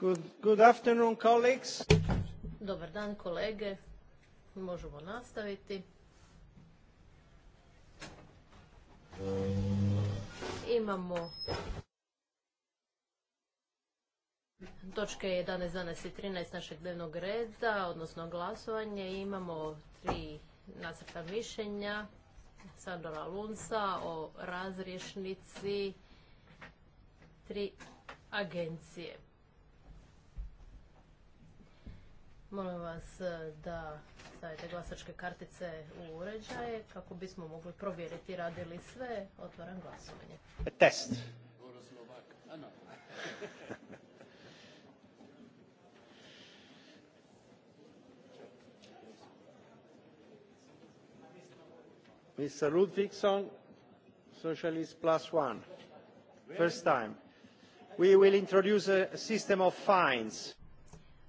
Good, good afternoon, colleagues. Dobar dan kolege. Možemo nastaviti. Imamo točke 11, 12 i 13 našeg dnevnog reda, odnosno glasovanje. Imamo tri nacrta mišljenja Sandora Lunca o razriješnici tri agencije. Molim vas e, da stavite glasačke kartice u uređaje kako bismo mogli provjeriti radi li sve. Otvaram glasovanje. Test. Mr. Ludvigson, Socialist Plus One. First time. We will introduce a system of fines.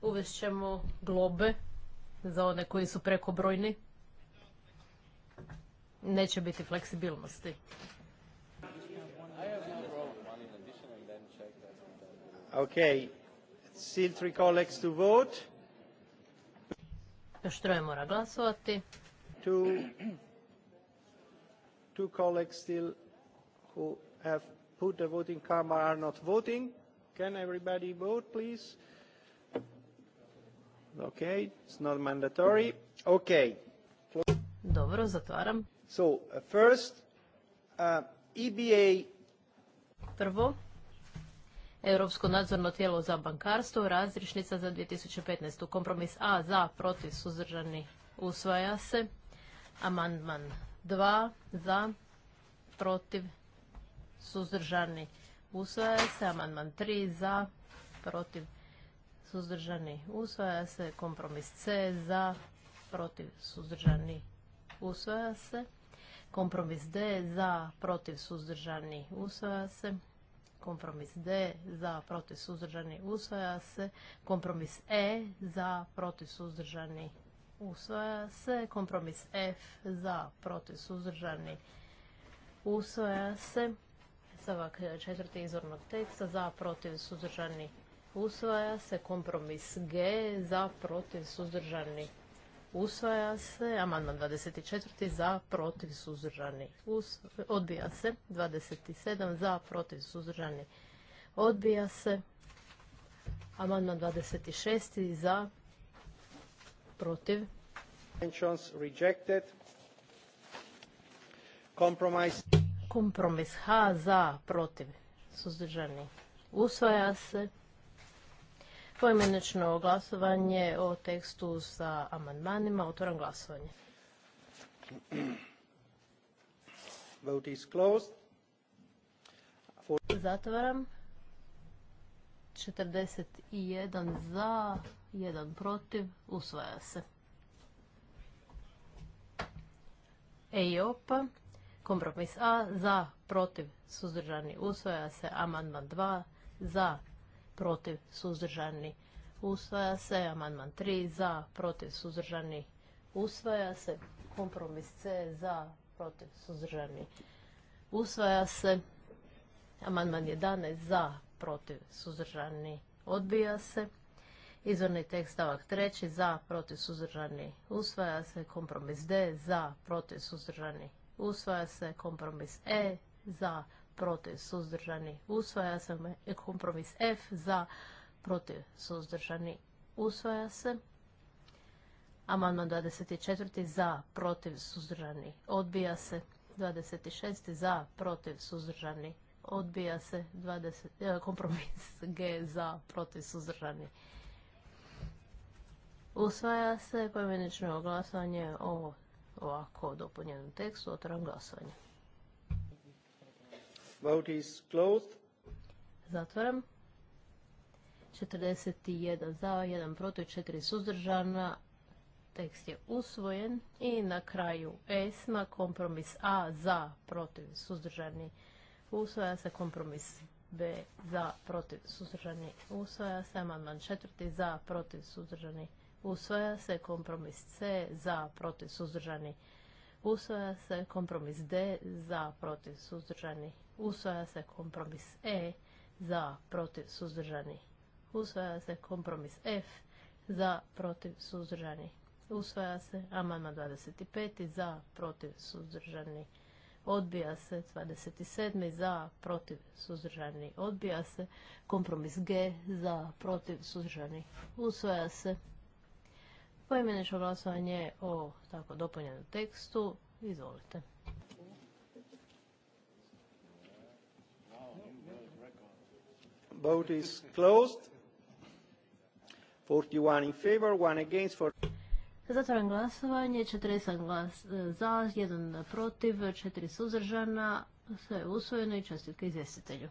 Uvest ćemo globe za one koji su prekobrojni. Neće biti fleksibilnosti. Okay. Still three colleagues to vote. Još troje mora glasovati. Two, two colleagues still who have put the voting camera are not voting. Can everybody vote, please? Okay, it's not mandatory. Okay. Dobro, zatvaram. So, uh, first, uh, EBA... Prvo, Europsko nadzorno tijelo za bankarstvo, razrišnica za 2015. Kompromis A za, protiv, suzdržani, usvaja se. Amandman 2 za, protiv, suzdržani, usvaja se. Amandman 3 za, protiv, suzdržani, usvaja se. Kompromis C za, protiv, suzdržani, usvaja se. Kompromis D za, protiv, suzdržani, usvaja se. Kompromis D za, protiv, suzdržani, usvaja se. Kompromis E za, protiv, suzdržani, usvaja se. Kompromis F za, protiv, suzdržani, usvaja se. Stavak četvrti izvornog teksta za, protiv, suzdržani, Usvaja se kompromis G za protiv suzdržani. Usvaja se amandman 24 za protiv suzdržani. Odbija se 27 za protiv suzdržani. Odbija se amandman 26 za protiv. Kompromis H za protiv suzdržani. Usvaja se Poimenično glasovanje o tekstu sa amandmanima. Otvoram glasovanje. Vote is closed. 41 za, 1 protiv. Usvaja se. opa Kompromis A. Za, protiv, suzdržani. Usvaja se. Amandman 2. Za, protiv, suzdržani, usvaja se. Amandman 3 za, protiv, suzdržani, usvaja se. Kompromis C za, protiv, suzdržani, usvaja se. Amandman 11 za, protiv, suzdržani, odbija se. Izvorni tekst stavak 3 za, protiv, suzdržani, usvaja se. Kompromis D za, protiv, suzdržani, usvaja se. Kompromis E za, protiv suzdržani usvaja se. Kompromis F za protiv suzdržani usvaja se. Amandman 24. za protiv suzdržani odbija se. 26. za protiv suzdržani odbija se. 20, e, kompromis G za protiv suzdržani usvaja se. Pojmenično glasovanje o ovako dopunjenom tekstu. Otvaram glasovanje. Vote is closed. Zatvaram. 41 za, 1 protiv, 4 suzdržana. Tekst je usvojen. I na kraju ESMA, kompromis A za, protiv, suzdržani. Usvoja se kompromis B za, protiv, suzdržani. Usvoja se amandman četvrti za, protiv, suzdržani. Usvoja se kompromis C za, protiv, suzdržani. Usvoja se kompromis D za, protiv, suzdržani. Usvaja se kompromis E za protiv suzdržani. Usvaja se kompromis F za protiv suzdržani. Usvaja se amandman 25. za protiv suzdržani. Odbija se 27. za protiv suzdržani. Odbija se kompromis G za protiv suzdržani. Usvaja se poimenično glasovanje o tako dopunjenom tekstu. Izvolite. Vote is closed. 41 in favor, 1 against. For... Zatvaram glasovanje, 40 glas e, za, 1 protiv, 4 suzdržana, sve je usvojeno i čestitke izvjestitelju.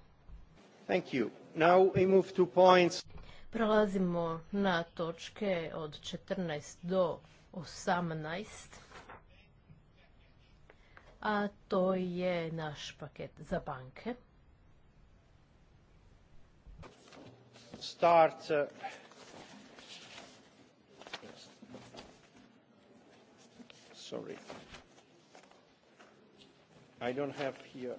Thank you. Now we move to points. Prelazimo na točke od 14 do 18. A to je naš paket za banke. start uh, sorry i don't have here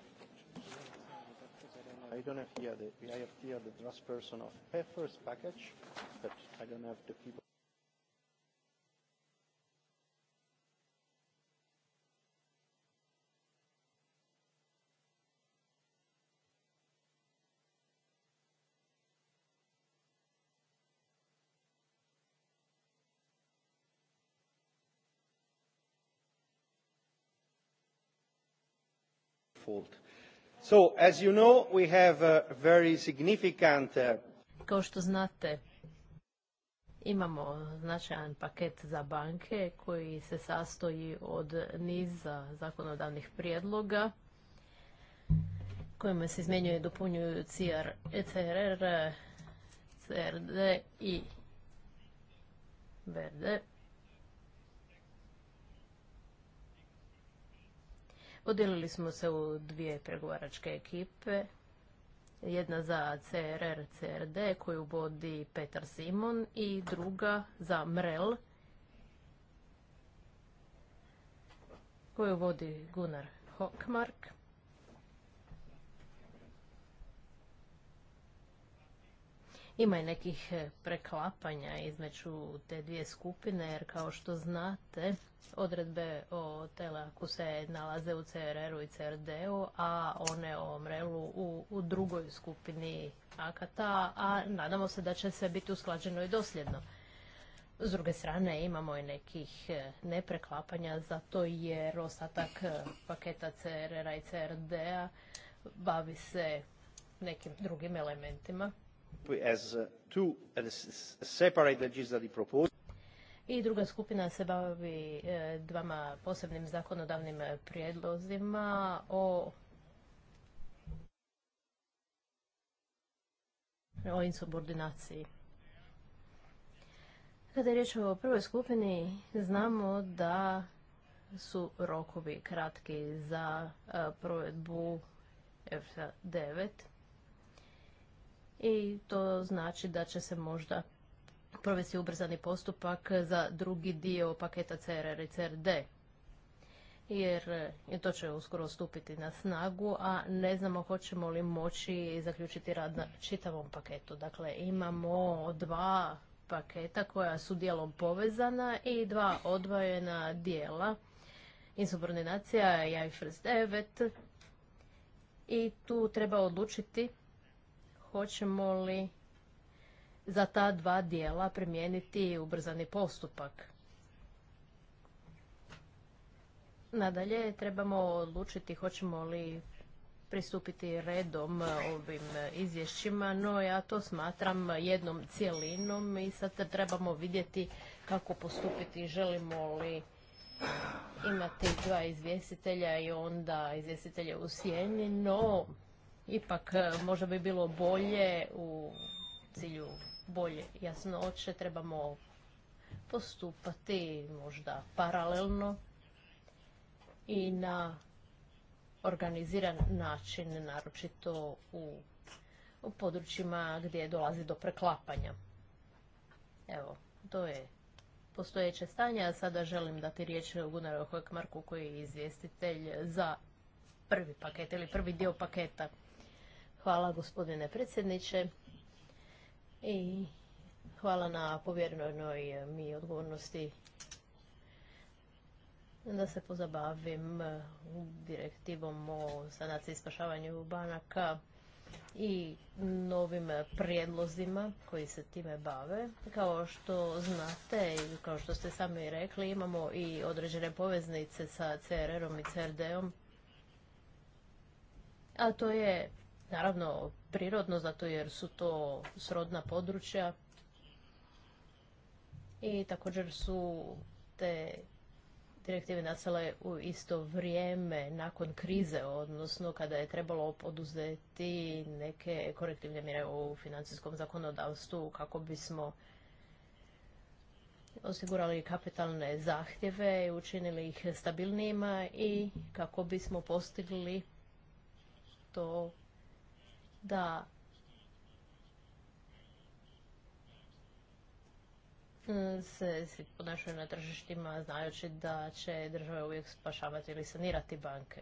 i don't have here the i have here the draft person of Pfeffer's package but i don't have the people Kao što znate, imamo značajan paket za banke koji se sastoji od niza zakonodavnih prijedloga kojima se izmenjuju i dopunjuju CR, e CRR, CRD i BRD. Podijelili smo se u dvije pregovaračke ekipe. Jedna za CRR, CRD koju vodi Petar Simon i druga za MREL koju vodi Gunnar Hockmark. Ima i nekih e, preklapanja između te dvije skupine, jer kao što znate, odredbe o telaku se nalaze u CRR-u i CRD-u, a one o mrelu u, u drugoj skupini akata, a nadamo se da će sve biti usklađeno i dosljedno. S druge strane imamo i nekih e, nepreklapanja zato jer ostatak e, paketa CRR-a i CRD-a bavi se nekim drugim elementima as uh, separate I druga skupina se bavi e, dvama posebnim zakonodavnim prijedlozima o o insubordinaciji. Kada je riječ o prvoj skupini, znamo da su rokovi kratki za e, provedbu F9 i to znači da će se možda provesti ubrzani postupak za drugi dio paketa CRR i CRD jer to će uskoro stupiti na snagu, a ne znamo hoćemo li moći zaključiti rad na čitavom paketu. Dakle, imamo dva paketa koja su dijelom povezana i dva odvojena dijela. Insubordinacija i IFRS 9. I tu treba odlučiti hoćemo li za ta dva dijela primijeniti ubrzani postupak. Nadalje trebamo odlučiti hoćemo li pristupiti redom ovim izvješćima, no ja to smatram jednom cjelinom i sad trebamo vidjeti kako postupiti, želimo li imati dva izvjestitelja i onda izvjestitelje u sjeni, no ipak e, možda bi bilo bolje u cilju bolje jasnoće trebamo postupati možda paralelno i na organiziran način, naročito u, u područjima gdje dolazi do preklapanja. Evo, to je postojeće stanje, a sada želim dati riječ Gunaru marku koji je izvjestitelj za prvi paket ili prvi dio paketa. Hvala gospodine predsjedniče i hvala na povjerenoj eh, mi odgovornosti da se pozabavim eh, direktivom o sanaciji i spašavanju banaka i novim eh, prijedlozima koji se time bave. Kao što znate i kao što ste sami rekli, imamo i određene poveznice sa CRR-om i CRD-om. A to je Naravno, prirodno, zato jer su to srodna područja i također su te direktive nastale u isto vrijeme nakon krize, odnosno kada je trebalo poduzeti neke korektivne mjere u financijskom zakonodavstvu kako bismo osigurali kapitalne zahtjeve i učinili ih stabilnijima i kako bismo postigli to da mm, se svi ponašaju na tržištima znajući da će država uvijek spašavati ili sanirati banke.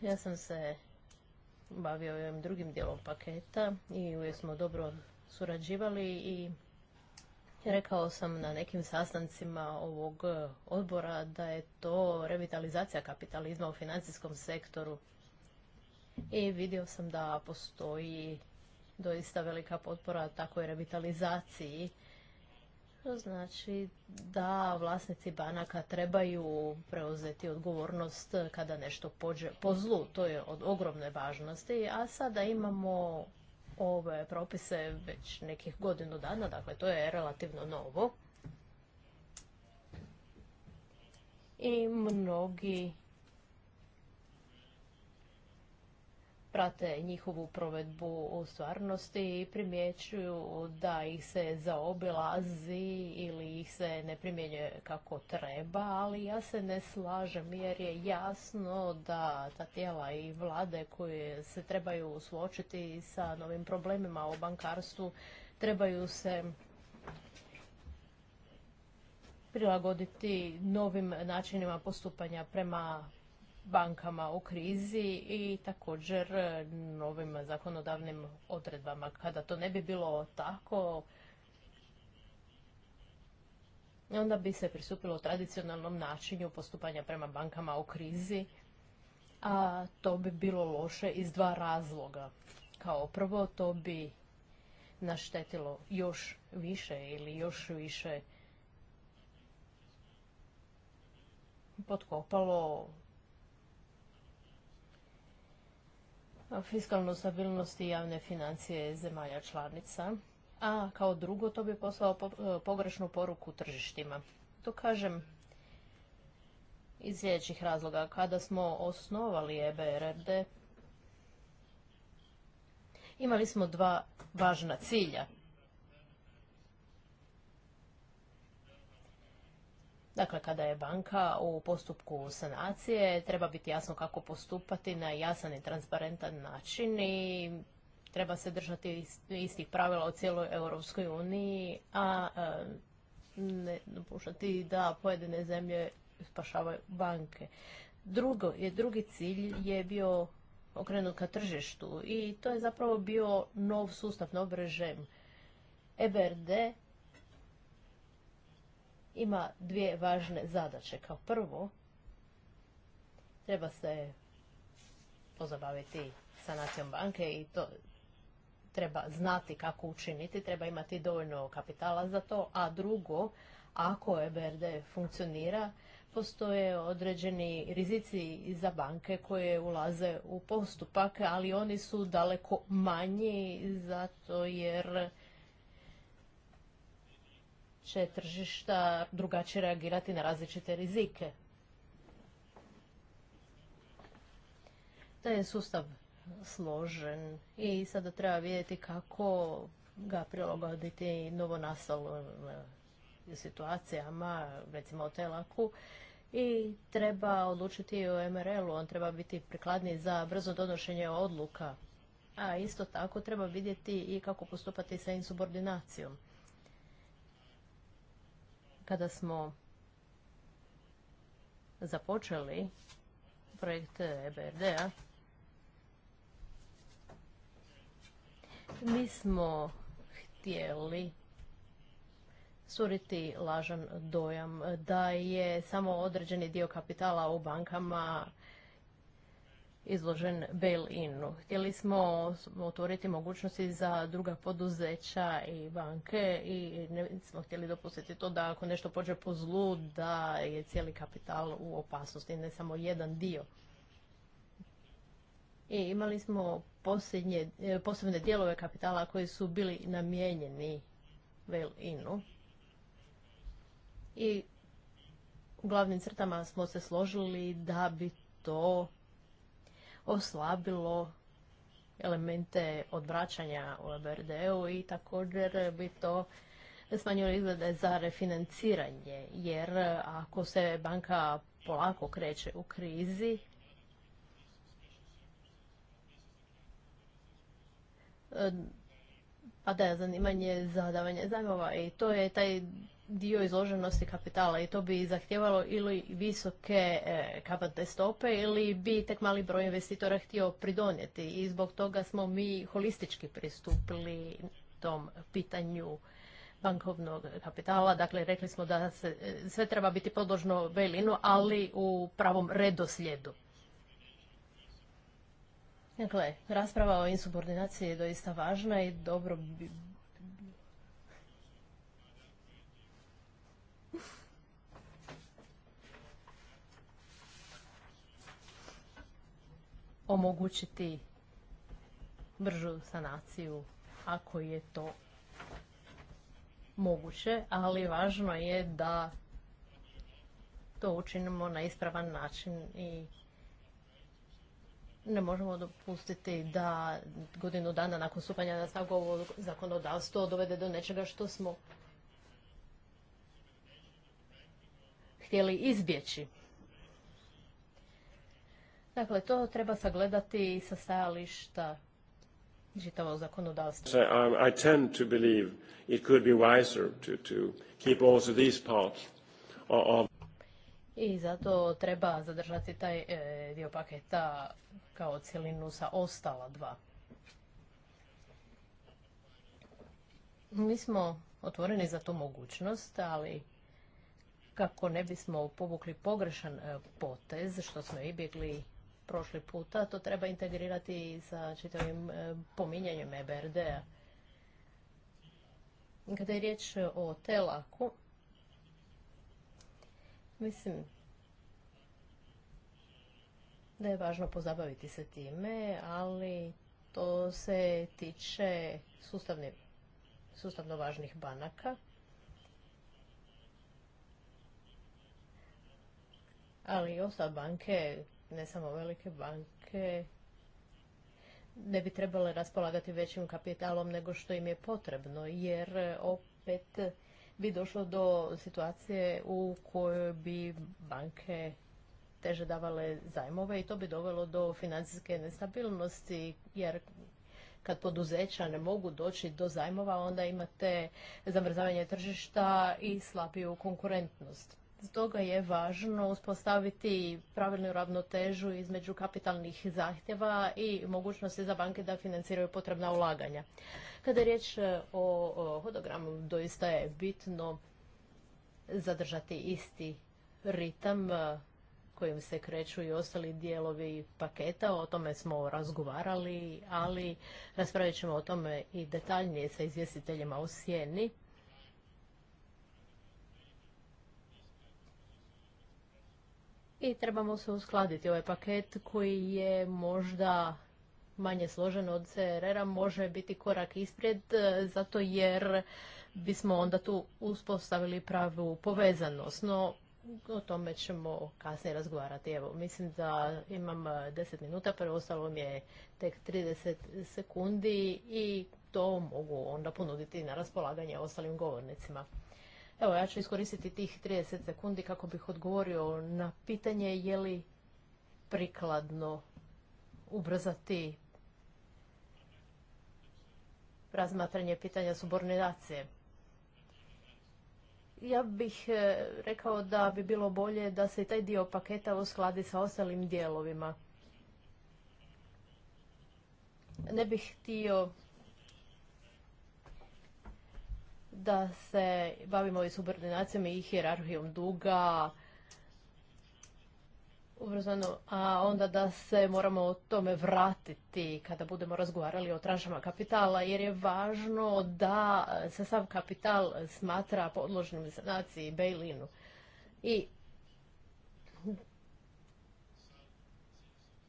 Ja sam se bavio ovim drugim dijelom paketa i uvijek smo dobro surađivali i Rekao sam na nekim sastancima ovog e, odbora da je to revitalizacija kapitalizma u financijskom sektoru i vidio sam da postoji doista velika potpora takvoj revitalizaciji. To znači da vlasnici banaka trebaju preuzeti odgovornost kada nešto pođe po zlu. To je od ogromne važnosti. A sada imamo ove propise već nekih godinu dana, dakle to je relativno novo. I mnogi prate njihovu provedbu u stvarnosti i primjećuju da ih se zaobilazi ili ih se ne primjenjuje kako treba, ali ja se ne slažem jer je jasno da ta tijela i vlade koje se trebaju suočiti sa novim problemima u bankarstvu trebaju se prilagoditi novim načinima postupanja prema bankama u krizi i također e, novim zakonodavnim odredbama. Kada to ne bi bilo tako, onda bi se pristupilo tradicionalnom načinu postupanja prema bankama u krizi, a to bi bilo loše iz dva razloga. Kao prvo, to bi naštetilo još više ili još više potkopalo fiskalnu stabilnost i javne financije zemalja članica, a kao drugo to bi poslao e, pogrešnu poruku tržištima. To kažem iz sljedećih razloga. Kada smo osnovali EBRD, imali smo dva važna cilja. Dakle, kada je banka u postupku sanacije, treba biti jasno kako postupati na jasan i transparentan način i treba se držati istih pravila u cijeloj Europskoj uniji, a e, ne dopuštati da pojedine zemlje spašavaju banke. Drugo, je, drugi cilj je bio okrenut ka tržištu i to je zapravo bio nov sustav, nov režim. EBRD ima dvije važne zadaće. Kao prvo, treba se pozabaviti sanacijom banke i to treba znati kako učiniti, treba imati dovoljno kapitala za to, a drugo, ako EBRD funkcionira, postoje određeni rizici za banke koje ulaze u postupak, ali oni su daleko manji zato jer će tržišta drugačije reagirati na različite rizike. Taj je sustav složen i sada treba vidjeti kako ga prilagoditi novonastalim situacijama, recimo o telaku, i treba odlučiti o MRL-u, on treba biti prikladniji za brzo donošenje odluka, a isto tako treba vidjeti i kako postupati sa insubordinacijom. Kada smo započeli projekt EBRD-a, mi smo htjeli suriti lažan dojam da je samo određeni dio kapitala u bankama izložen bail-inu. Htjeli smo otvoriti mogućnosti za druga poduzeća i banke i ne smo htjeli dopustiti to da ako nešto pođe po zlu, da je cijeli kapital u opasnosti, ne samo jedan dio. I imali smo e, posebne dijelove kapitala koji su bili namijenjeni bail-inu. I u glavnim crtama smo se složili da bi to oslabilo elemente odvraćanja u EBRD-u i također bi to smanjilo izglede za refinanciranje, jer ako se banka polako kreće u krizi, eh, pada zanimanje za davanje zajmova i to je taj dio izloženosti kapitala i to bi zahtjevalo ili visoke e, kamatne stope ili bi tek mali broj investitora htio pridonijeti i zbog toga smo mi holistički pristupili tom pitanju bankovnog kapitala. Dakle, rekli smo da se, e, sve treba biti podložno velinu, ali u pravom redoslijedu. Dakle, rasprava o insubordinaciji je doista važna i dobro bi omogućiti bržu sanaciju ako je to moguće, ali važno je da to učinimo na ispravan način i ne možemo dopustiti da godinu dana nakon stupanja na snagu ovo zakonodavstvo dovede do nečega što smo htjeli izbjeći. Dakle, to treba sagledati sa stajališta čitavog zakonodavstva. I, um, I tend to believe it could be wiser to, to keep also these parts of i zato treba zadržati taj e, dio paketa kao cjelinu sa ostala dva. Mi smo otvoreni za tu mogućnost, ali kako ne bismo povukli pogrešan e, potez, što smo i prošli puta, to treba integrirati i sa čitavim e, pominjanjem EBRD-a. Kada je riječ o telaku, mislim da je važno pozabaviti se time, ali to se tiče sustavno važnih banaka. Ali i banke ne samo velike banke ne bi trebale raspolagati većim kapitalom nego što im je potrebno, jer opet bi došlo do situacije u kojoj bi banke teže davale zajmove i to bi dovelo do financijske nestabilnosti, jer kad poduzeća ne mogu doći do zajmova, onda imate zamrzavanje tržišta i slabiju konkurentnost. Stoga je važno uspostaviti pravilnu ravnotežu između kapitalnih zahtjeva i mogućnosti za banke da financiraju potrebna ulaganja. Kada je riječ e, o hodogramu, doista je bitno zadržati isti ritam e, kojim se kreću i ostali dijelovi paketa. O tome smo razgovarali, ali raspravit ćemo o tome i detaljnije sa izvjestiteljima u sjeni i trebamo se uskladiti. Ovaj paket koji je možda manje složen od CRR-a može biti korak ispred e, zato jer bismo onda tu uspostavili pravu povezanost. No, o tome ćemo kasnije razgovarati. Evo, mislim da imam 10 minuta, preostalo mi je tek 30 sekundi i to mogu onda ponuditi na raspolaganje ostalim govornicima. Evo, ja ću iskoristiti tih 30 sekundi kako bih odgovorio na pitanje je li prikladno ubrzati razmatranje pitanja subordinacije. Ja bih e, rekao da bi bilo bolje da se taj dio paketa uskladi sa ostalim dijelovima. Ne bih htio da se bavimo i subordinacijom i hjerarhijom duga, ubrzano, a onda da se moramo o tome vratiti kada budemo razgovarali o tranšama kapitala, jer je važno da se sav kapital smatra podložnim sanaciji Bejlinu. I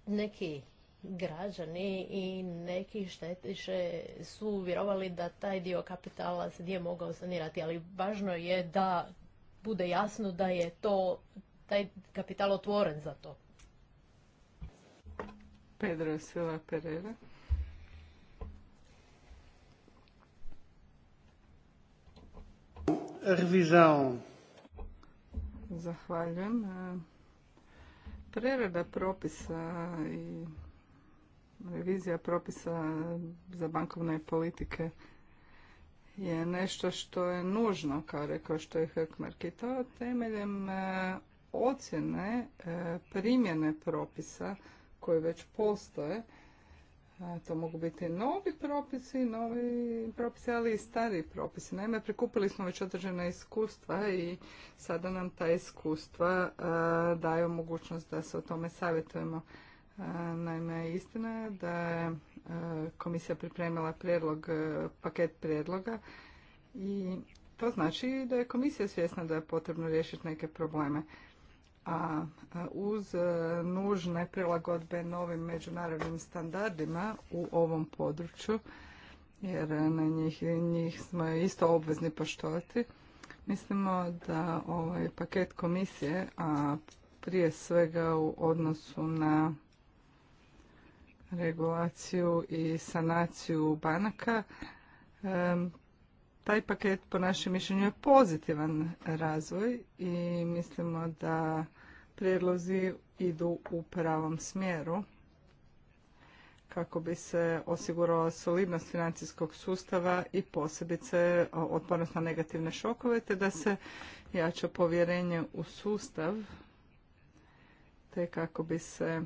neki građani i neki štetiše su vjerovali da taj dio kapitala se nije mogao sanirati, ali važno je da bude jasno da je to, taj kapital otvoren za to. Pedro Silva Pereira. Revizao. Zahvaljujem. Prerada propisa i revizija propisa za bankovne politike je nešto što je nužno, kao rekao što je Hökmark. I to temeljem e, ocjene e, primjene propisa koji već postoje. E, to mogu biti novi propisi, novi propisi, ali i stari propisi. Naime, prikupili smo već određena iskustva i sada nam ta iskustva daju mogućnost da se o tome savjetujemo. Naime, istina je da je e, komisija pripremila prijedlog, e, paket prijedloga i to znači da je komisija svjesna da je potrebno riješiti neke probleme. A e, uz nužne prilagodbe novim međunarodnim standardima u ovom području, jer na njih, njih smo isto obvezni poštovati, mislimo da ovaj paket komisije, a prije svega u odnosu na regulaciju i sanaciju banaka. taj paket po našem mišljenju je pozitivan razvoj i mislimo da prijedlozi idu u pravom smjeru kako bi se osigurala solidnost financijskog sustava i posebice otpornost na negativne šokove, te da se jača povjerenje u sustav, te kako bi se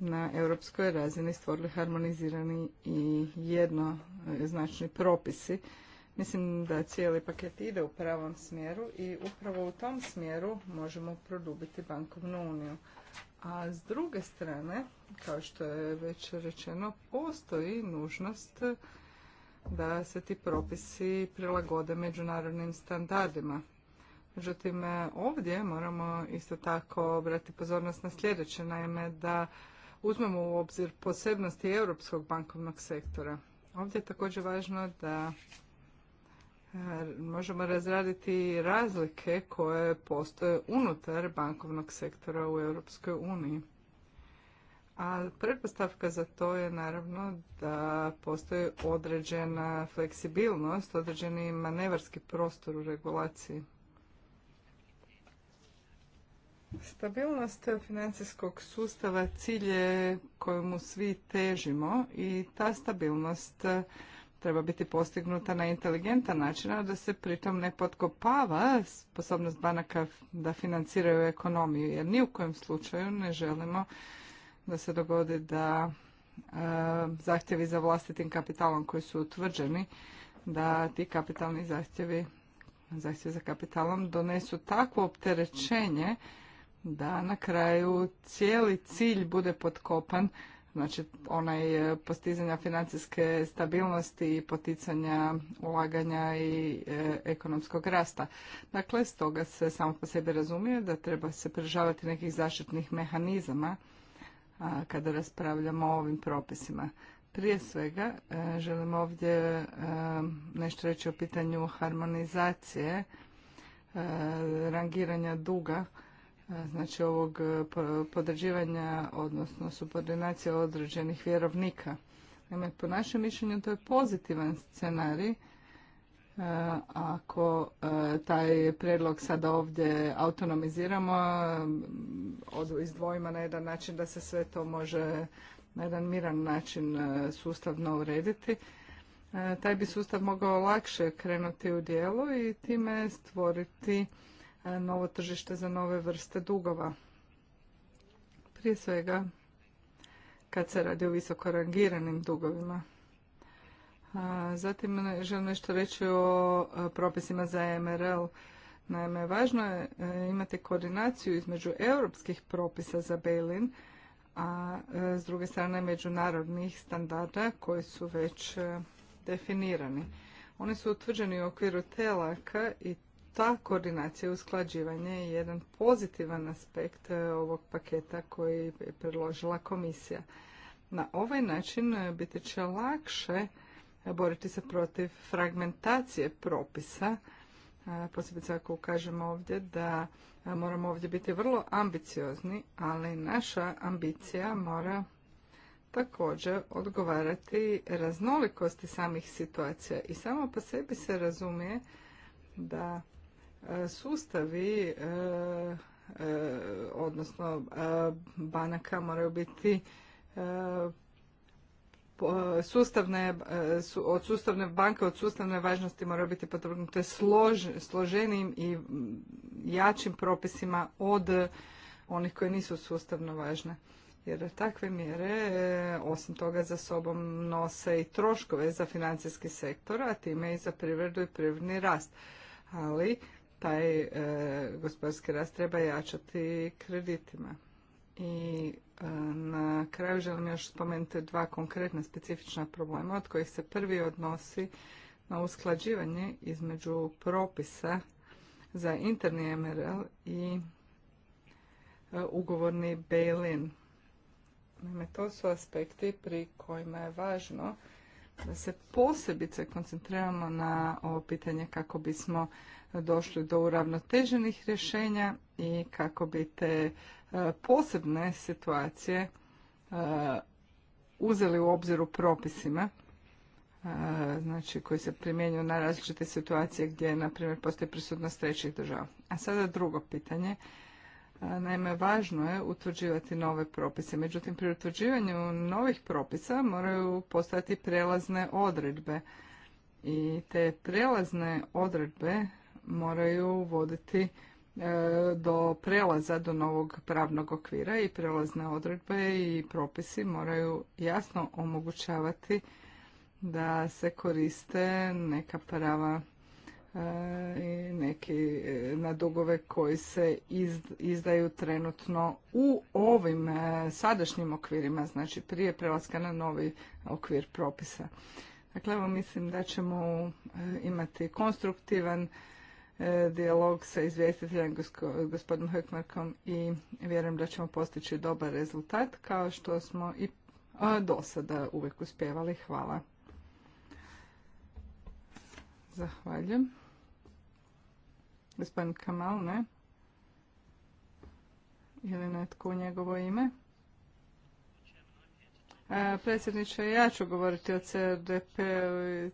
na europskoj razini stvorili harmonizirani i jednoznačni e, propisi. Mislim da cijeli paket ide u pravom smjeru i upravo u tom smjeru možemo produbiti bankovnu uniju. A s druge strane, kao što je već rečeno, postoji nužnost da se ti propisi prilagode međunarodnim standardima. Međutim, e, ovdje moramo isto tako obrati pozornost na sljedeće, naime da uzmemo u obzir posebnosti europskog bankovnog sektora. Ovdje je također važno da e, možemo razraditi razlike koje postoje unutar bankovnog sektora u Europskoj uniji. A pretpostavka za to je naravno da postoji određena fleksibilnost, određeni manevarski prostor u regulaciji. Stabilnost financijskog sustava cilj je kojemu svi težimo i ta stabilnost treba biti postignuta na inteligentan način, a da se pritom ne potkopava sposobnost banaka da financiraju ekonomiju, jer ni u kojem slučaju ne želimo da se dogodi da e, zahtjevi za vlastitim kapitalom koji su utvrđeni, da ti kapitalni zahtjevi, zahtjevi za kapitalom donesu takvo opterećenje da na kraju cijeli cilj bude potkopan, znači onaj e, postizanja financijske stabilnosti i poticanja ulaganja i e, ekonomskog rasta. Dakle, stoga se samo po sebi razumije da treba se pridržavati nekih zaštitnih mehanizama kada raspravljamo o ovim propisima. Prije svega e, želim ovdje nešto reći o pitanju harmonizacije rangiranja duga E, znači ovog e, podređivanja, odnosno subordinacije određenih vjerovnika. Naime, po našem mišljenju to je pozitivan scenarij e, ako taj prijedlog sada ovdje autonomiziramo, izdvojimo na jedan način da se sve to može na jedan miran način sustavno urediti, taj bi sustav mogao lakše krenuti u dijelu i time stvoriti E, novo tržište za nove vrste dugova. Prije svega kad se radi o visoko rangiranim dugovima. E, zatim želim nešto reći o e, propisima za MRL. Naime, važno je imati koordinaciju između europskih propisa za bail a s druge strane međunarodnih standarda koji su već definirani. Oni su utvrđeni u okviru telaka i ta koordinacija i usklađivanje je jedan pozitivan aspekt e, ovog paketa koji je predložila komisija. Na ovaj način e, biti će lakše e, boriti se protiv fragmentacije propisa, posebice ako kažemo ovdje da moramo ovdje biti vrlo ambiciozni, ali naša ambicija mora također odgovarati raznolikosti samih situacija i samo po sebi se razumije da sustavi e, e, odnosno e, banaka moraju biti sustavne, od sustavne banke, od sustavne važnosti moraju biti podvrgnute složenim i jačim propisima od onih koje nisu sustavno važne. Jer takve mjere, osim toga, za sobom nose i troškove za financijski sektor, a time i za privredu i privredni rast. Ali taj e, gospodarski rast treba jačati kreditima. I e, na kraju želim još spomenuti dva konkretna specifična problema od kojih se prvi odnosi na usklađivanje između propisa za interni MRL i e, ugovorni bail-in. Naime, to su aspekti pri kojima je važno da se posebice koncentriramo na ovo pitanje kako bismo došli do uravnoteženih rješenja i kako bi te e, posebne situacije e, uzeli u obzir propisima e, znači koji se primjenjuju na različite situacije gdje, na primjer, postoji prisutnost trećih država. A sada drugo pitanje Naime, važno je utvrđivati nove propise. Međutim, pri utvrđivanju novih propisa moraju postati prelazne odredbe. I te prelazne odredbe moraju voditi e, do prelaza do novog pravnog okvira i prelazne odredbe i propisi moraju jasno omogućavati da se koriste neka prava E, i neki e, na dugove koji se izdaju trenutno u ovim e, sadašnjim okvirima, znači prije prelaska na novi okvir propisa. Dakle, evo mislim da ćemo imati konstruktivan dijalog sa izvjestiteljem gospodinom Hökmarkom i vjerujem da ćemo postići dobar rezultat kao što smo i do sada uvijek uspjevali. Hvala. Zahvaljujem. Gospodin Kamal, ne? Ili netko u njegovo ime? E, predsjedniče, ja ću govoriti o CRDP i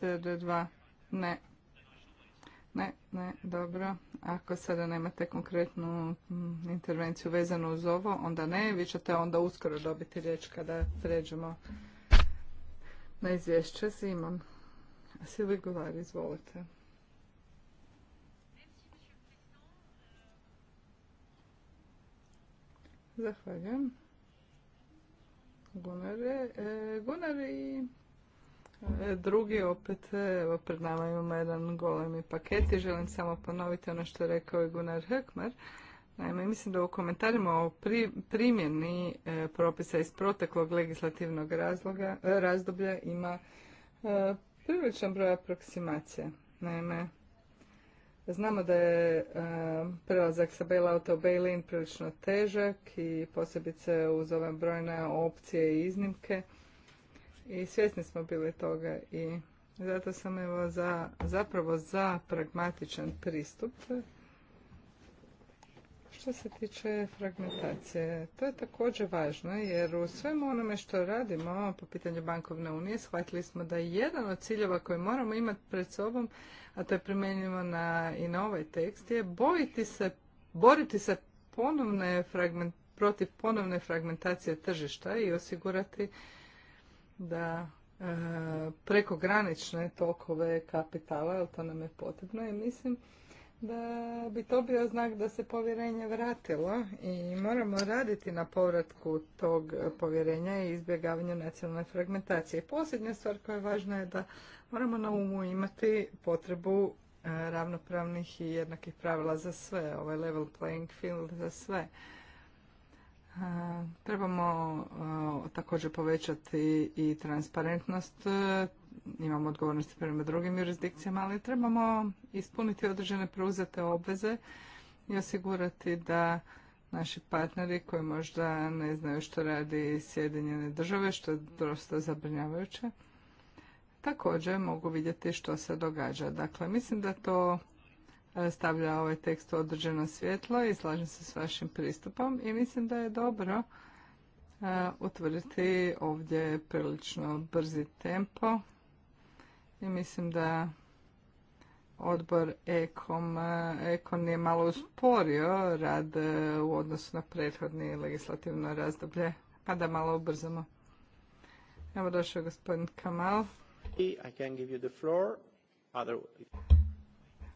CRD2. Ne. Ne, ne, dobro. Ako sada nemate konkretnu mm, intervenciju vezanu uz ovo, onda ne. Vi ćete onda uskoro dobiti riječ kada pređemo na izvješće s imam. Silvi Govar, izvolite. Zahvaljujem. Gunare. E, Gunar i e, drugi opet, e, evo pred nama imamo jedan golemi paket i želim samo ponoviti ono što je rekao i Gunar Hökmar. Naime, mislim da u komentarima o primjeni propisa iz proteklog legislativnog razloga, razdoblja ima priličan broj aproksimacije. Naime, Znamo da je e, prelazak sa bailouta u bail prilično težak i posebice uz ove brojne opcije i iznimke. I svjesni smo bili toga i zato sam evo za, zapravo za pragmatičan pristup što se tiče fragmentacije. To je također važno jer u svemu onome što radimo po pitanju bankovne unije shvatili smo da je jedan od ciljeva koji moramo imati pred sobom, a to je primjenjivo na, i na ovaj tekst, je bojiti se, boriti se ponovne fragment, protiv ponovne fragmentacije tržišta i osigurati da e, prekogranične tokove kapitala, ali to nam je potrebno i mislim da bi to bio znak da se povjerenje vratilo i moramo raditi na povratku tog povjerenja i izbjegavanju nacionalne fragmentacije. Posljednja stvar koja je važna je da moramo na umu imati potrebu e, ravnopravnih i jednakih pravila za sve, ovaj level playing field za sve. E, trebamo e, također povećati i transparentnost imamo odgovornosti prema drugim jurisdikcijama, ali trebamo ispuniti određene preuzete obveze i osigurati da naši partneri koji možda ne znaju što radi Sjedinjene države, što je dosta zabrinjavajuće, također mogu vidjeti što se događa. Dakle, mislim da to e, stavlja ovaj tekst u određeno svjetlo i slažem se s vašim pristupom i mislim da je dobro e, utvrditi ovdje prilično brzi tempo i mislim da odbor Ekom, Ekon je malo usporio rad e, u odnosu na prethodni legislativno razdoblje, pa da malo ubrzamo. Evo došao gospodin Kamal. I can give you the floor.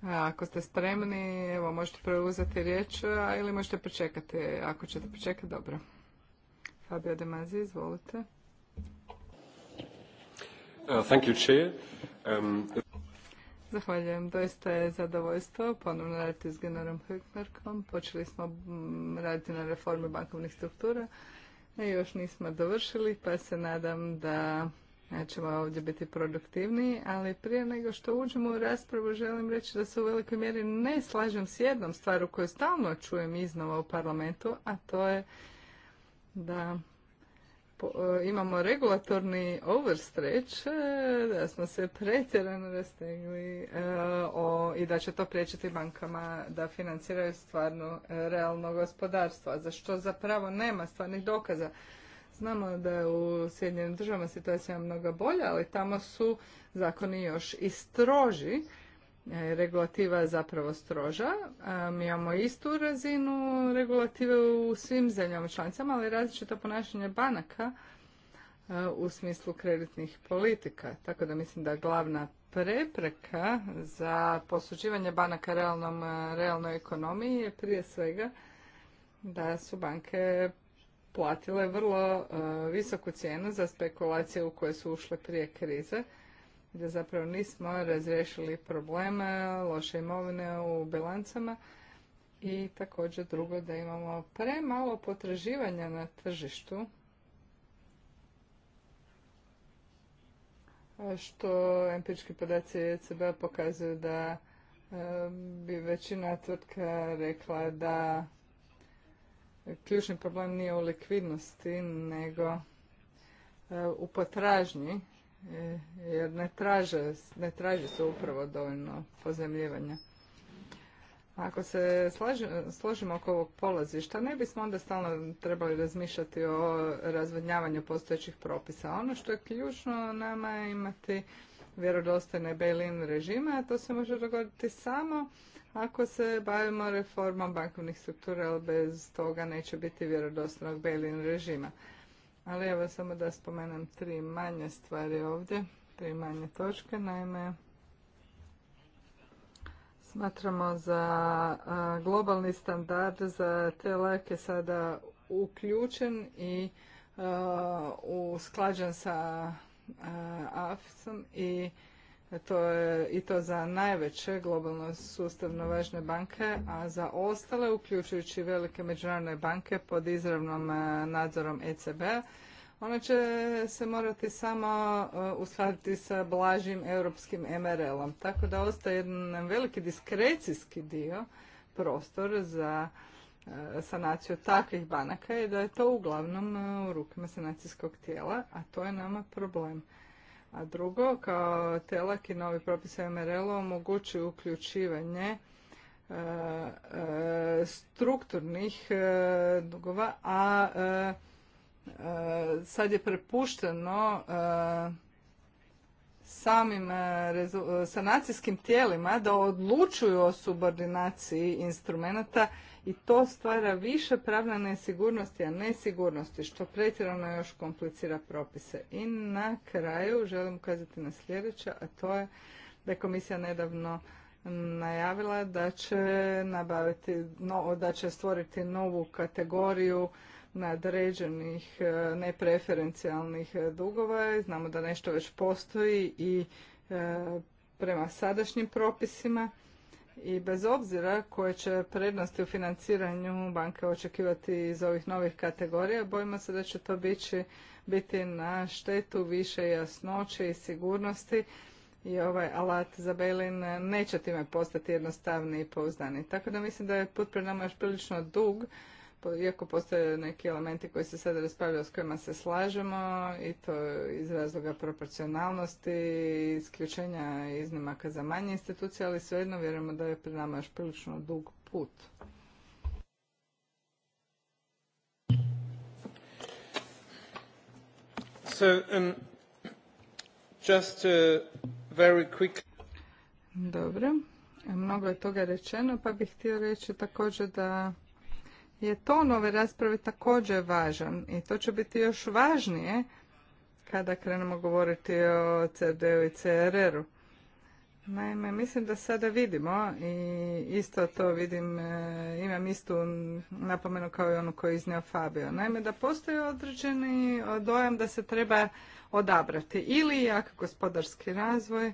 ako ste spremni, evo možete preuzeti riječ a, ili možete pričekati. Ako ćete pričekati, dobro. Fabio Demazi, izvolite. Uh, thank you, Chair. Zahvaljujem, doista je zadovoljstvo ponovno raditi s generom Hökmarkom. Počeli smo mm, raditi na reformi bankovnih struktura i e, još nismo dovršili, pa se nadam da e, ćemo ovdje biti produktivniji, ali prije nego što uđemo u raspravu želim reći da se u velikoj mjeri ne slažem s jednom stvaru koju stalno čujem iznova u parlamentu, a to je da E, imamo regulatorni overstretch, e, da smo se pretjerano rastegli e, i da će to priječiti bankama da financiraju stvarno realno gospodarstvo, za što zapravo nema stvarnih dokaza. Znamo da je u Sjedinjenim državama situacija mnogo bolja, ali tamo su zakoni još i stroži E, regulativa zapravo stroža. E, mi imamo istu razinu regulative u svim zemljama članicama, ali različito ponašanje banaka e, u smislu kreditnih politika. Tako da mislim da glavna prepreka za posuđivanje banaka realnom, realnoj ekonomiji je prije svega da su banke platile vrlo visoku cijenu za spekulacije u koje su ušle prije krize gdje zapravo nismo razriješili probleme loše imovine u bilancama i također drugo da imamo premalo potraživanja na tržištu što empirički podaci ECB pokazuju da bi većina tvrtka rekla da ključni problem nije u likvidnosti nego u potražnji E, jer ne traže, ne traži se upravo dovoljno pozemljivanja. Ako se složimo oko ovog polazišta, ne bismo onda stalno trebali razmišljati o razvodnjavanju postojećih propisa. Ono što je ključno nama je imati vjerodostojne bail-in režime, a to se može dogoditi samo ako se bavimo reformom bankovnih struktura, ali bez toga neće biti vjerodostojnog bail-in režima. Ali evo samo da spomenem tri manje stvari ovdje, tri manje točke. Naime, smatramo za globalni standard za te lake sada uključen i usklađen sa AFS-om i to je i to za najveće globalno sustavno važne banke, a za ostale, uključujući velike međunarodne banke pod izravnom e, nadzorom ECB, one će se morati samo e, uskladiti sa blažim europskim MRL-om. Tako da ostaje jedan veliki diskrecijski dio, prostor za e, sanaciju takvih banaka i da je to uglavnom u rukama sanacijskog tijela, a to je nama problem. A drugo, kao telak i novi propis mrl u omogućuju uključivanje e, e, strukturnih e, dugova, a sad je prepušteno samim sanacijskim tijelima da odlučuju o subordinaciji instrumenata i to stvara više pravne nesigurnosti, a nesigurnosti što pretjerano još komplicira propise. I na kraju želim ukazati na sljedeće, a to je da je komisija nedavno najavila da će nabaviti, no, da će stvoriti novu kategoriju nadređenih e, nepreferencijalnih dugova. Znamo da nešto već postoji i e, prema sadašnjim propisima i bez obzira koje će prednosti u financiranju banke očekivati iz ovih novih kategorija, bojimo se da će to biti, biti na štetu više jasnoće i sigurnosti i ovaj alat za Belin neće time postati jednostavni i pouzdani. Tako da mislim da je put pred nama još prilično dug iako postoje neki elementi koji se sada raspravljaju s kojima se slažemo i to iz razloga proporcionalnosti, isključenja iznimaka za manje institucije, ali svejedno vjerujemo da je pred nama još prilično dug put. So, um, just, very quick... Dobro. E, mnogo je toga rečeno, pa bih htio reći također da je ton ove rasprave također važan i to će biti još važnije kada krenemo govoriti o cd i CRR-u. Naime, mislim da sada vidimo i isto to vidim, e, imam istu napomenu kao i onu koju iznio Fabio. Naime, da postoji određeni dojam da se treba odabrati ili jak gospodarski razvoj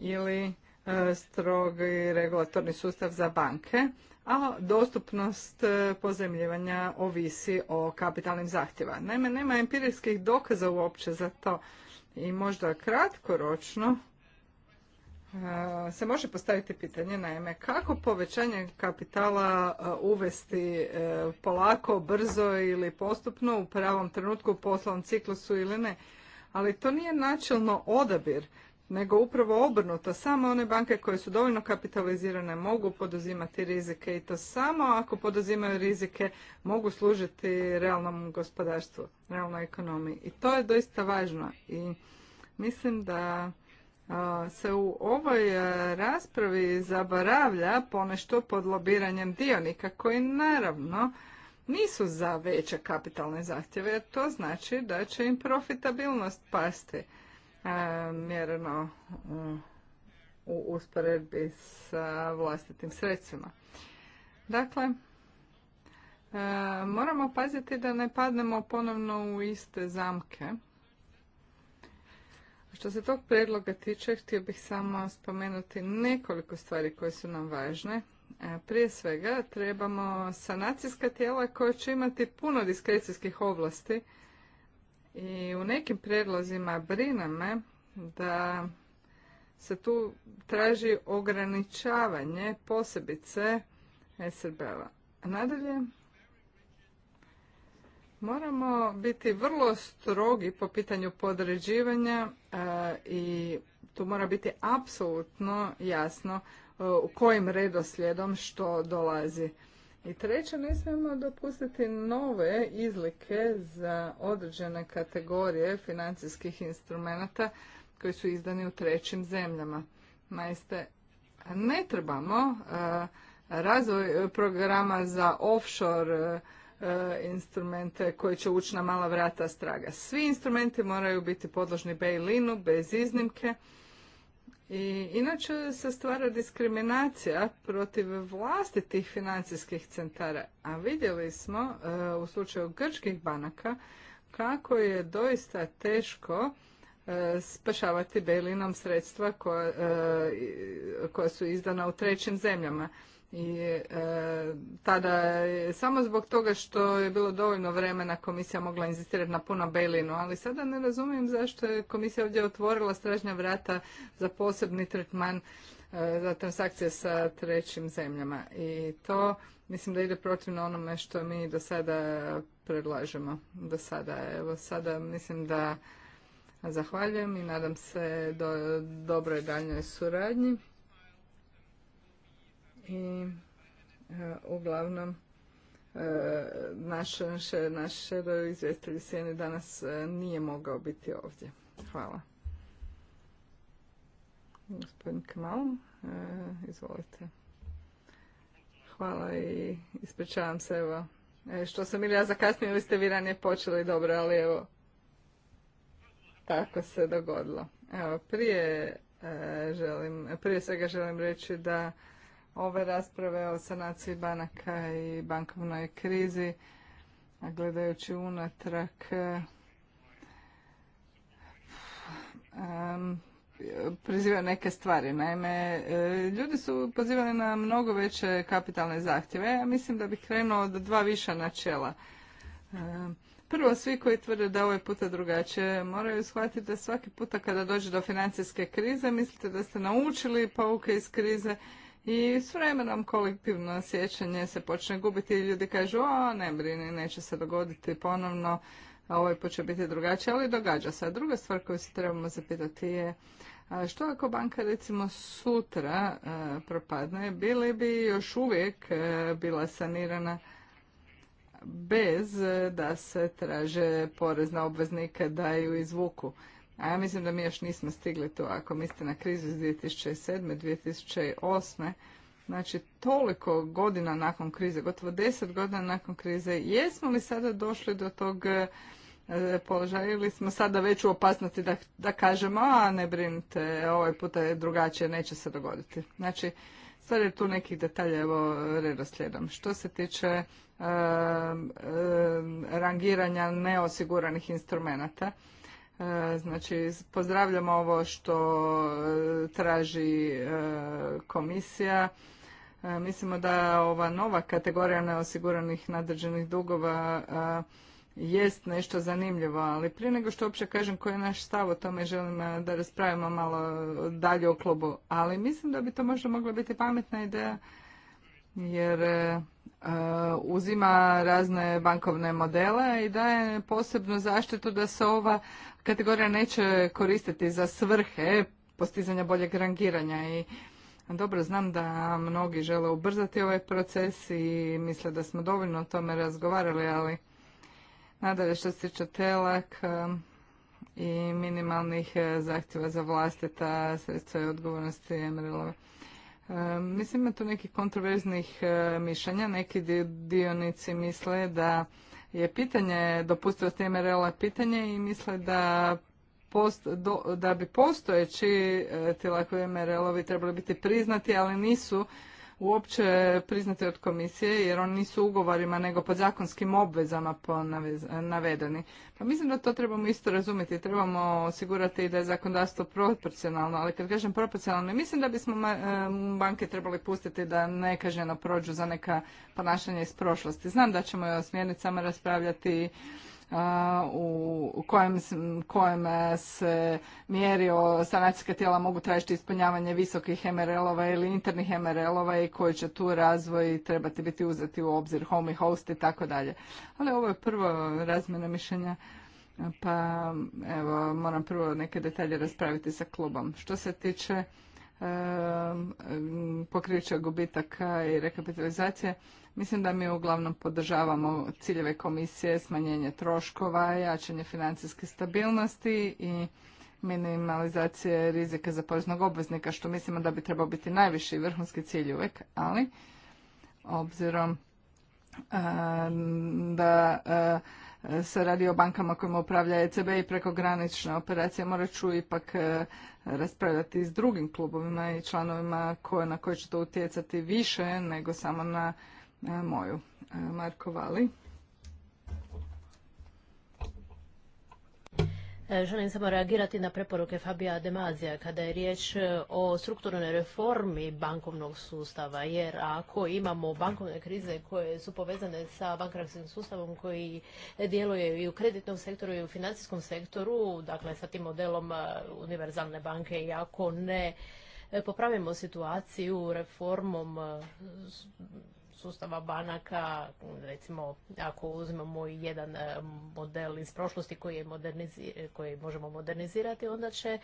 ili e, strogi regulatorni sustav za banke, a dostupnost e, pozemljivanja ovisi o kapitalnim zahtjeva. Naime, nema empirijskih dokaza uopće za to i možda kratkoročno e, se može postaviti pitanje, naime, kako povećanje kapitala e, uvesti polako, brzo ili postupno u pravom trenutku u poslovnom ciklusu ili ne. Ali to nije načelno odabir nego upravo obrnuto. Samo one banke koje su dovoljno kapitalizirane mogu poduzimati rizike i to samo ako poduzimaju rizike mogu služiti realnom gospodarstvu, realnoj ekonomiji. I to je doista važno i mislim da se u ovoj raspravi zaboravlja ponešto pod lobiranjem dionika koji naravno nisu za veće kapitalne zahtjeve jer to znači da će im profitabilnost pasti mjereno u usporedbi sa vlastitim sredstvima. Dakle, moramo paziti da ne padnemo ponovno u iste zamke. Što se tog predloga tiče, htio bih samo spomenuti nekoliko stvari koje su nam važne. Prije svega trebamo sanacijska tijela koja će imati puno diskrecijskih ovlasti i u nekim prijedlozima brine me da se tu traži ograničavanje posebice SRB-a. Nadalje, moramo biti vrlo strogi po pitanju podređivanja e, i tu mora biti apsolutno jasno e, u kojim redoslijedom što dolazi. I treće, ne smijemo dopustiti nove izlike za određene kategorije financijskih instrumenata koji su izdani u trećim zemljama. Naiste, ne trebamo e, razvoj programa za offshore e, instrumente koji će ući na mala vrata straga. Svi instrumenti moraju biti podložni bail-inu bez iznimke i inače se stvara diskriminacija protiv vlastitih financijskih centara, a vidjeli smo e, u slučaju grčkih banaka kako je doista teško e, spašavati belinom sredstva koja, e, koja su izdana u trećim zemljama i e, tada samo zbog toga što je bilo dovoljno vremena komisija mogla inzistirati na puno belinu, ali sada ne razumijem zašto je komisija ovdje otvorila stražnja vrata za posebni tretman e, za transakcije sa trećim zemljama i to mislim da ide protivno onome što mi do sada predlažemo. Do sada, evo sada mislim da zahvaljujem i nadam se do dobroj daljnjoj suradnji i e, uglavnom naš, e, naš izvjestitelj Sjeni danas e, nije mogao biti ovdje. Hvala. Gospodin Kamal, izvolite. Hvala i ispričavam se, evo. što sam ili ja zakasnila, ili ste vi ranije počeli dobro, ali evo, tako se dogodilo. Evo, prije, želim, prije svega želim reći da ove rasprave o sanaciji banaka i bankovnoj krizi, a gledajući unatrag, prizivaju neke stvari. Naime, ljudi su pozivali na mnogo veće kapitalne zahtjeve. Ja mislim da bih krenuo od dva viša načela. Prvo, svi koji tvrde da ovo je puta drugačije moraju shvatiti da svaki puta kada dođe do financijske krize mislite da ste naučili pouke iz krize i s vremenom kolektivno sjećanje se počne gubiti i ljudi kažu, o ne brini, neće se dogoditi ponovno, ovaj put će biti drugačije, ali događa se. A druga stvar koju se trebamo zapitati je, što ako banka recimo sutra e, propadne, bili bi još uvijek e, bila sanirana bez e, da se traže porezna obveznike da ju izvuku. A ja mislim da mi još nismo stigli tu. Ako mislite na krizu iz 2007. 2008. Znači, toliko godina nakon krize, gotovo deset godina nakon krize, jesmo li sada došli do tog e, položaja ili smo sada već u opasnosti da, da kažemo, a ne brinite, ovaj puta je drugačije, neće se dogoditi. Znači, stvar je tu nekih detalja, evo, redoslijedom. Što se tiče e, e, rangiranja neosiguranih instrumenta, E, znači, pozdravljamo ovo što e, traži e, komisija. Mislimo da ova nova kategorija neosiguranih nadređenih dugova jest nešto zanimljivo, ali prije nego što uopće kažem koji je naš stav o tome, želim da raspravimo malo dalje o klubu. Ali mislim da bi to možda mogla biti pametna ideja, jer E, uzima razne bankovne modele i daje posebnu zaštitu da se ova kategorija neće koristiti za svrhe postizanja boljeg rangiranja i dobro, znam da mnogi žele ubrzati ovaj proces i misle da smo dovoljno o tome razgovarali, ali nadalje što se tiče telak e, i minimalnih e, zahtjeva za vlastita sredstva i odgovornosti Emrilove. Mislim ima tu nekih kontroverznih e, mišljenja. Neki dionici misle da je pitanje dopustivosti MRL-a pitanje i misle da Post, da bi postojeći e, tilakovi MRL-ovi trebali biti priznati, ali nisu uopće priznati od komisije jer oni nisu ugovorima nego pod zakonskim obvezama navedeni. Pa mislim da to trebamo isto razumjeti. Trebamo osigurati da je zakonodavstvo proporcionalno, ali kad kažem proporcionalno, mislim da bismo banke trebali pustiti da nekažnjeno prođu za neka ponašanja iz prošlosti. Znam da ćemo o smjernicama raspravljati u kojem, kojem e, se mjeri sanacijska tijela mogu tražiti ispunjavanje visokih MRL-ova ili internih MRL-ova i koji će tu razvoj trebati biti uzeti u obzir home i host i tako dalje. Ali ovo je prvo razmjena mišljenja pa evo moram prvo neke detalje raspraviti sa klubom. Što se tiče e, pokrića gubitaka i rekapitalizacije, Mislim da mi uglavnom podržavamo ciljeve komisije, smanjenje troškova, jačanje financijske stabilnosti i minimalizacije rizika za poreznog obveznika, što mislimo da bi trebao biti najviši vrhunski cilj uvijek, ali obzirom da se radi o bankama kojima upravlja ECB i prekogranične operacije, morat ću ipak raspravljati s drugim klubovima i članovima na koje će to utjecati više nego samo na E, moju. E, Marko Vali. E, želim samo reagirati na preporuke Fabija Demazija kada je riječ o strukturnoj reformi bankovnog sustava, jer ako imamo bankovne krize koje su povezane sa bankarskim sustavom koji djeluje i u kreditnom sektoru i u financijskom sektoru, dakle sa tim modelom univerzalne banke i ako ne popravimo situaciju reformom sustava banaka, recimo ako uzmemo jedan e, model iz prošlosti koji, je koji možemo modernizirati, onda će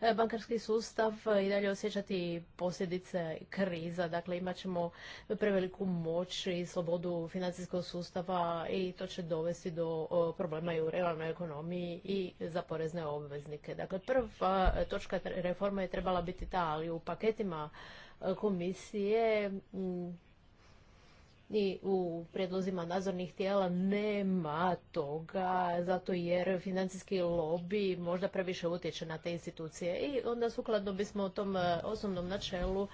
e, bankarski sustav e, i dalje osjećati posljedice kriza. Dakle, imat ćemo preveliku moć i slobodu financijskog sustava i to će dovesti do problema i u realnoj ekonomiji i za porezne obveznike. Dakle, prva točka reforma je trebala biti ta, ali u paketima komisije i u prijedlozima nadzornih tijela nema toga, zato jer financijski lobby možda previše utječe na te institucije i onda sukladno bismo o tom e, osnovnom načelu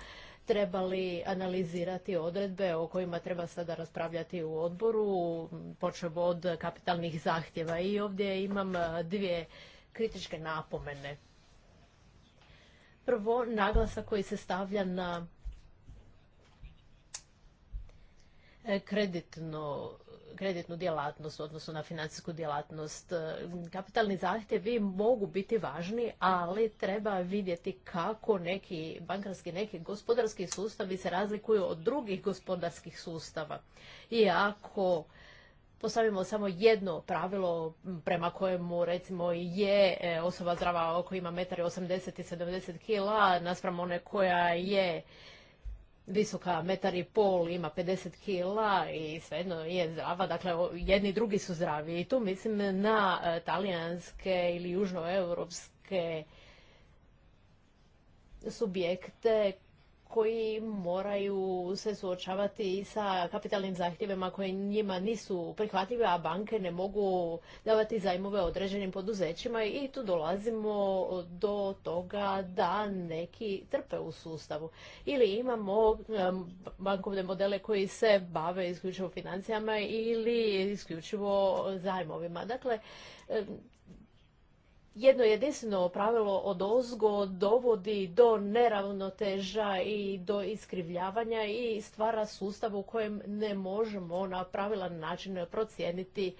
trebali analizirati odredbe o kojima treba sada raspravljati u odboru, počev od kapitalnih zahtjeva. I ovdje imam e, dvije kritičke napomene. Prvo, naglasak koji se stavlja na E, kreditnu djelatnost, odnosno na financijsku djelatnost. E, kapitalni zahtjevi mogu biti važni, ali treba vidjeti kako neki bankarski, neki gospodarski sustavi se razlikuju od drugih gospodarskih sustava. I ako postavimo samo jedno pravilo prema kojemu recimo je e, osoba zdrava oko ima 1,80 i 70 kila naspram one koja je visoka metar i pol, ima 50 kila i svejedno je zdrava, dakle jedni drugi su zdravi i tu mislim na e, talijanske ili južnoeuropske subjekte koji moraju se suočavati i sa kapitalnim zahtjevima koje njima nisu prihvatljive, a banke ne mogu davati zajmove određenim poduzećima i tu dolazimo do toga da neki trpe u sustavu. Ili imamo bankovne modele koji se bave isključivo financijama ili isključivo zajmovima. Dakle, jedno jedinstveno pravilo od ozgo dovodi do neravnoteža i do iskrivljavanja i stvara sustav u kojem ne možemo na pravilan način procijeniti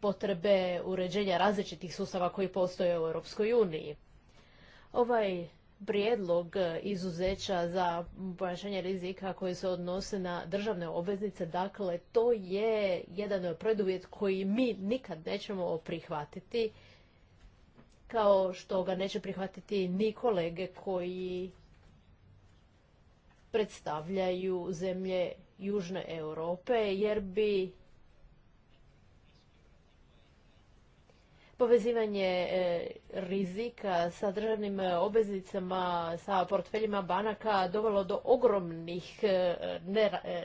potrebe uređenja različitih sustava koji postoje u Europskoj uniji. Ovaj prijedlog izuzeća za pojačanje rizika koji se odnose na državne obveznice, dakle to je jedan preduvjet koji mi nikad nećemo prihvatiti kao što ga neće prihvatiti ni kolege koji predstavljaju zemlje Južne Europe, jer bi povezivanje e, rizika sa državnim obveznicama, sa portfeljima banaka dovelo do ogromnih e, e,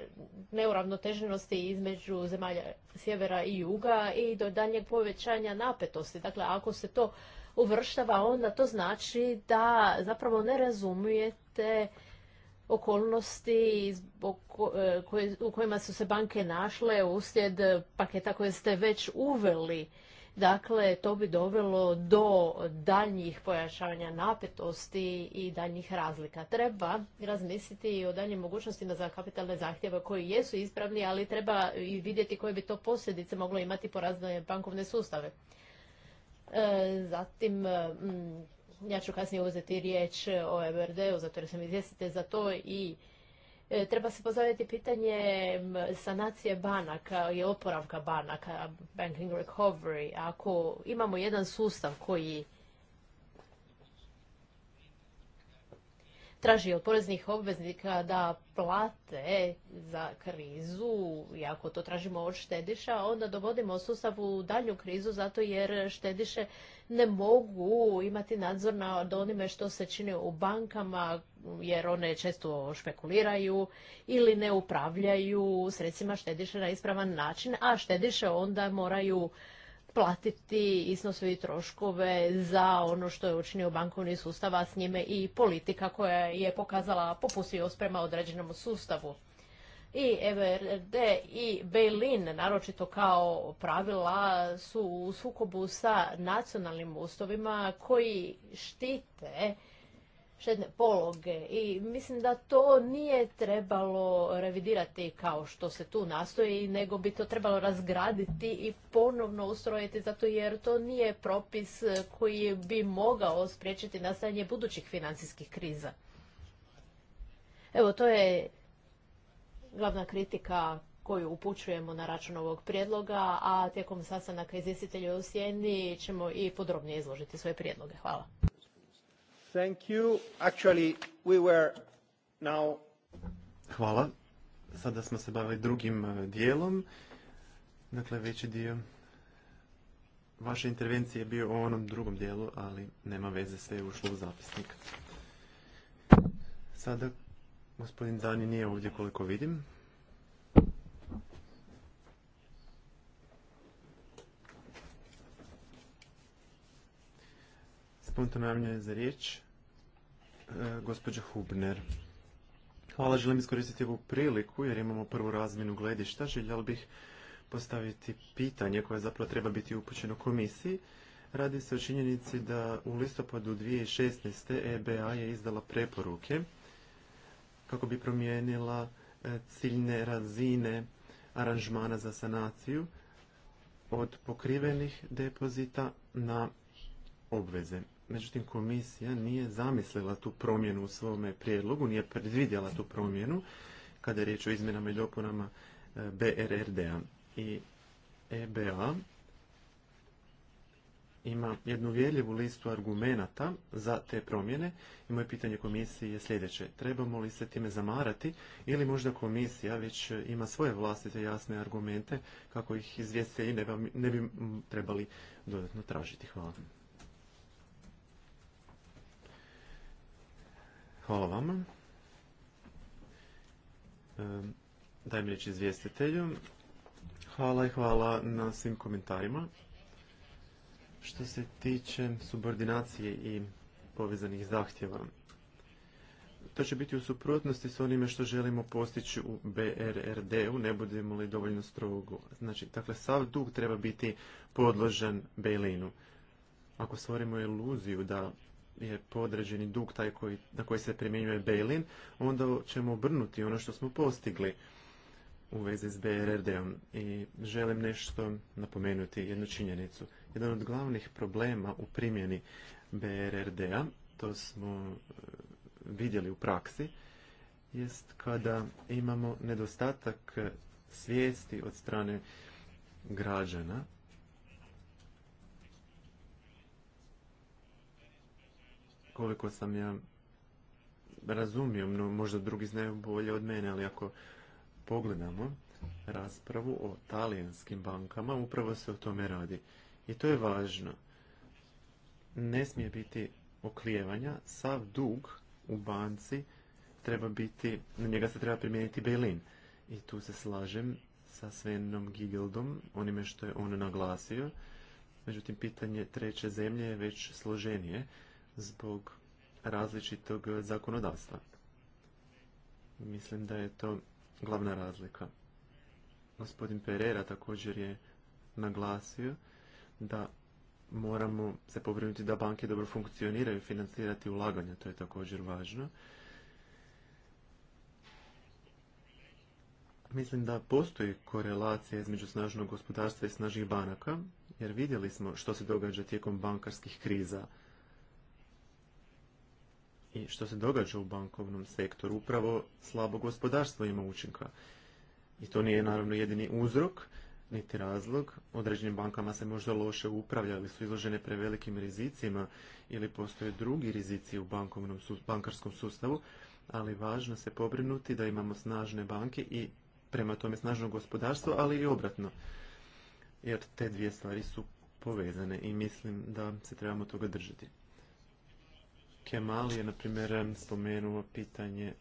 neuravnoteženosti između zemalja sjevera i juga i do daljnjeg povećanja napetosti. Dakle, ako se to uvrštava, onda to znači da zapravo ne razumijete okolnosti e, u kojima su se banke našle uslijed paketa koje ste već uveli. Dakle, to bi dovelo do daljnjih pojačavanja napetosti i daljnjih razlika. Treba razmisliti i o daljnjim mogućnostima za kapitalne zahtjeve koji jesu ispravni, ali treba i vidjeti koje bi to posljedice moglo imati po razne bankovne sustave. E, zatim, e, mm, ja ću kasnije uzeti riječ e, o ebrd zato jer sam izvjestite za to i treba se pozaviti pitanje sanacije banaka i oporavka banaka, banking recovery. Ako imamo jedan sustav koji traži od poreznih obveznika da plate za krizu, i ako to tražimo od štediša, onda dovodimo sustav u dalju krizu zato jer štediše ne mogu imati nadzor nad onime što se čini u bankama jer one često špekuliraju ili ne upravljaju sredstvima štediše na ispravan način, a štediše onda moraju platiti iznose i troškove za ono što je učinio bankovni sustav, a s njime i politika koja je pokazala popustljivost prema određenom sustavu. I EBRD i Berlin, naročito kao pravila, su u sukobu sa nacionalnim ustavima koji štite pologe i mislim da to nije trebalo revidirati kao što se tu nastoji, nego bi to trebalo razgraditi i ponovno ustrojiti zato jer to nije propis eh, koji bi mogao spriječiti nastajanje budućih financijskih kriza. Evo, to je glavna kritika koju upućujemo na račun ovog prijedloga, a tijekom sastanaka izvjestitelja u Sjeni ćemo i podrobnije izložiti svoje prijedloge. Hvala. Thank we were Hvala. Sada smo se bavili drugim e, dijelom. Dakle, veći dio vaše intervencije je bio u onom drugom dijelu, ali nema veze, sve je ušlo u zapisnik. Sada gospodin Dani nije ovdje koliko vidim. Spontano javljanje za riječ. E, gospođa Hubner. Hvala, želim iskoristiti ovu priliku jer imamo prvu razminu gledišta. Željela bih postaviti pitanje koje zapravo treba biti upućeno komisiji. Radi se o činjenici da u listopadu 2016. EBA je izdala preporuke kako bi promijenila e, ciljne razine aranžmana za sanaciju od pokrivenih depozita na obveze. Međutim, komisija nije zamislila tu promjenu u svome prijedlogu, nije predvidjela tu promjenu kada je riječ o izmjenama i dopunama e, BRRD-a i EBA ima jednu vjerljivu listu argumenata za te promjene i moje pitanje komisiji je sljedeće. Trebamo li se time zamarati ili možda komisija već ima svoje vlastite jasne argumente kako ih i ne bi trebali dodatno tražiti? Hvala. Hvala vama. Dajem reći izvjestitelju. Hvala i hvala na svim komentarima. Što se tiče subordinacije i povezanih zahtjeva, to će biti u suprotnosti s onime što želimo postići u BRRD-u, ne budemo li dovoljno strogo. Znači, dakle, sav dug treba biti podložen bailinu. Ako stvorimo iluziju da je podređeni dug taj koji, na koji se primjenjuje bail onda ćemo obrnuti ono što smo postigli u vezi s BRRD-om. I želim nešto napomenuti, jednu činjenicu. Jedan od glavnih problema u primjeni BRRD-a, to smo e, vidjeli u praksi, jest kada imamo nedostatak svijesti od strane građana koliko sam ja razumio, no možda drugi znaju bolje od mene, ali ako pogledamo raspravu o talijanskim bankama, upravo se o tome radi. I to je važno. Ne smije biti oklijevanja, sav dug u banci treba biti, na njega se treba primijeniti Berlin. I tu se slažem sa Svenom Gigeldom, onime što je on naglasio. Međutim, pitanje treće zemlje je već složenije zbog različitog zakonodavstva. Mislim da je to glavna razlika. Gospodin Pereira također je naglasio da moramo se pobrinuti da banke dobro funkcioniraju, financirati ulaganja, to je također važno. Mislim da postoji korelacija između snažnog gospodarstva i snažnih banaka, jer vidjeli smo što se događa tijekom bankarskih kriza i što se događa u bankovnom sektoru. Upravo slabo gospodarstvo ima učinka. I to nije naravno jedini uzrok, niti razlog. Određenim bankama se možda loše upravlja ili su izložene prevelikim rizicima ili postoje drugi rizici u bankovnom, bankarskom sustavu, ali važno se pobrinuti da imamo snažne banke i prema tome snažno gospodarstvo, ali i obratno. Jer te dvije stvari su povezane i mislim da se trebamo toga držati. Kemal je, na primjer, spomenuo pitanje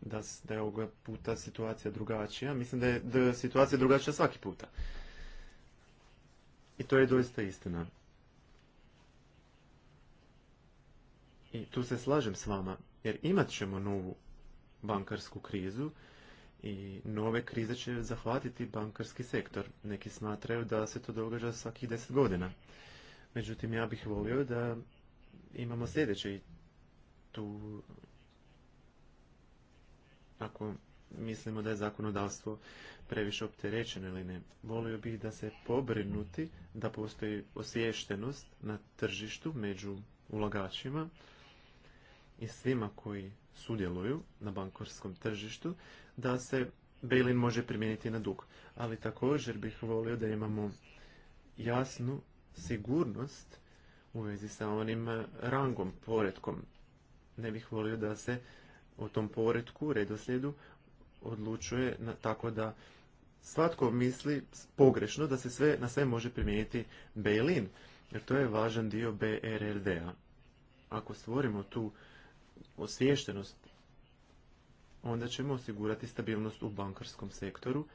da, da je ovoga puta situacija drugačija. Mislim da je, da situacija drugačija svaki puta. I to je doista istina. I tu se slažem s vama, jer imat ćemo novu bankarsku krizu i nove krize će zahvatiti bankarski sektor. Neki smatraju da se to događa svakih deset godina. Međutim, ja bih volio da imamo sljedeće tu ako mislimo da je zakonodavstvo previše opterećeno ili ne. Volio bih da se pobrinuti da postoji osviještenost na tržištu među ulagačima i svima koji sudjeluju na bankorskom tržištu da se bail može primijeniti na dug. Ali također bih volio da imamo jasnu sigurnost u vezi sa onim rangom, poredkom ne bih volio da se o tom poredku, redoslijedu odlučuje na, tako da svatko misli pogrešno da se sve, na sve može primijeniti bail jer to je važan dio BRRD-a. Ako stvorimo tu osviještenost, onda ćemo osigurati stabilnost u bankarskom sektoru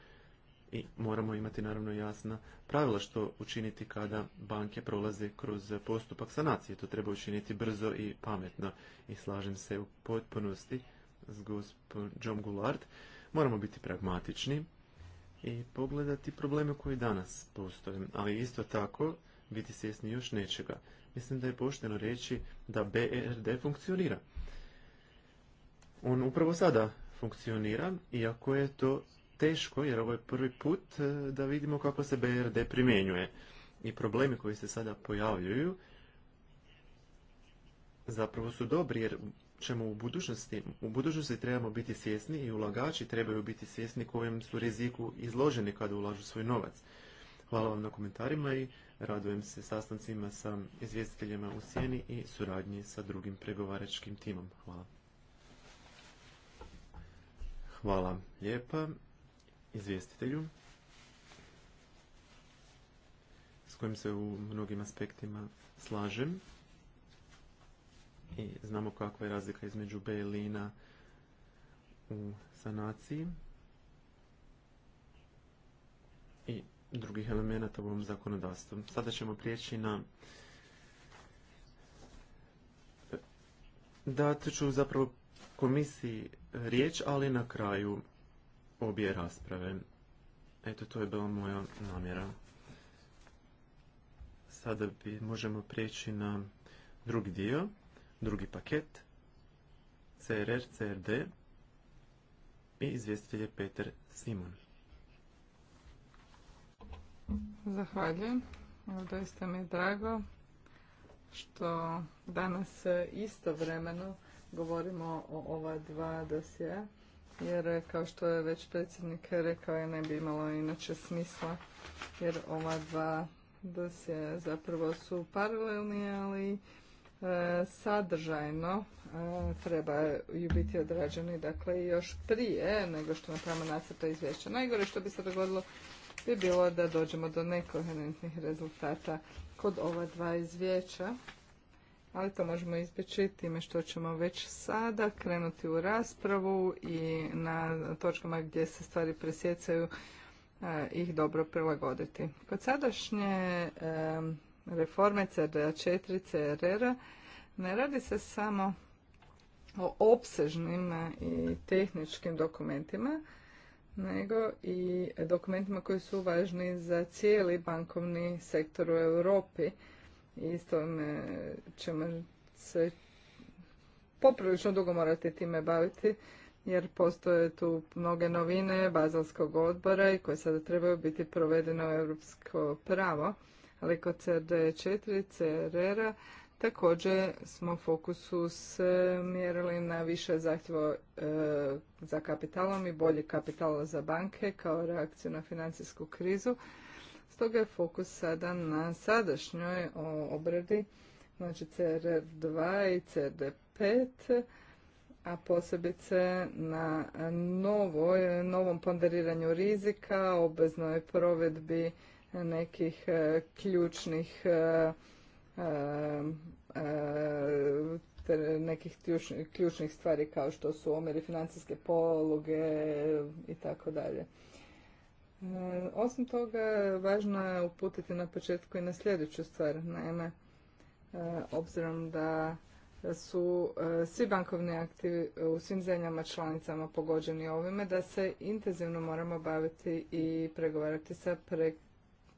i moramo imati naravno jasna pravila što učiniti kada banke prolaze kroz postupak sanacije. To treba učiniti brzo i pametno i slažem se u potpunosti s John Goulart. Moramo biti pragmatični i pogledati probleme koji danas postoje, ali isto tako biti svjesni još nečega. Mislim da je pošteno reći da BRD funkcionira. On upravo sada funkcionira, iako je to teško jer ovo je prvi put e, da vidimo kako se BRD primjenjuje. I problemi koji se sada pojavljuju zapravo su dobri jer ćemo u budućnosti, u budućnosti trebamo biti svjesni i ulagači trebaju biti svjesni kojem su riziku izloženi kada ulažu svoj novac. Hvala vam na komentarima i radujem se sastancima sa izvjestiteljima u Sjeni i suradnji sa drugim pregovaračkim timom. Hvala. Hvala lijepa izvjestitelju s kojim se u mnogim aspektima slažem i znamo kakva je razlika između Bejlina u sanaciji i drugih elemenata u ovom zakonodavstvu. Sada ćemo prijeći na dat ću zapravo komisiji riječ, ali na kraju obje rasprave. Eto, to je bila moja namjera. Sada bi, možemo prijeći na drugi dio, drugi paket, CRR, CRD i izvjestitelj Peter Simon. Zahvaljujem. Doista mi je drago što danas istovremeno govorimo o ova dva dosjeja jer e, kao što je već predsjednik rekao je ne bi imalo inače smisla jer ova dva dosje zapravo su paralelni, ali e, sadržajno e, treba trebaju biti odrađeni dakle još prije nego što napravimo nacrta izvješća. Najgore što bi se dogodilo bi bilo da dođemo do nekoherentnih rezultata kod ova dva izvješća ali to možemo izbjeći time što ćemo već sada krenuti u raspravu i na točkama gdje se stvari presjecaju e, ih dobro prilagoditi. Kod sadašnje e, reforme CDA4 crr ne radi se samo o opsežnim i tehničkim dokumentima, nego i dokumentima koji su važni za cijeli bankovni sektor u Europi Isto ćemo se poprilično dugo morati time baviti jer postoje tu mnoge novine bazalskog odbora i koje sada trebaju biti provedene u europsko pravo, ali kod CRD4 crr također smo fokusu se mjerili na više zahtjeva e, za kapitalom i bolji kapital za banke kao reakciju na financijsku krizu Stoga je fokus sada na sadašnjoj obradi, znači cr 2 i cd 5 a posebice na novom ponderiranju rizika, obveznoj provedbi nekih e, ključnih e, e, nekih ključnih stvari kao što su omjeri financijske poluge i tako dalje. Eh, osim toga, važno je uputiti na početku i na sljedeću stvar. Naime, eh, obzirom da su eh, svi bankovni akti u svim zemljama članicama pogođeni ovime, da se intenzivno moramo baviti i pregovarati sa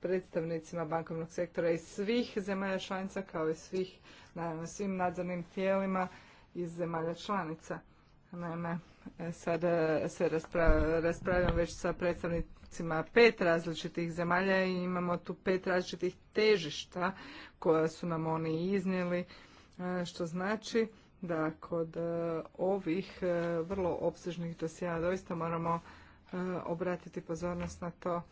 predstavnicima bankovnog sektora iz svih zemalja članica kao i svih, naravno, svim nadzornim tijelima iz zemalja članica. Naime, e, sada se raspravljam već sa predstavnicima postupcima pet različitih zemalja i imamo tu pet različitih težišta koja su nam oni iznijeli, e, što znači da kod e, ovih e, vrlo opsežnih dosija doista moramo obratiti pozornost na to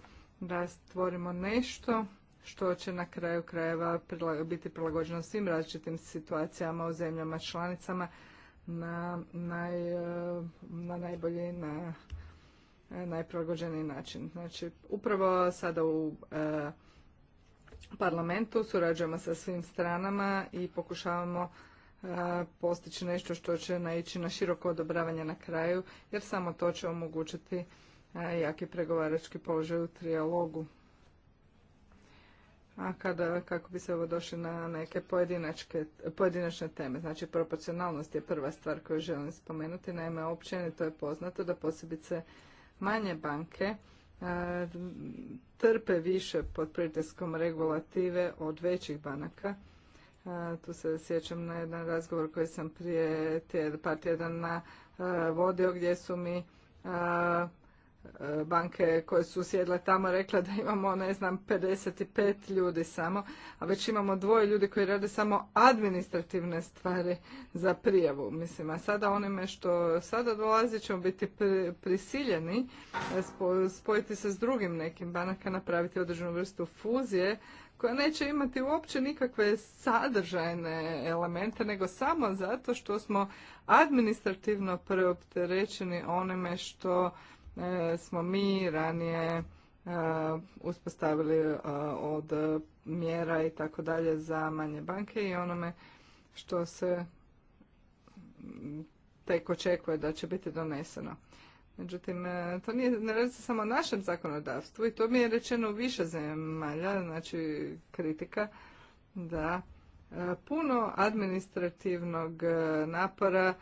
da stvorimo nešto što će na kraju krajeva biti prilagođeno svim različitim situacijama u zemljama članicama na, na najbolji na E, najprilagođeniji način. Znači, upravo sada u e, parlamentu surađujemo sa svim stranama i pokušavamo e, postići nešto što će naići na široko odobravanje na kraju, jer samo to će omogućiti e, jaki pregovarački položaj u trijalogu. A kada, kako bi se ovo došli na neke pojedinačne teme, znači proporcionalnost je prva stvar koju želim spomenuti, naime općenito je poznato da posebice manje banke e, trpe više pod pritiskom regulative od većih banaka. E, tu se sjećam na jedan razgovor koji sam prije par tjedana e, vodio gdje su mi banke koje su sjedle tamo rekla da imamo, ne znam, 55 ljudi samo, a već imamo dvoje ljudi koji rade samo administrativne stvari za prijavu. Mislim, a sada onime što sada dolazi ćemo biti prisiljeni e, spojiti se s drugim nekim banaka, napraviti određenu vrstu fuzije koja neće imati uopće nikakve sadržajne elemente, nego samo zato što smo administrativno preopterećeni onime što E, smo mi ranije e, uspostavili e, od mjera i tako dalje za manje banke i onome što se tek očekuje da će biti doneseno. Međutim, to nije, ne radi se samo o našem zakonodavstvu i to mi je rečeno u više zemalja, znači kritika, da puno administrativnog napora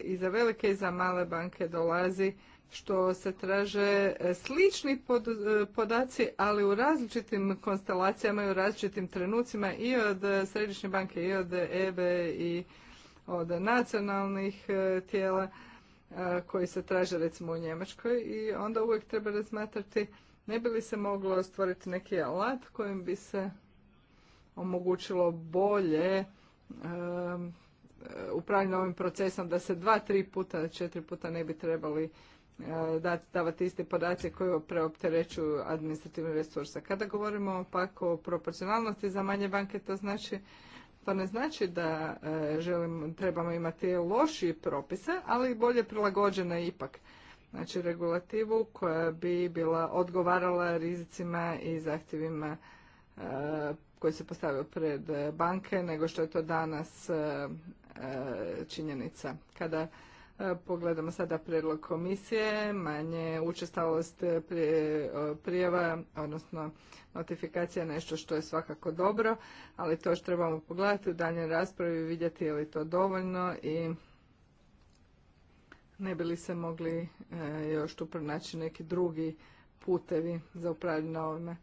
i za velike i za male banke dolazi što se traže e, slični e, podaci, ali u različitim konstelacijama i u različitim trenucima i od Središnje banke i od EBE i od nacionalnih e, tijela koji se traže recimo u Njemačkoj i onda uvijek treba razmatrati ne bi li se moglo stvoriti neki alat kojim bi se omogućilo bolje upravljanje ovim procesom da se dva, tri puta, četiri puta ne bi trebali E, davati iste podatke koje preopterećuju administrativne resurse. Kada govorimo pak o proporcionalnosti za manje banke, to znači to ne znači da e, želim, trebamo imati lošije propise, ali bolje prilagođene ipak. Znači regulativu koja bi bila odgovarala rizicima i zahtjevima e, koji se postavio pred banke, nego što je to danas činjenica. Kada E, pogledamo sada predlog komisije, manje učestalost e, prijava, odnosno notifikacija nešto što je svakako dobro, ali to još trebamo pogledati u daljnjoj raspravi i vidjeti je li to dovoljno i ne bi li se mogli e, još tu pronaći neki drugi putevi za upravljanje ovome.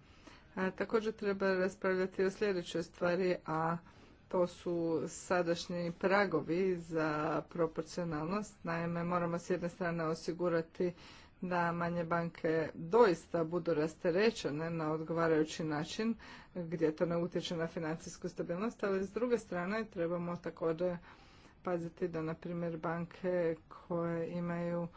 također treba raspravljati o sljedećoj stvari, a to su sadašnji pragovi za proporcionalnost. Naime, moramo s jedne strane osigurati da manje banke doista budu rasterećene na odgovarajući način gdje to ne utječe na financijsku stabilnost, ali s druge strane trebamo također paziti da, na primjer, banke koje imaju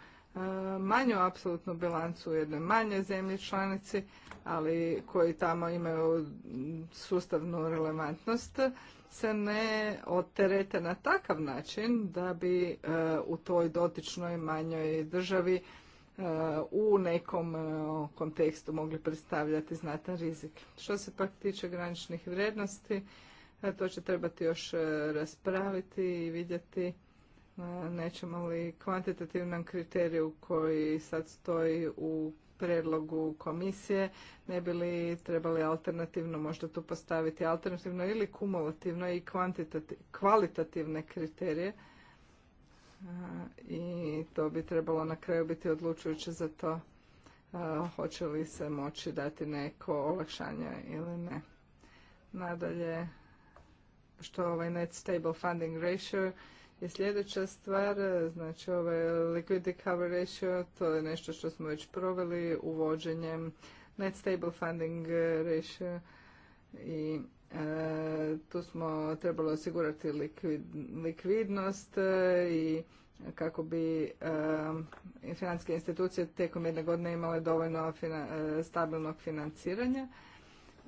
manju apsolutnu bilancu u jednoj manje zemlji članici, ali koji tamo imaju sustavnu relevantnost, se ne oterete na takav način da bi e, u toj dotičnoj manjoj državi e, u nekom e, kontekstu mogli predstavljati znatan rizik. Što se pak tiče graničnih vrijednosti, to će trebati još raspraviti i vidjeti nećemo li kvantitativnom kriteriju koji sad stoji u predlogu komisije, ne bi li trebali alternativno možda tu postaviti alternativno ili kumulativno i kvalitativne kriterije i to bi trebalo na kraju biti odlučujuće za to hoće li se moći dati neko olakšanje ili ne. Nadalje, što ovaj net stable funding ratio i sljedeća stvar, e, znači ovaj liquidity cover ratio, to je nešto što smo već proveli uvođenjem net stable funding e, ratio i e, tu smo trebalo osigurati likvid, likvidnost i kako bi e, financijske institucije tijekom jedne godine imale dovoljno stabilnog financiranja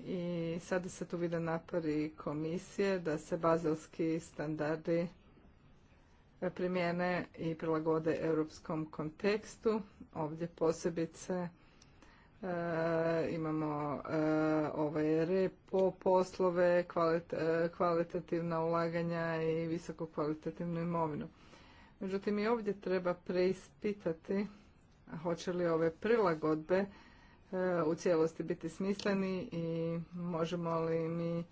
i sada se tu vide napori komisije da se bazelski standardi primjene i prilagode europskom kontekstu. Ovdje posebice e, imamo e, ovaj repo poslove, e, kvalitativna ulaganja i visoko kvalitativnu imovinu. Međutim, i ovdje treba preispitati hoće li ove prilagodbe e, u cijelosti biti smisleni i možemo li mi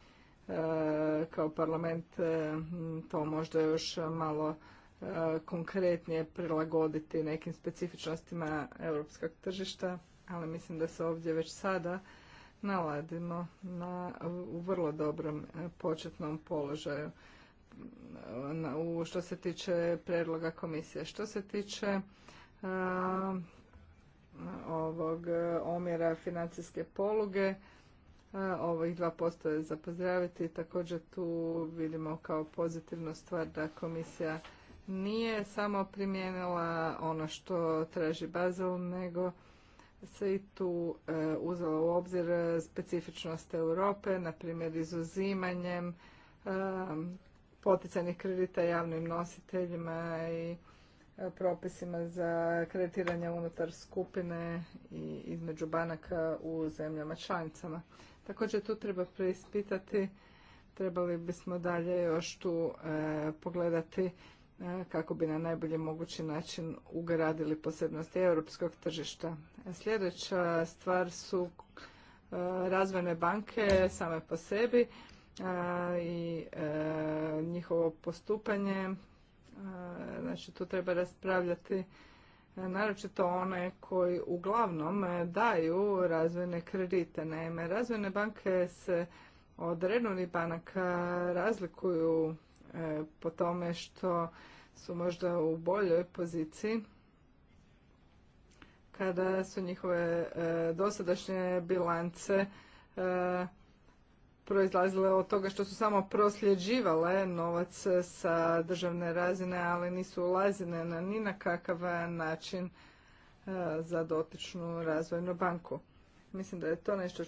kao parlament to možda još malo E, konkretnije prilagoditi nekim specifičnostima europskog tržišta, ali mislim da se ovdje već sada naladimo na, u vrlo dobrom e, početnom položaju na, u što se tiče predloga komisije. Što se tiče e, ovog omjera financijske poluge, a, ovih dva postoje za pozdraviti. Također tu vidimo kao pozitivnu stvar da komisija nije samo primijenila ono što traži Basel, nego se i tu e, uzela u obzir specifičnost Europe, na primjer izuzimanjem e, kredita javnim nositeljima i e, propisima za kreditiranje unutar skupine i između banaka u zemljama članicama. Također tu treba preispitati, trebali bismo dalje još tu e, pogledati E, kako bi na najbolji mogući način ugradili posebnosti europskog tržišta. E, sljedeća stvar su e, razvojne banke same po sebi i njihovo postupanje. Znači tu treba raspravljati naročito one koji uglavnom daju razvojne kredite. Naime, razvojne banke se od redovnih banaka razlikuju E, po tome što su možda u boljoj poziciji kada su njihove e, dosadašnje bilance e, proizlazile od toga što su samo prosljeđivale novac sa državne razine, ali nisu ulazile na ni na kakav način za dotičnu razvojnu banku. Mislim da je to nešto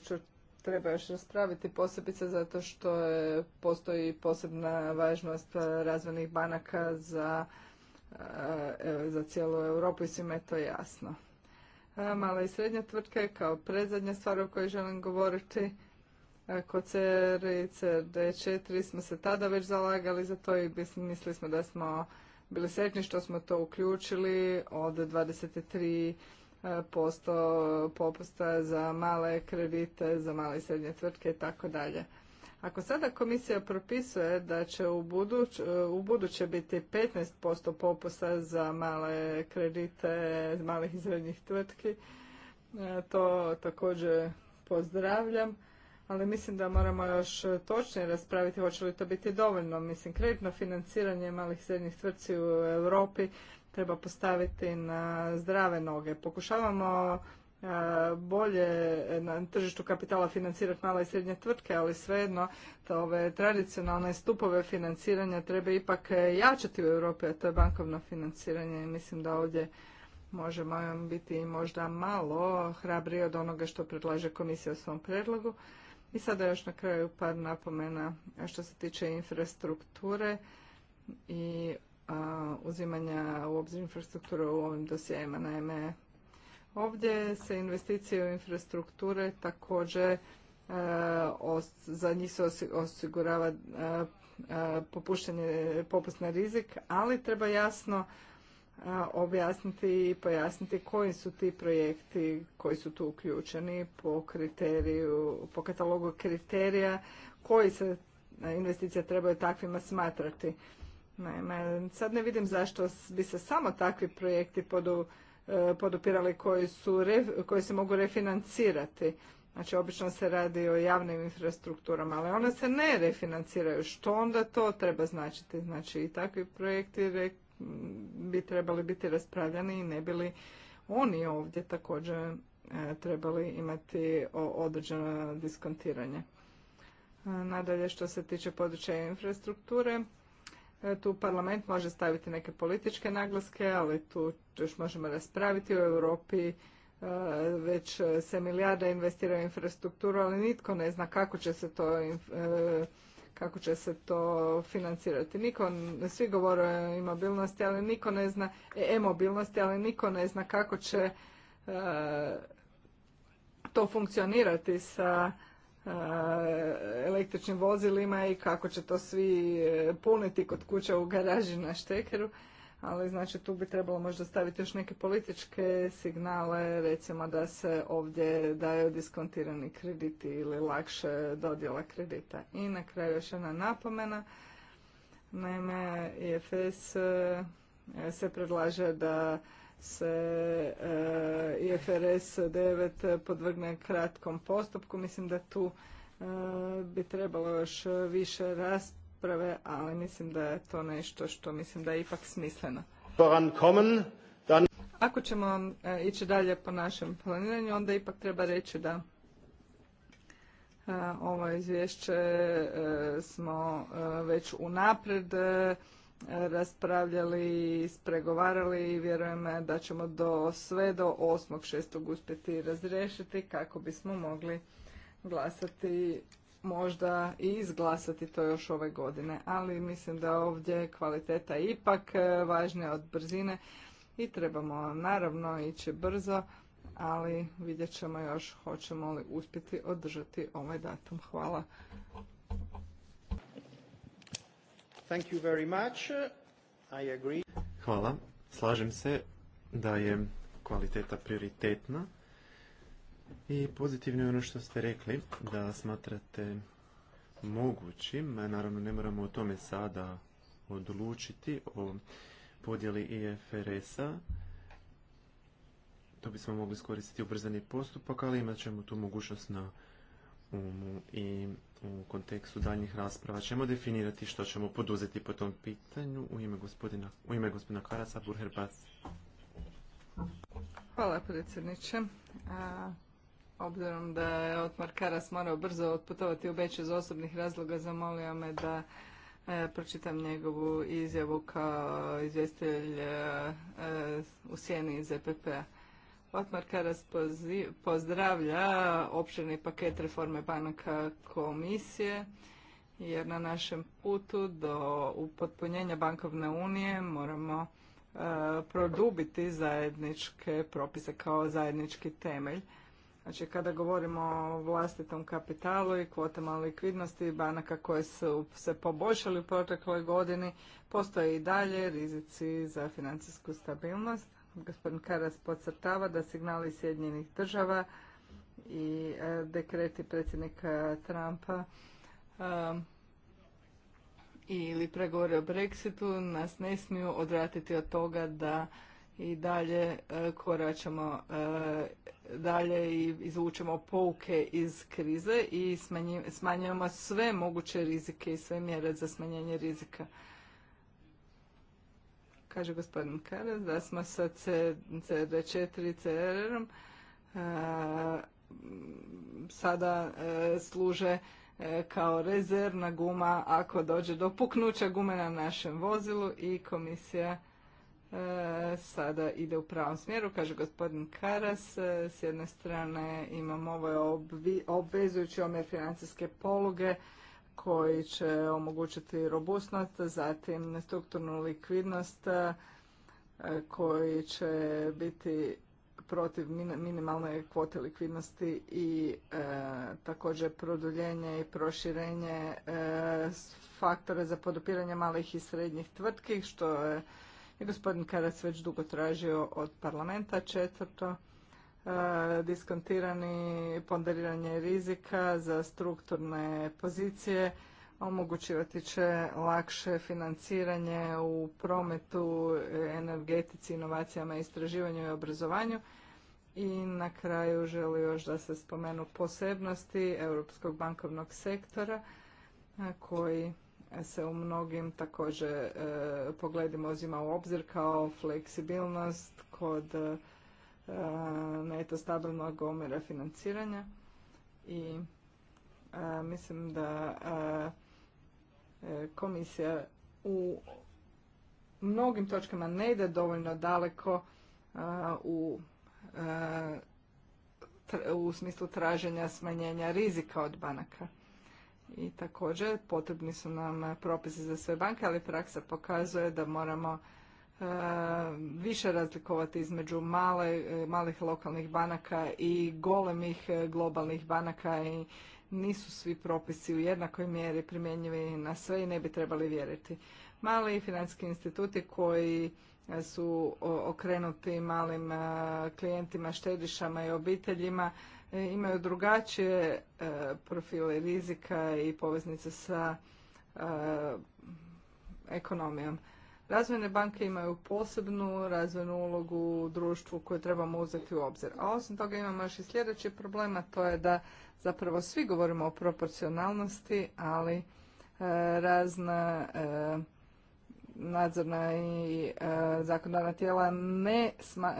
treba još raspraviti posebice zato što je, postoji posebna važnost eh, razvojnih banaka za, eh, za cijelu Europu i svima je to jasno. Eh, Mala i srednja tvrtka je kao predzadnja stvar o kojoj želim govoriti. Kod CR i CRD4 smo se tada već zalagali za to i mislili smo da smo bili sretni što smo to uključili od 23 posto popusta za male kredite, za male i srednje tvrtke i tako dalje. Ako sada komisija propisuje da će u, buduć, u buduće biti 15% popusta za male kredite malih i srednjih tvrtki, to također pozdravljam, ali mislim da moramo još točnije raspraviti hoće li to biti dovoljno. Mislim, kreditno financiranje malih i srednjih tvrtci u Europi treba postaviti na zdrave noge. Pokušavamo e, bolje na tržištu kapitala financirati male i srednje tvrtke, ali svejedno to ove tradicionalne stupove financiranja treba ipak jačati u Europi, a to je bankovno financiranje i mislim da ovdje možemo biti možda malo hrabriji od onoga što predlaže komisija u svom predlogu. I sada još na kraju par napomena što se tiče infrastrukture i uzimanja u obzir infrastrukture u ovim dosjejima. Naime, ovdje se investicije u infrastrukture također e, za njih se osigurava e, e, popuštanje, popust na rizik, ali treba jasno objasniti i pojasniti koji su ti projekti koji su tu uključeni po kriteriju, po katalogu kriterija koji se investicija trebaju takvima smatrati. Naime, sad ne vidim zašto bi se samo takvi projekti podu, e, podupirali koji, su, koji se mogu refinancirati. Znači, obično se radi o javnim infrastrukturama, ali one se ne refinanciraju. Što onda to treba značiti? Znači, i takvi projekti bi trebali biti raspravljani i ne bili oni ovdje također e, trebali imati određeno diskontiranje. E, nadalje, što se tiče područja infrastrukture, E, tu parlament može staviti neke političke naglaske, ali tu još možemo raspraviti. U Europi e, već se milijarde investira u infrastrukturu, ali nitko ne zna kako će se to e, kako će se to financirati. Niko, svi govore o imobilnosti, ali niko ne zna, e-mobilnosti, ali niko ne zna kako će to funkcionirati sa E, električnim vozilima i kako će to svi e, puniti kod kuće u garaži na štekeru. Ali znači tu bi trebalo možda staviti još neke političke signale, recimo da se ovdje daju diskontirani krediti ili lakše dodjela kredita. I na kraju još jedna napomena. Naime, IFS e, se predlaže da se e, IFRS 9 podvrgne kratkom postupku. Mislim da tu e, bi trebalo još više rasprave, ali mislim da je to nešto što mislim da je ipak smisleno. Ako ćemo e, ići dalje po našem planiranju, onda ipak treba reći da ovo izvješće smo već unaprijed raspravljali i spregovarali i vjerujem da ćemo do sve do 8.6. uspjeti razriješiti kako bismo mogli glasati možda i izglasati to još ove godine. Ali mislim da ovdje kvaliteta ipak e, važnija od brzine i trebamo naravno ići brzo, ali vidjet ćemo još hoćemo li uspjeti održati ovaj datum. Hvala. Thank you Hvala. Slažem se da je kvaliteta prioritetna i pozitivno je ono što ste rekli, da smatrate mogućim. Naravno, ne moramo o tome sada odlučiti, o podjeli IFRS-a. To bismo mogli skoristiti ubrzani postupak, ali imat ćemo tu mogućnost na i u kontekstu daljnjih rasprava ćemo definirati što ćemo poduzeti po tom pitanju u ime gospodina, u ime gospodina Karasa Burherbac. Hvala predsjedniče. A, obzirom da je Otmar Karas morao brzo otputovati u Beč iz osobnih razloga, zamolio me da e, pročitam njegovu izjavu kao izvjestitelj e, e, u sjeni iz EPP-a. Otmar Karas pozdravlja opširni paket reforme banaka komisije jer na našem putu do upotpunjenja bankovne unije moramo e, produbiti zajedničke propise kao zajednički temelj. Znači kada govorimo o vlastitom kapitalu i kvotama likvidnosti banaka koje su se poboljšali u protekloj godini, postoje i dalje rizici za financijsku stabilnost gospodin Karas podcrtava da signali Sjedinjenih država i e, dekreti predsjednika Trumpa um, ili pregovore o Brexitu nas ne smiju odratiti od toga da i dalje e, koračamo e, dalje i izvučemo pouke iz krize i smanjujemo sve moguće rizike i sve mjere za smanjenje rizika kaže gospodin Karas, da smo sa CD4 CR-om sada e, služe e, kao rezervna guma ako dođe do puknuća gume na našem vozilu i komisija e, sada ide u pravom smjeru, kaže gospodin Karas. s jedne strane imamo ove obvezujući obvezujuće ome financijske poluge koji će omogućiti robustnost, zatim strukturnu likvidnost e, koji će biti protiv minimalne kvote likvidnosti i e, također produljenje i proširenje e, faktora za podupiranje malih i srednjih tvrtki, što je i gospodin Karac već dugo tražio od parlamenta. Četvrto, diskontirani ponderiranje rizika za strukturne pozicije, omogućivati će lakše financiranje u prometu, energetici, inovacijama, istraživanju i obrazovanju. I na kraju želim još da se spomenu posebnosti europskog bankovnog sektora koji se u mnogim također e, pogledima uzima u obzir kao fleksibilnost kod E, na eto stabilnog omjera financiranja i e, mislim da e, komisija u mnogim točkama ne ide dovoljno daleko u, u smislu traženja smanjenja rizika od banaka. I također potrebni su nam propisi za sve banke, ali praksa pokazuje da moramo E, više razlikovati između male, e, malih lokalnih banaka i golemih e, globalnih banaka i nisu svi propisi u jednakoj mjeri primjenjivi na sve i ne bi trebali vjeriti. Mali financijski instituti koji su okrenuti malim klijentima, štedišama i obiteljima imaju drugačije profile rizika i poveznice sa ekonomijom. Razvojne banke imaju posebnu razvojnu ulogu u društvu koju trebamo uzeti u obzir. A osim toga imamo još i sljedeći problem, a to je da zapravo svi govorimo o proporcionalnosti, ali e, razna e, nadzorna i e, zakonodavna tijela ne,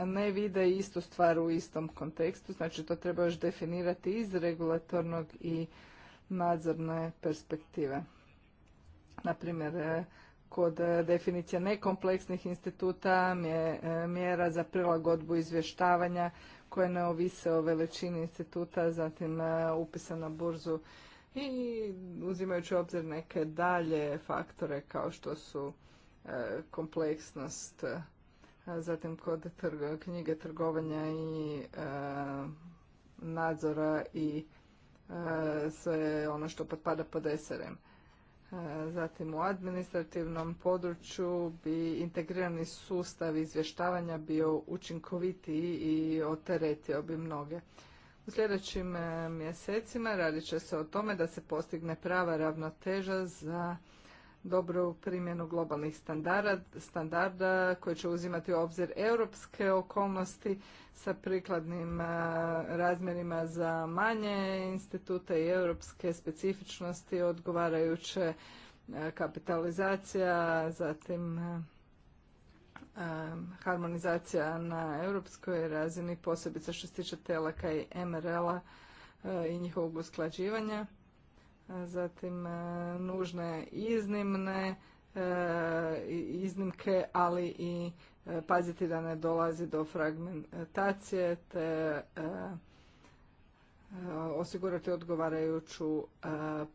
ne vide istu stvar u istom kontekstu, znači to treba još definirati iz regulatornog i nadzorne perspektive. Naprimjer, kod e, definicija nekompleksnih instituta, e, mjera za prilagodbu izvještavanja koje ne ovise o veličini instituta, zatim e, upisa na burzu i uzimajući obzir neke dalje faktore kao što su kompleksnost, zatim kod knjige trgovanja i nadzora i sve ono što potpada pod SRM. E, zatim u administrativnom području bi integrirani sustav izvještavanja bio učinkovitiji i oteretio bi mnoge. U sljedećim e, mjesecima radit će se o tome da se postigne prava ravnoteža za dobru primjenu globalnih standarda, standarda koji će uzimati u obzir europske okolnosti sa prikladnim e, razmjerima za manje institute i europske specifičnosti, odgovarajuće e, kapitalizacija, zatim e, harmonizacija na europskoj razini, posebice što se tiče telaka i MRL-a i njihovog usklađivanja zatim e, nužne iznimne e, iznimke, ali i e, paziti da ne dolazi do fragmentacije te osigurati odgovarajuću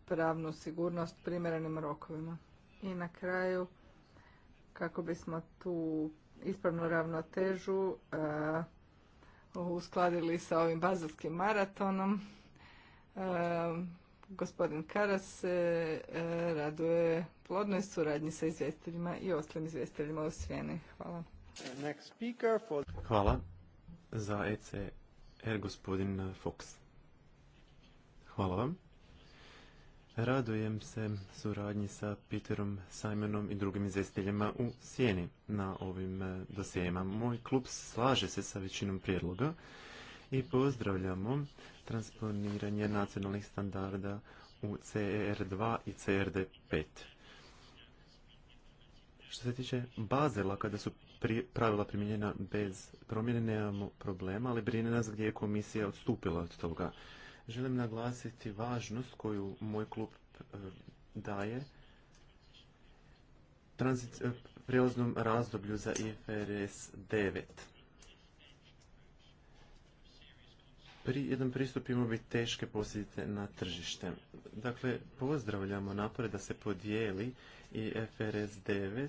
pravnu sigurnost primjerenim rokovima. I na kraju, kako bismo tu ispravnu ravnotežu uskladili sa ovim bazarskim maratonom, gospodin Karas se e, raduje plodnoj suradnji sa izvjestiteljima i ostalim izvjestiteljima u Svijeni. Hvala. Hvala za ECR gospodin Fox. Hvala vam. Radujem se suradnji sa Peterom Simonom i drugim izvjestiteljima u Sjeni na ovim e, dosijema. Moj klub slaže se sa većinom prijedloga i pozdravljamo transponiranje nacionalnih standarda u CR2 i CRD5. Što se tiče Bazela, kada su pravila primijenjena bez promjene, nemamo problema, ali brine nas gdje je komisija odstupila od toga. Želim naglasiti važnost koju moj klub e, daje e, prijelaznom razdoblju za IFRS 9. pri jedan pristup imao bi teške posljedice na tržište. Dakle, pozdravljamo napore da se podijeli i FRS 9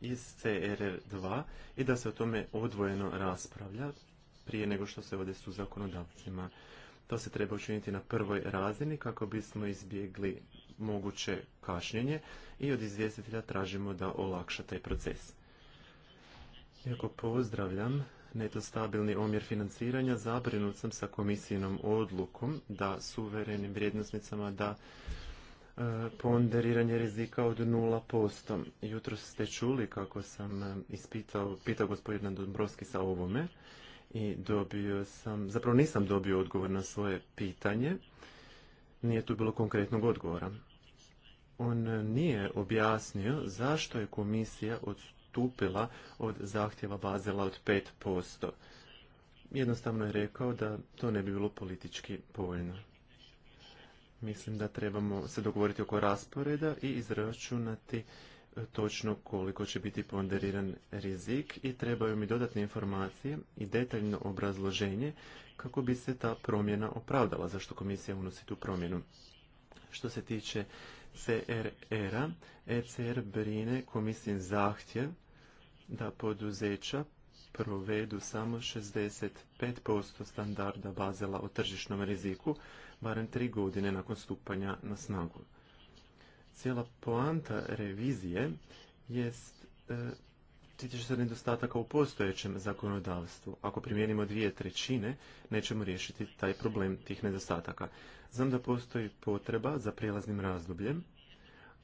iz CRR2 i da se o tome odvojeno raspravlja prije nego što se ode su zakonodavcima. To se treba učiniti na prvoj razini kako bismo izbjegli moguće kašnjenje i od izvjestitelja tražimo da olakša taj proces. Iako pozdravljam neto stabilni omjer financiranja, zabrinut sam sa komisijinom odlukom da suverenim vrijednosnicama da e, ponderiranje rizika od 0%. Jutro ste čuli kako sam e, ispitao, pitao gospodina Dombrovski sa ovome i dobio sam, zapravo nisam dobio odgovor na svoje pitanje, nije tu bilo konkretnog odgovora. On e, nije objasnio zašto je komisija od upila od zahtjeva Bazela od 5%. Jednostavno je rekao da to ne bi bilo politički povoljno. Mislim da trebamo se dogovoriti oko rasporeda i izračunati e, točno koliko će biti ponderiran rizik i trebaju mi dodatne informacije i detaljno obrazloženje kako bi se ta promjena opravdala, zašto komisija unosi tu promjenu. Što se tiče CRR-a, ECR brine komisijin zahtjev da poduzeća provedu samo 65% standarda Bazela o tržišnom riziku, barem tri godine nakon stupanja na snagu. Cijela poanta revizije jest e, tiče se nedostataka u postojećem zakonodavstvu. Ako primijenimo dvije trećine, nećemo riješiti taj problem tih nedostataka. Znam da postoji potreba za prijelaznim razdobljem,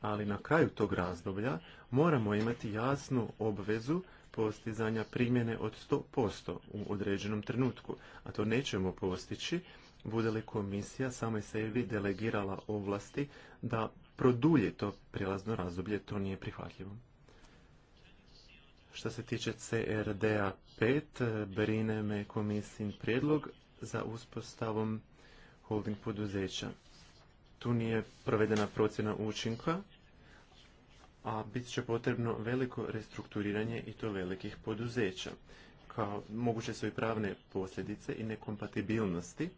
ali na kraju tog razdoblja moramo imati jasnu obvezu postizanja primjene od 100% u određenom trenutku, a to nećemo postići bude li komisija samoj sebi delegirala ovlasti da produlje to prijelazno razdoblje, to nije prihvatljivo. Što se tiče CRDA 5, brine me komisijin prijedlog za uspostavom holding poduzeća tu nije provedena procjena učinka, a bit će potrebno veliko restrukturiranje i to velikih poduzeća. Kao moguće su i pravne posljedice i nekompatibilnosti,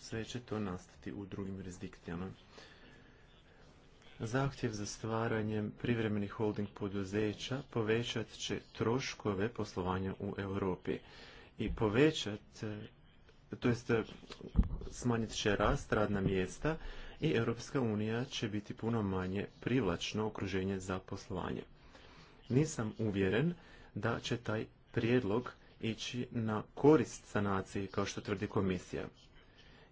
sve će to nastati u drugim jurisdikcijama. Zahtjev za stvaranjem privremenih holding poduzeća povećat će troškove poslovanja u Europi i povećat, to jest smanjit će rast radna mjesta, i Europska unija će biti puno manje privlačno okruženje za poslovanje. Nisam uvjeren da će taj prijedlog ići na korist sanaciji kao što tvrdi komisija.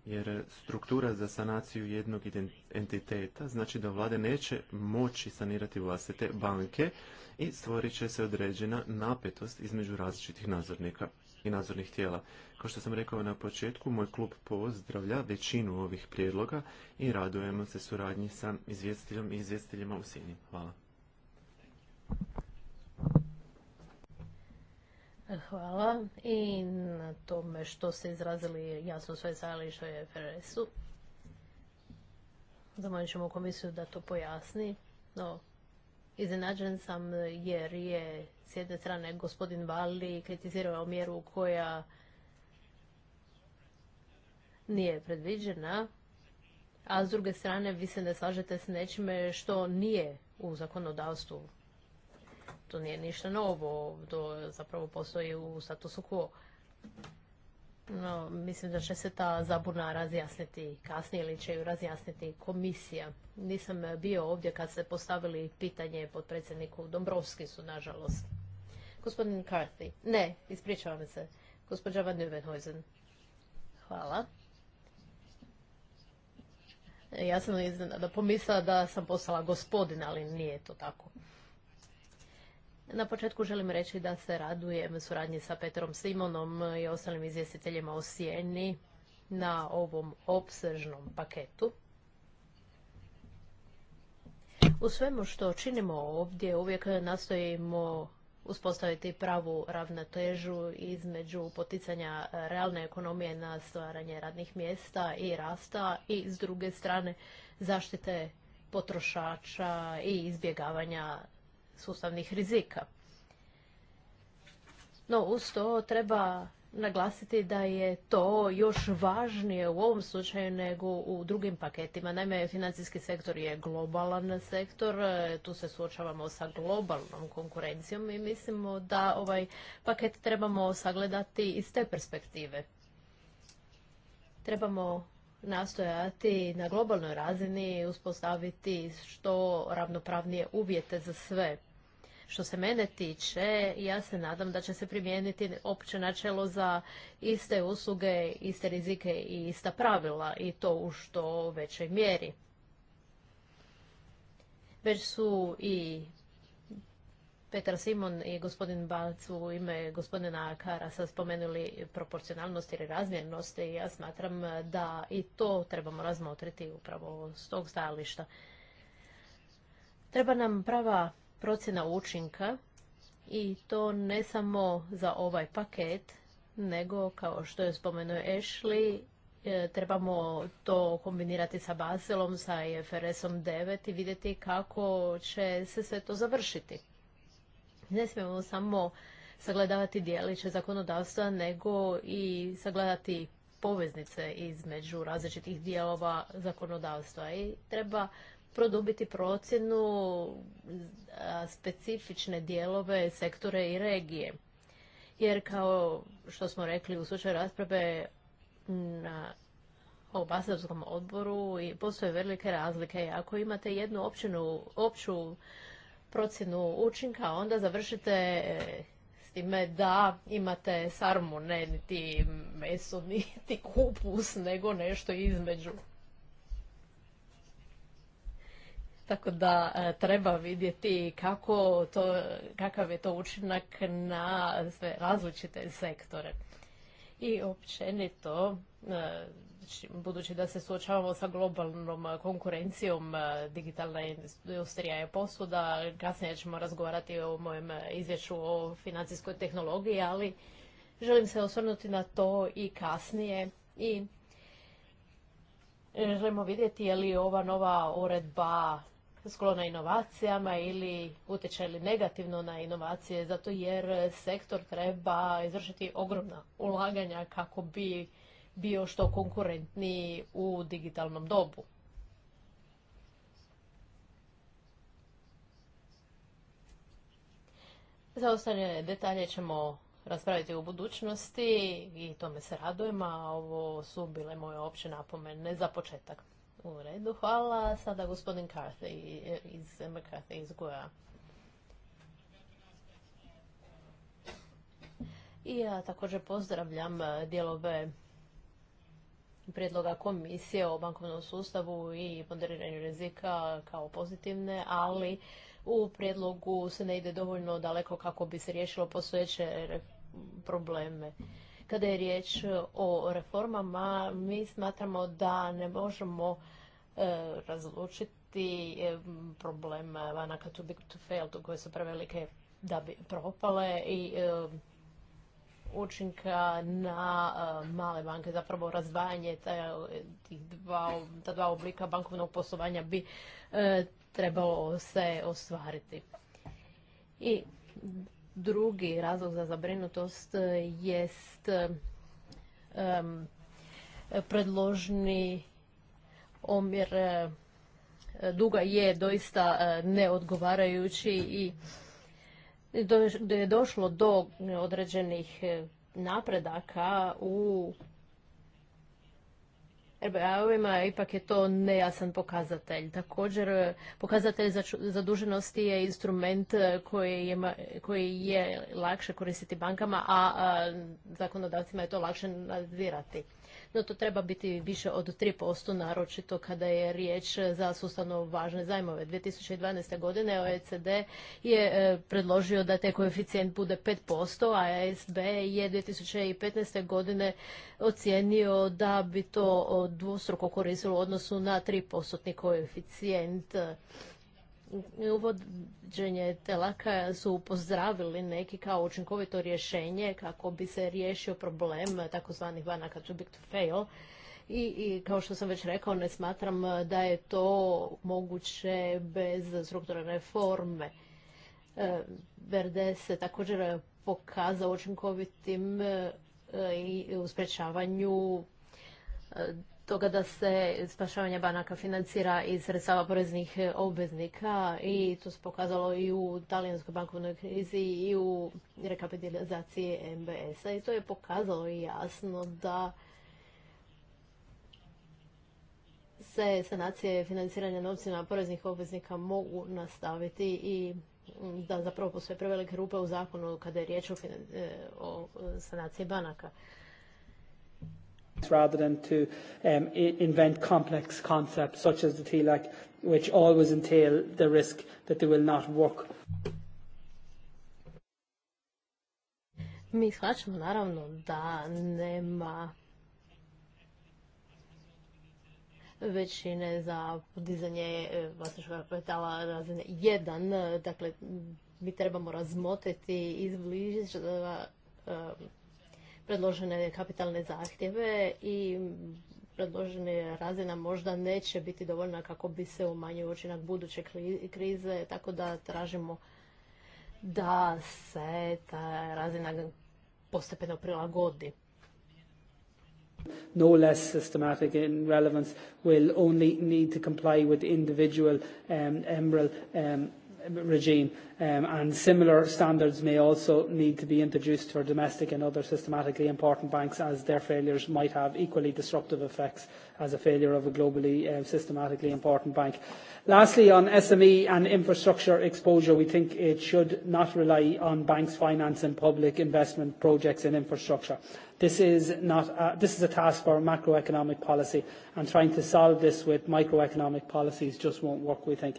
Jer struktura za sanaciju jednog entiteta znači da vlade neće moći sanirati vlastite banke i stvorit će se određena napetost između različitih nadzornika i nadzornih tijela. Kao što sam rekao na početku, moj klub pozdravlja većinu ovih prijedloga i radujemo se suradnji sa izvjestiteljom i izvjestiteljima u Sini. Hvala. Hvala i na tome što ste izrazili jasno svoje stajalište i e FRS-u. Zamolit ćemo komisiju da to pojasni, no iznenađen sam jer je s jedne strane, gospodin Vali kritizirao mjeru koja nije predviđena, a s druge strane vi se ne slažete s nečime što nije u zakonodavstvu. To nije ništa novo, to zapravo postoji u statusu quo. No, mislim da će se ta zabuna razjasniti kasnije ili će ju razjasniti komisija. Nisam bio ovdje kad ste postavili pitanje Dombrovski su, nažalost. Gospodin Carthy. Ne, ispričavam se. Gospođa Van Nuvenhuizen. Hvala. E, ja sam iznenada pomislila da sam postala gospodin, ali nije to tako. Na početku želim reći da se radujem suradnji sa Petrom Simonom i ostalim izvjestiteljima o Sijeni na ovom opsežnom paketu. U svemu što činimo ovdje uvijek nastojimo uspostaviti pravu ravnotežu između poticanja realne ekonomije na stvaranje radnih mjesta i rasta i s druge strane zaštite potrošača i izbjegavanja sustavnih rizika. No, uz to treba naglasiti da je to još važnije u ovom slučaju nego u drugim paketima. Naime, financijski sektor je globalan sektor, tu se suočavamo sa globalnom konkurencijom i mislimo da ovaj paket trebamo sagledati iz te perspektive. Trebamo nastojati na globalnoj razini uspostaviti što ravnopravnije uvjete za sve što se mene tiče, ja se nadam da će se primijeniti opće načelo za iste usluge, iste rizike i ista pravila i to u što većoj mjeri. Već su i Petar Simon i gospodin Bac u ime gospodina Karasa spomenuli proporcionalnost ili razmjernost i ja smatram da i to trebamo razmotriti upravo s tog stajališta. Treba nam prava procjena učinka i to ne samo za ovaj paket, nego kao što je spomenuo Ashley, e, trebamo to kombinirati sa Baselom, sa IFRS-om 9 i vidjeti kako će se sve to završiti. Ne smijemo samo sagledavati dijeliće zakonodavstva, nego i sagledati poveznice između različitih dijelova zakonodavstva i treba produbiti procjenu specifične dijelove, sektore i regije. Jer kao što smo rekli u slučaju rasprave na basarskom odboru i postoje velike razlike. Ako imate jednu općinu, opću procjenu učinka, onda završite e, s time da imate sarmu, ne niti meso, niti kupus, nego nešto između. Tako da e, treba vidjeti kako to, kakav je to učinak na sve različite sektore. I općenito, e, znači, budući da se suočavamo sa globalnom konkurencijom, e, digitalna industrija je posuda, kasnije ćemo razgovarati o mojem izvješću o financijskoj tehnologiji, ali želim se osvrnuti na to i kasnije i želimo vidjeti je li ova nova uredba sklona inovacijama ili utječe li negativno na inovacije, zato jer sektor treba izvršiti ogromna ulaganja kako bi bio što konkurentniji u digitalnom dobu. Za ostane detalje ćemo raspraviti u budućnosti i tome se radujemo, a ovo su bile moje opće napomene za početak. U redu, hvala. Sada gospodin Carthy e, iz McCarthy e, iz Goja. I ja također pozdravljam e, dijelove prijedloga komisije o bankovnom sustavu i ponderiranju rizika kao pozitivne, ali u prijedlogu se ne ide dovoljno daleko kako bi se riješilo postojeće probleme. Kada je riječ e, o reformama, mi smatramo da ne možemo e, razlučiti e, problem banaka to big to fail, to koje su prevelike da bi propale i učinka na male banke, zapravo razdvajanje tih dva, ta dva oblika bankovnog poslovanja bi trebalo se ostvariti. I Drugi razlog za zabrinutost jest um, predložni omjer e, duga je doista e, neodgovarajući i do je došlo do određenih e, napredaka u RBA-ovima, ipak je to nejasan pokazatelj. Također, e, pokazatelj zaduženosti je instrument e, koji je, lakše koristiti bankama, a, a zakonodavcima je to lakše nadzirati no to treba biti više od 3%, naročito kada je riječ za sustavno važne zajmove. 2012. godine OECD je e, predložio da taj koeficijent bude 5%, a SB je 2015. godine ocijenio da bi to dvostruko koristilo u odnosu na 3% koeficijent uvođenje telaka su pozdravili neki kao učinkovito rješenje kako bi se riješio problem takozvanih banaka to big to fail. I, I, kao što sam već rekao, ne smatram da je to moguće bez strukturne reforme. E, Verde se također pokazao učinkovitim e, i u sprečavanju e, toga da se spašavanje banaka financira iz sredstava poreznih obveznika i to se pokazalo i u talijanskoj bankovnoj krizi i u rekapitalizaciji MBS-a i to je pokazalo i jasno da se sanacije financiranja novcima poreznih obveznika mogu nastaviti i da zapravo postoje prevelike rupe u zakonu kada je riječ o, e, o sanaciji banaka rather than to um, invent complex concepts such as the TLAC, which always entail the risk that they will not work. Mi shvaćamo naravno da nema većine za podizanje e, vlasničkog kapitala razine 1. Dakle, mi trebamo razmotriti izbližiti predložene kapitalne zahtjeve i predložena razina možda neće biti dovoljna kako bi se umanjio učinak buduće krize, tako da tražimo da se ta razina postepeno prilagodi. No less systematic in relevance will only need to comply with individual um, um, regime um, and similar standards may also need to be introduced for domestic and other systematically important banks as their failures might have equally disruptive effects as a failure of a globally uh, systematically important bank. Lastly, on SME and infrastructure exposure, we think it should not rely on banks financing public investment projects in infrastructure. This is, not a, this is a task for macroeconomic policy, and trying to solve this with microeconomic policies just won't work, we think.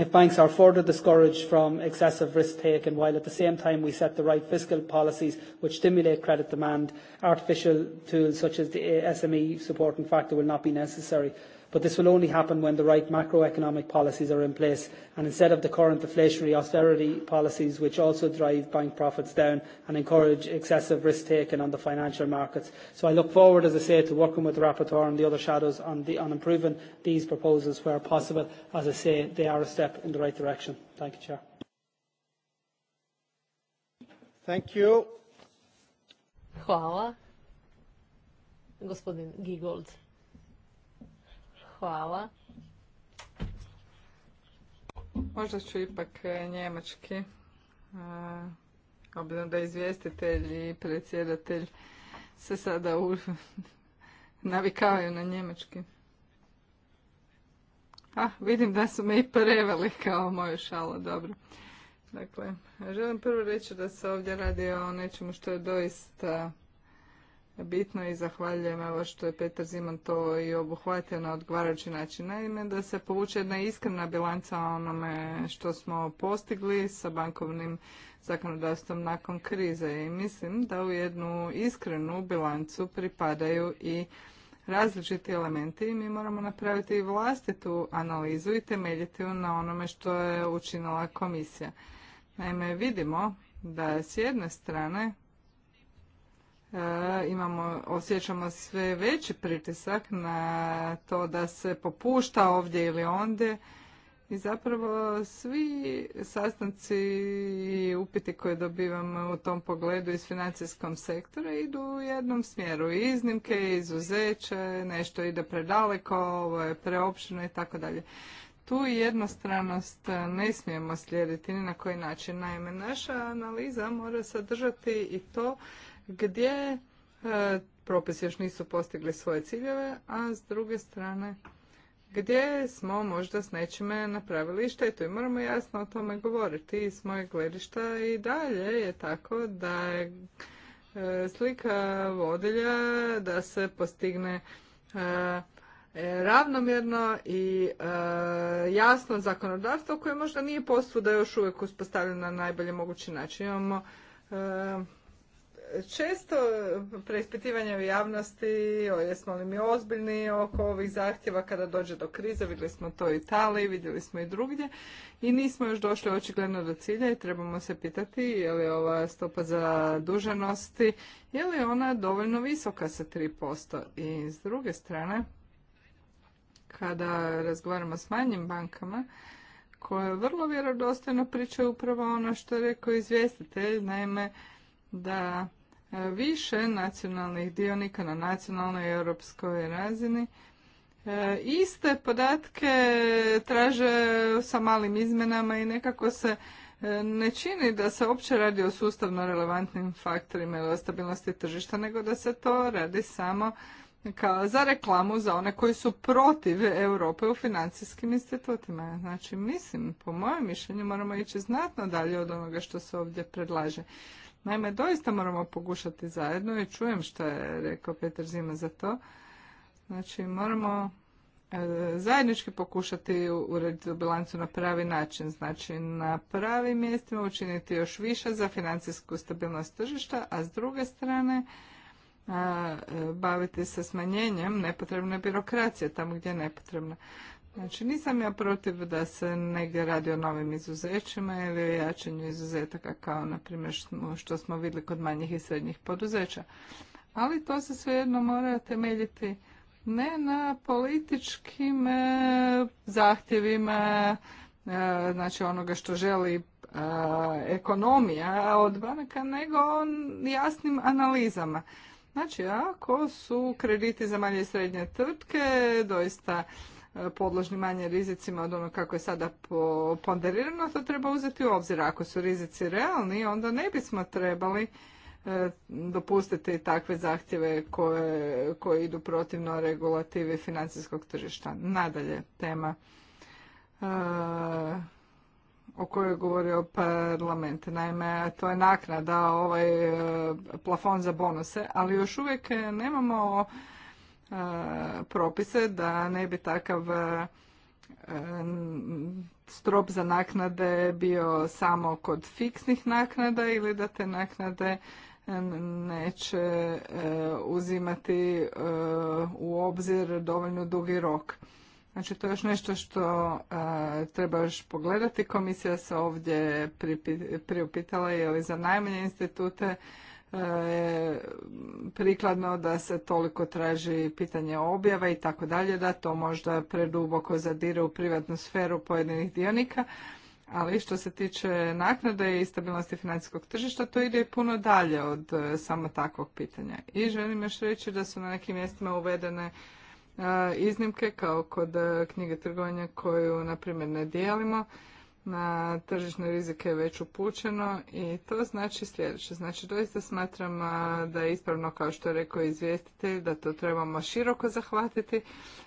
If banks are further discouraged from excessive risk taking, while at the same time we set the right fiscal policies which stimulate credit demand, artificial tools such as the SME supporting factor will not be necessary. But this will only happen when the right macroeconomic policies are in place, and instead of the current deflationary austerity policies, which also drive bank profits down and encourage excessive risk taking on the financial markets. So I look forward, as I say, to working with the rapporteur and the other shadows on, the, on improving these proposals where possible. As I say, they are a step in the right direction. Thank you, Chair. Thank you. Hvala. Gospodin Giegold. Hvala. Možda ću ipak e, njemački, e, obzirom da izvjestitelj i predsjedatelj se sada u... navikavaju na njemački. A, vidim da su me i preveli kao moju šalu, dobro. Dakle, želim prvo reći da se ovdje radi o nečemu što je doista bitno i zahvaljujem evo što je Petar Ziman to i obuhvatio na odgovarajući način. Naime, da se povuče jedna iskrena bilanca onome što smo postigli sa bankovnim zakonodavstvom nakon krize i mislim da u jednu iskrenu bilancu pripadaju i različiti elementi i mi moramo napraviti i vlastitu analizu i temeljiti ju na onome što je učinila komisija. Naime, vidimo da s jedne strane imamo, osjećamo sve veći pritisak na to da se popušta ovdje ili ondje i zapravo svi sastanci i upiti koje dobivamo u tom pogledu iz financijskom sektora idu u jednom smjeru. Iznimke, izuzeće, nešto ide predaleko, ovo je preopšeno i tako dalje. Tu jednostranost ne smijemo slijediti ni na koji način. Naime, naša analiza mora sadržati i to gdje e, propisi još nisu postigli svoje ciljeve, a s druge strane gdje smo možda s nečime napravili štetu i moramo jasno o tome govoriti iz mojeg gledišta i dalje je tako da je e, slika vodilja da se postigne e, ravnomjerno i jasno zakonodavstvo koje možda nije posvuda još uvijek uspostavljeno na najbolji mogući način. Imamo često preispitivanje u javnosti, jesmo li mi ozbiljni oko ovih zahtjeva kada dođe do krize, vidjeli smo to i Italiji, vidjeli smo i drugdje i nismo još došli očigledno do cilja i trebamo se pitati je li ova stopa zaduženosti, je li ona dovoljno visoka sa 3% i s druge strane kada razgovaramo s manjim bankama, koje vrlo vjerodostojno pričaju upravo ono što je rekao izvjestitelj, naime da E, više nacionalnih dionika na nacionalnoj i europskoj razini e, iste podatke traže sa malim izmenama i nekako se e, ne čini da se opće radi o sustavno relevantnim faktorima ili o stabilnosti tržišta, nego da se to radi samo kao za reklamu za one koji su protiv Europe u financijskim institutima. Znači, mislim, po mojem mišljenju moramo ići znatno dalje od onoga što se ovdje predlaže. Naime, doista moramo pokušati zajedno i čujem što je rekao Petar Zima za to. Znači, moramo e, zajednički pokušati urediti bilancu na pravi način. Znači, na pravim mjestima učiniti još više za financijsku stabilnost tržišta, a s druge strane e, baviti se smanjenjem nepotrebne birokracije tamo gdje je nepotrebna. Znači nisam ja protiv da se negdje radi o novim izuzećima ili o jačanju izuzetaka kao na primjer što smo vidjeli kod manjih i srednjih poduzeća. Ali to se svejedno mora temeljiti ne na političkim e, zahtjevima e, znači onoga što želi e, ekonomija od banaka nego jasnim analizama. Znači ako su krediti za manje i srednje tvrtke doista podložni manje rizicima od onog kako je sada ponderirano, to treba uzeti u obzir. Ako su rizici realni, onda ne bismo trebali e, dopustiti takve zahtjeve koje, koje idu protivno regulativi financijskog tržišta. Nadalje, tema e, o kojoj je govorio parlament. Naime, to je naknada, ovaj e, plafon za bonuse, ali još uvijek nemamo propise da ne bi takav e, strop za naknade bio samo kod fiksnih naknada ili da te naknade neće e, uzimati e, u obzir dovoljno dugi rok. Znači to je još nešto što treba još pogledati. Komisija se ovdje priupitala je li za najmanje institute E, prikladno da se toliko traži pitanje objava i tako dalje, da to možda preduboko zadire u privatnu sferu pojedinih dionika, ali što se tiče naknade i stabilnosti financijskog tržišta, to ide puno dalje od e, samo takvog pitanja. I želim još reći da su na nekim mjestima uvedene e, iznimke kao kod knjige trgovanja koju, na primjer, ne dijelimo, na tržišne rizike već upućeno i to znači sljedeće. Znači doista smatram da je ispravno kao što je rekao izvjestitelj da to trebamo široko zahvatiti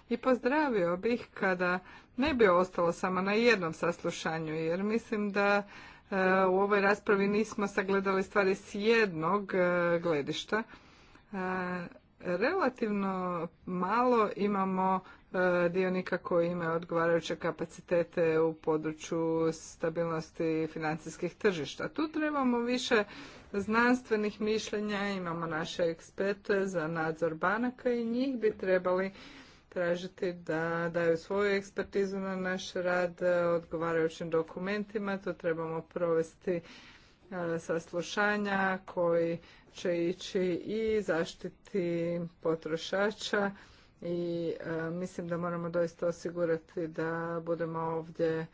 i pozdravio bih kada ne bi ostalo samo na jednom saslušanju jer mislim da e, u ovoj raspravi nismo sagledali stvari s jednog e, gledišta. E, relativno malo imamo E, dionika koji imaju odgovarajuće kapacitete u području stabilnosti financijskih tržišta. Tu trebamo više znanstvenih mišljenja, imamo naše eksperte za nadzor banaka i njih bi trebali tražiti da daju svoju ekspertizu na naš rad e, odgovarajućim dokumentima. To trebamo provesti e, saslušanja koji će ići i zaštiti potrošača i e, mislim da moramo doista osigurati da budemo ovdje e,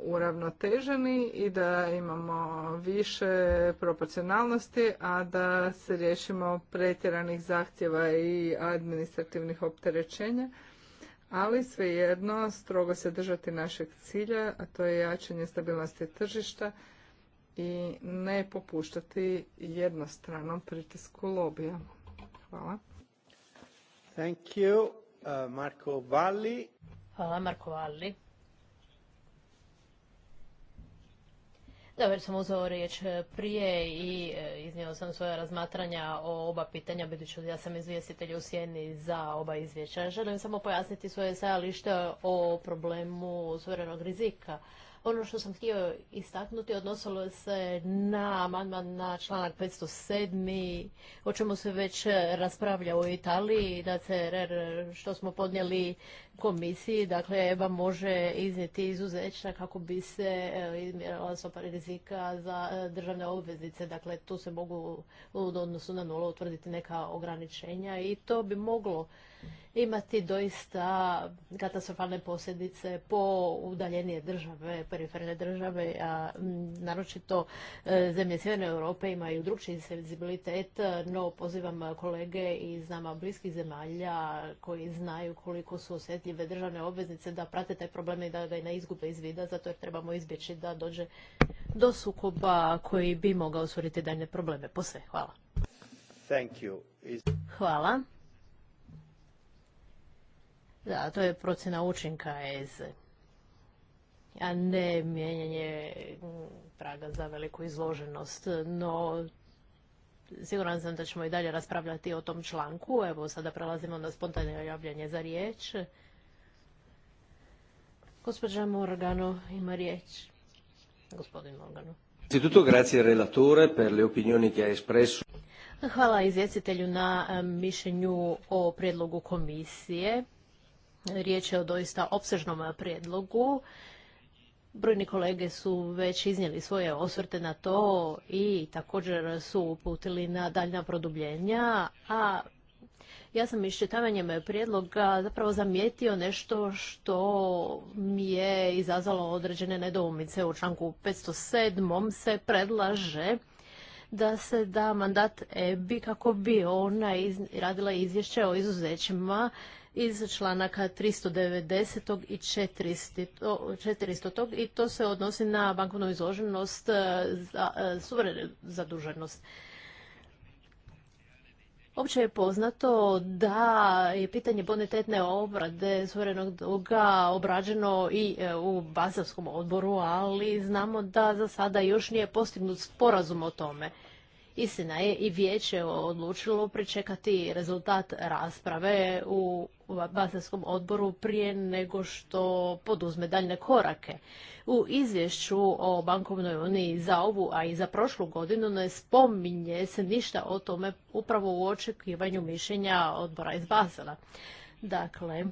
uravnoteženi i da imamo više proporcionalnosti, a da se riješimo pretjeranih zahtjeva i administrativnih opterećenja, ali svejedno strogo se držati našeg cilja, a to je jačanje stabilnosti tržišta i ne popuštati jednostranom pritisku lobija. Hvala. Thank uh, Hvala Marko Da, već sam uzeo riječ prije i e, iznio sam svoja razmatranja o oba pitanja, budući da sam izvjestitelj u Sjeni za oba izvješća. Želim samo pojasniti svoje stajalište o problemu suverenog rizika. Ono što sam htio istaknuti odnosilo se na amandman na članak 507. o čemu se već raspravlja u Italiji, da CRR što smo podnijeli komisiji, dakle EBA može iznijeti izuzeća kako bi se e, izmjerala stopa rizika za e, državne obveznice. Dakle, tu se mogu u odnosu na nulo utvrditi neka ograničenja i to bi moglo imati doista katastrofalne posljedice po udaljenije države, periferne države, a naročito e, zemlje Sjeverne Europe imaju drugčiji senzibilitet, no pozivam kolege iz nama bliskih zemalja koji znaju koliko su osjetljive državne obveznice da prate taj problem i da ga i ne izgube iz vida, zato jer trebamo izbjeći da dođe do sukoba koji bi mogao stvoriti daljne probleme. sve hvala. Hvala. Da, to je procjena učinka EZ, a ne mijenjanje praga za veliku izloženost. No, siguran sam da ćemo i dalje raspravljati o tom članku. Evo, sada prelazimo na spontane javljanje za riječ. Gospođa Morgano ima riječ. Gospodin Morgano. grazie relatore per le opinioni che ha espresso. Hvala izvjestitelju na eh, mišljenju o prijedlogu komisije. Riječ je o doista opsežnom prijedlogu. Brojni kolege su već iznijeli svoje osvrte na to i također su uputili na daljna produbljenja, a ja sam iščitavanjem prijedloga zapravo zamijetio nešto što mi je izazvalo određene nedoumice. U članku 507. se predlaže da se da mandat EBI kako bi ona radila izvješće o izuzećima iz članaka 390. i 400. i to se odnosi na bankovnu izloženost, e, e, suverenu zaduženost. Opće je poznato da je pitanje bonitetne obrade suverenog duga obrađeno i e, u Bazavskom odboru, ali znamo da za sada još nije postignut sporazum o tome. Istina je i vijeće odlučilo pričekati rezultat rasprave u basarskom odboru prije nego što poduzme daljne korake. U izvješću o bankovnoj uniji za ovu, a i za prošlu godinu ne spominje se ništa o tome upravo u očekivanju mišljenja odbora iz Bazela. Dakle,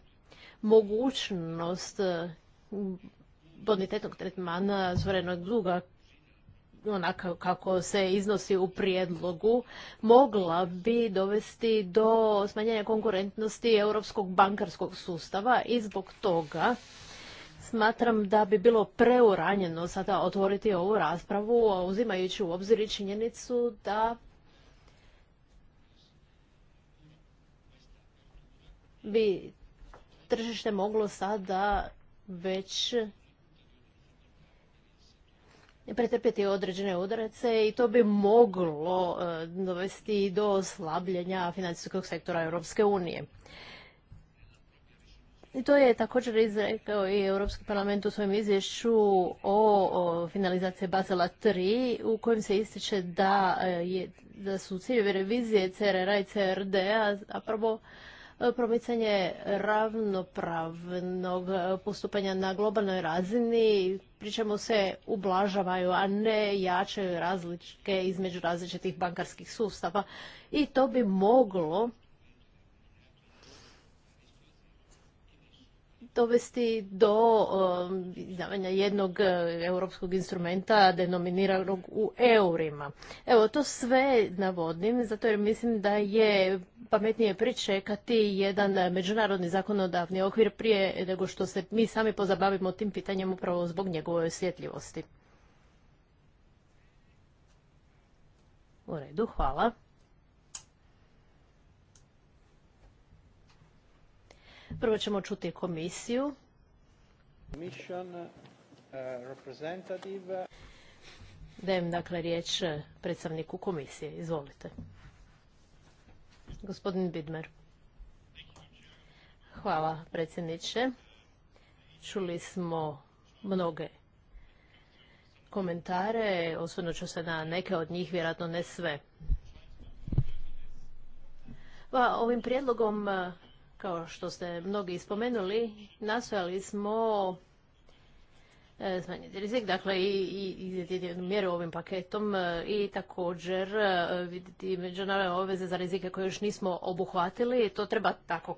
mogućnost bonitetnog tretmana zvorenog duga onako kako se iznosi u prijedlogu mogla bi dovesti do smanjenja konkurentnosti europskog bankarskog sustava i zbog toga smatram da bi bilo preuranjeno sada otvoriti ovu raspravu uzimajući u obzir i činjenicu da bi tržište moglo sada već pretrpjeti određene udarce i to bi moglo e, dovesti do slabljenja financijskog sektora Europske unije. I to je također izrekao i Europski parlament u svojem izvješću o, finalizaciji Basela 3 u kojem se ističe da, e, da su ciljevi revizije crr i CRD-a zapravo promicanje ravnopravnog postupanja na globalnoj razini, pri se ublažavaju, a ne jačaju razlike između različitih bankarskih sustava. I to bi moglo dovesti do um, izdavanja jednog e, europskog instrumenta denominiranog u eurima. Evo, to sve navodim, zato jer mislim da je pametnije pričekati jedan međunarodni zakonodavni okvir prije nego što se mi sami pozabavimo tim pitanjem upravo zbog njegove osjetljivosti. U redu, hvala. Prvo ćemo čuti komisiju. Uh, Dajem dakle riječ uh, predstavniku komisije. Izvolite. Gospodin Bidmer. Hvala predsjedniče. Čuli smo mnoge komentare. Osvrnut ću se na neke od njih, vjerojatno ne sve. Pa, ovim prijedlogom uh, kao što ste mnogi spomenuli, nastojali smo e, smanjiti rizik, dakle i izvjetiti mjeru ovim paketom e, i također e, vidjeti međunarodne obveze za rizike koje još nismo obuhvatili. To treba tako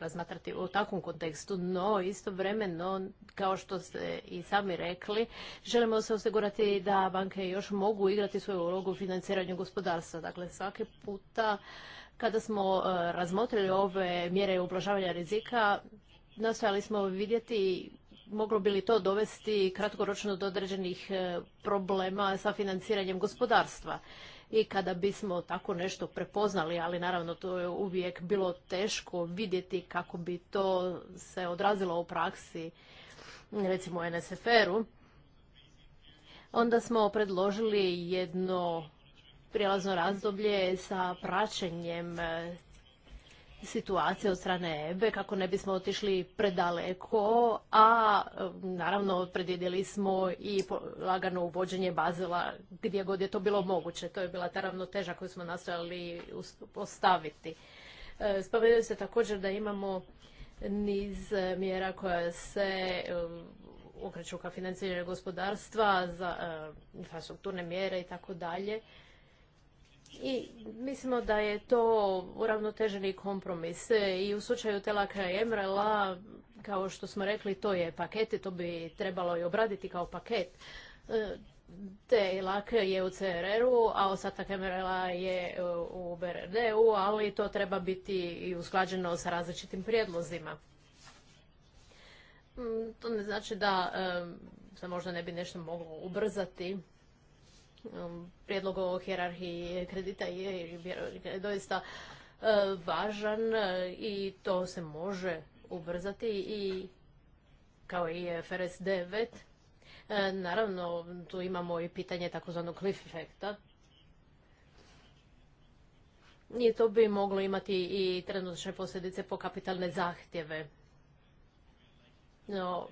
razmatrati u takvom kontekstu, no istovremeno, kao što ste i sami rekli, želimo se osigurati da banke još mogu igrati svoju ulogu u financiranju gospodarstva. Dakle, svaki puta kada smo e, razmotrili ove mjere ublažavanja rizika, nastojali smo vidjeti moglo bi li to dovesti kratkoročno do određenih e, problema sa financiranjem gospodarstva. I kada bismo tako nešto prepoznali, ali naravno to je uvijek bilo teško vidjeti kako bi to se odrazilo u praksi, recimo u NSFR-u, onda smo predložili jedno prijelazno razdoblje sa praćenjem e, situacije od strane EBE e kako ne bismo otišli predaleko, a e, naravno predvidjeli smo i lagano uvođenje Bazila gdje god je to bilo moguće. To je bila ta ravnoteža koju smo nastojali postaviti. spomenuli se također da imamo niz mjera koja se okreću ka financiranju gospodarstva, za infrastrukturne mjere i tako dalje. I mislimo da je to uravnoteženi kompromis e, i u slučaju Telaka i Emrela, kao što smo rekli, to je paket i to bi trebalo i obraditi kao paket. E, Telak je u CRR-u, a ostatak Emrela je e, u BRD-u, ali to treba biti i usklađeno sa različitim prijedlozima. Mm, to ne znači da se možda ne bi nešto moglo ubrzati Um, prijedlog o hjerarhiji kredita je doista e, važan e, i to se može ubrzati i kao i FRS 9. E, naravno, tu imamo i pitanje takozvanog cliff efekta. I to bi moglo imati i trenutne posljedice po kapitalne zahtjeve. No,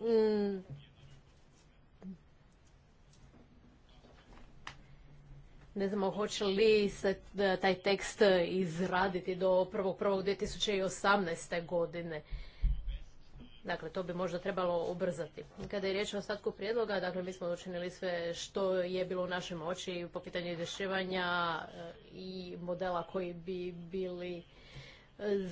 mm, Ne znamo hoće li se e, taj tekst izraditi do 1.1.2018. godine. Dakle, to bi možda trebalo ubrzati. Kada je riječ o ostatku prijedloga, dakle, mi smo učinili sve što je bilo u našoj oči po pitanju izvješćivanja e, i modela koji bi bili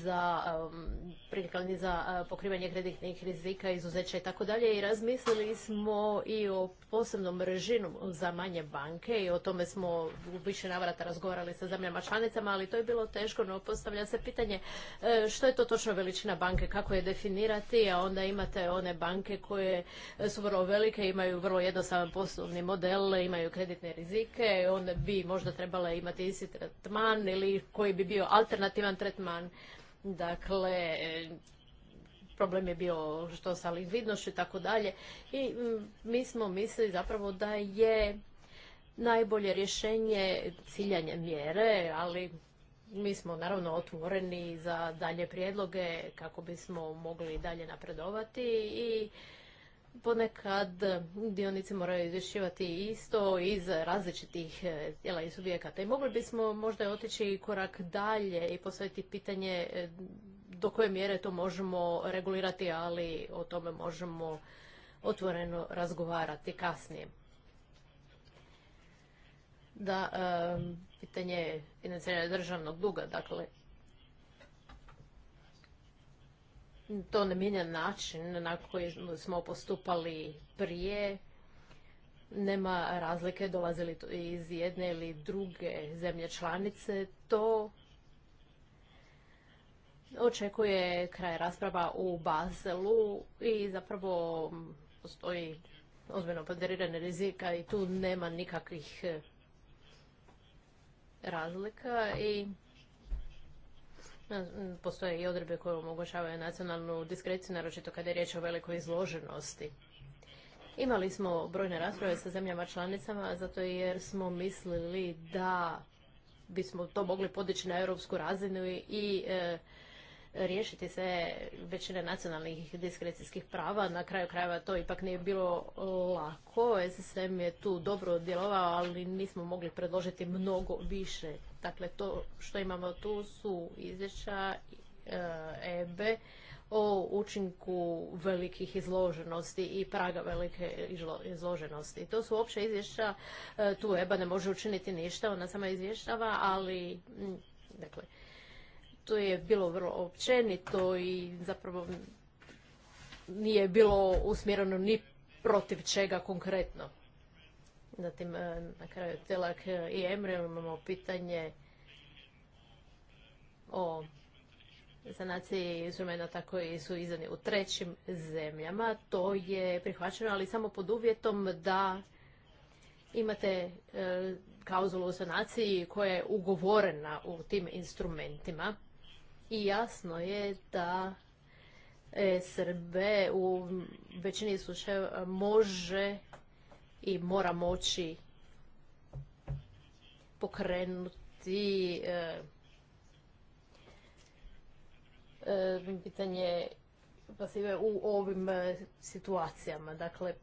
za um, prikladni za uh, pokrivanje kreditnih rizika, izuzeća i tako dalje i razmislili smo i o posebnom režimu za manje banke i o tome smo u više navrata razgovarali sa zemljama članicama, ali to je bilo teško, no postavlja se pitanje uh, što je to točno veličina banke, kako je definirati, a onda imate one banke koje su vrlo velike, imaju vrlo jednostavan poslovni model, imaju kreditne rizike, onda bi možda trebale imati isti tretman ili koji bi bio alternativan tretman Dakle, problem je bio što sa likvidnošću i tako dalje. I mm, mi smo mislili zapravo da je najbolje rješenje ciljanje mjere, ali mi smo naravno otvoreni za dalje prijedloge kako bismo mogli dalje napredovati i ponekad dionici moraju izvješćivati isto iz različitih e, tijela i subjekata. I mogli bismo možda otići korak dalje i postaviti pitanje e, do koje mjere to možemo regulirati, ali o tome možemo otvoreno razgovarati kasnije. Da, e, pitanje financiranja državnog duga, dakle, to ne mijenja način na koji smo postupali prije. Nema razlike dolazili iz jedne ili druge zemlje članice. To očekuje kraj rasprava u Baselu i zapravo postoji ozbiljno poderirane rizika i tu nema nikakvih razlika i Postoje i odrebe koje omogućavaju nacionalnu diskreciju, naročito kada je riječ o velikoj izloženosti. Imali smo brojne rasprave sa zemljama članicama, zato jer smo mislili da bismo to mogli podići na europsku razinu i e, riješiti se većine nacionalnih diskrecijskih prava. Na kraju krajeva to ipak nije bilo lako. SSM je tu dobro djelovao, ali nismo mogli predložiti mnogo više Dakle, to što imamo tu su izvješća EBE e o učinku velikih izloženosti i praga velike izloženosti. To su opća izvješća, e, tu EBA ne može učiniti ništa, ona sama izvještava, ali dakle, to je bilo vrlo općenito i zapravo nije bilo usmjereno ni protiv čega konkretno. Zatim e, na kraju Telak i Emre imamo pitanje o sanaciji instrumenta koji su izdani u trećim zemljama. To je prihvaćeno, ali samo pod uvjetom da imate e, kauzulu u o sanaciji koja je ugovorena u tim instrumentima i jasno je da e, Srbe u većini slučajeva može i mora moći pokrenuti e, e, pitanje pasive u ovim e, situacijama. Dakle,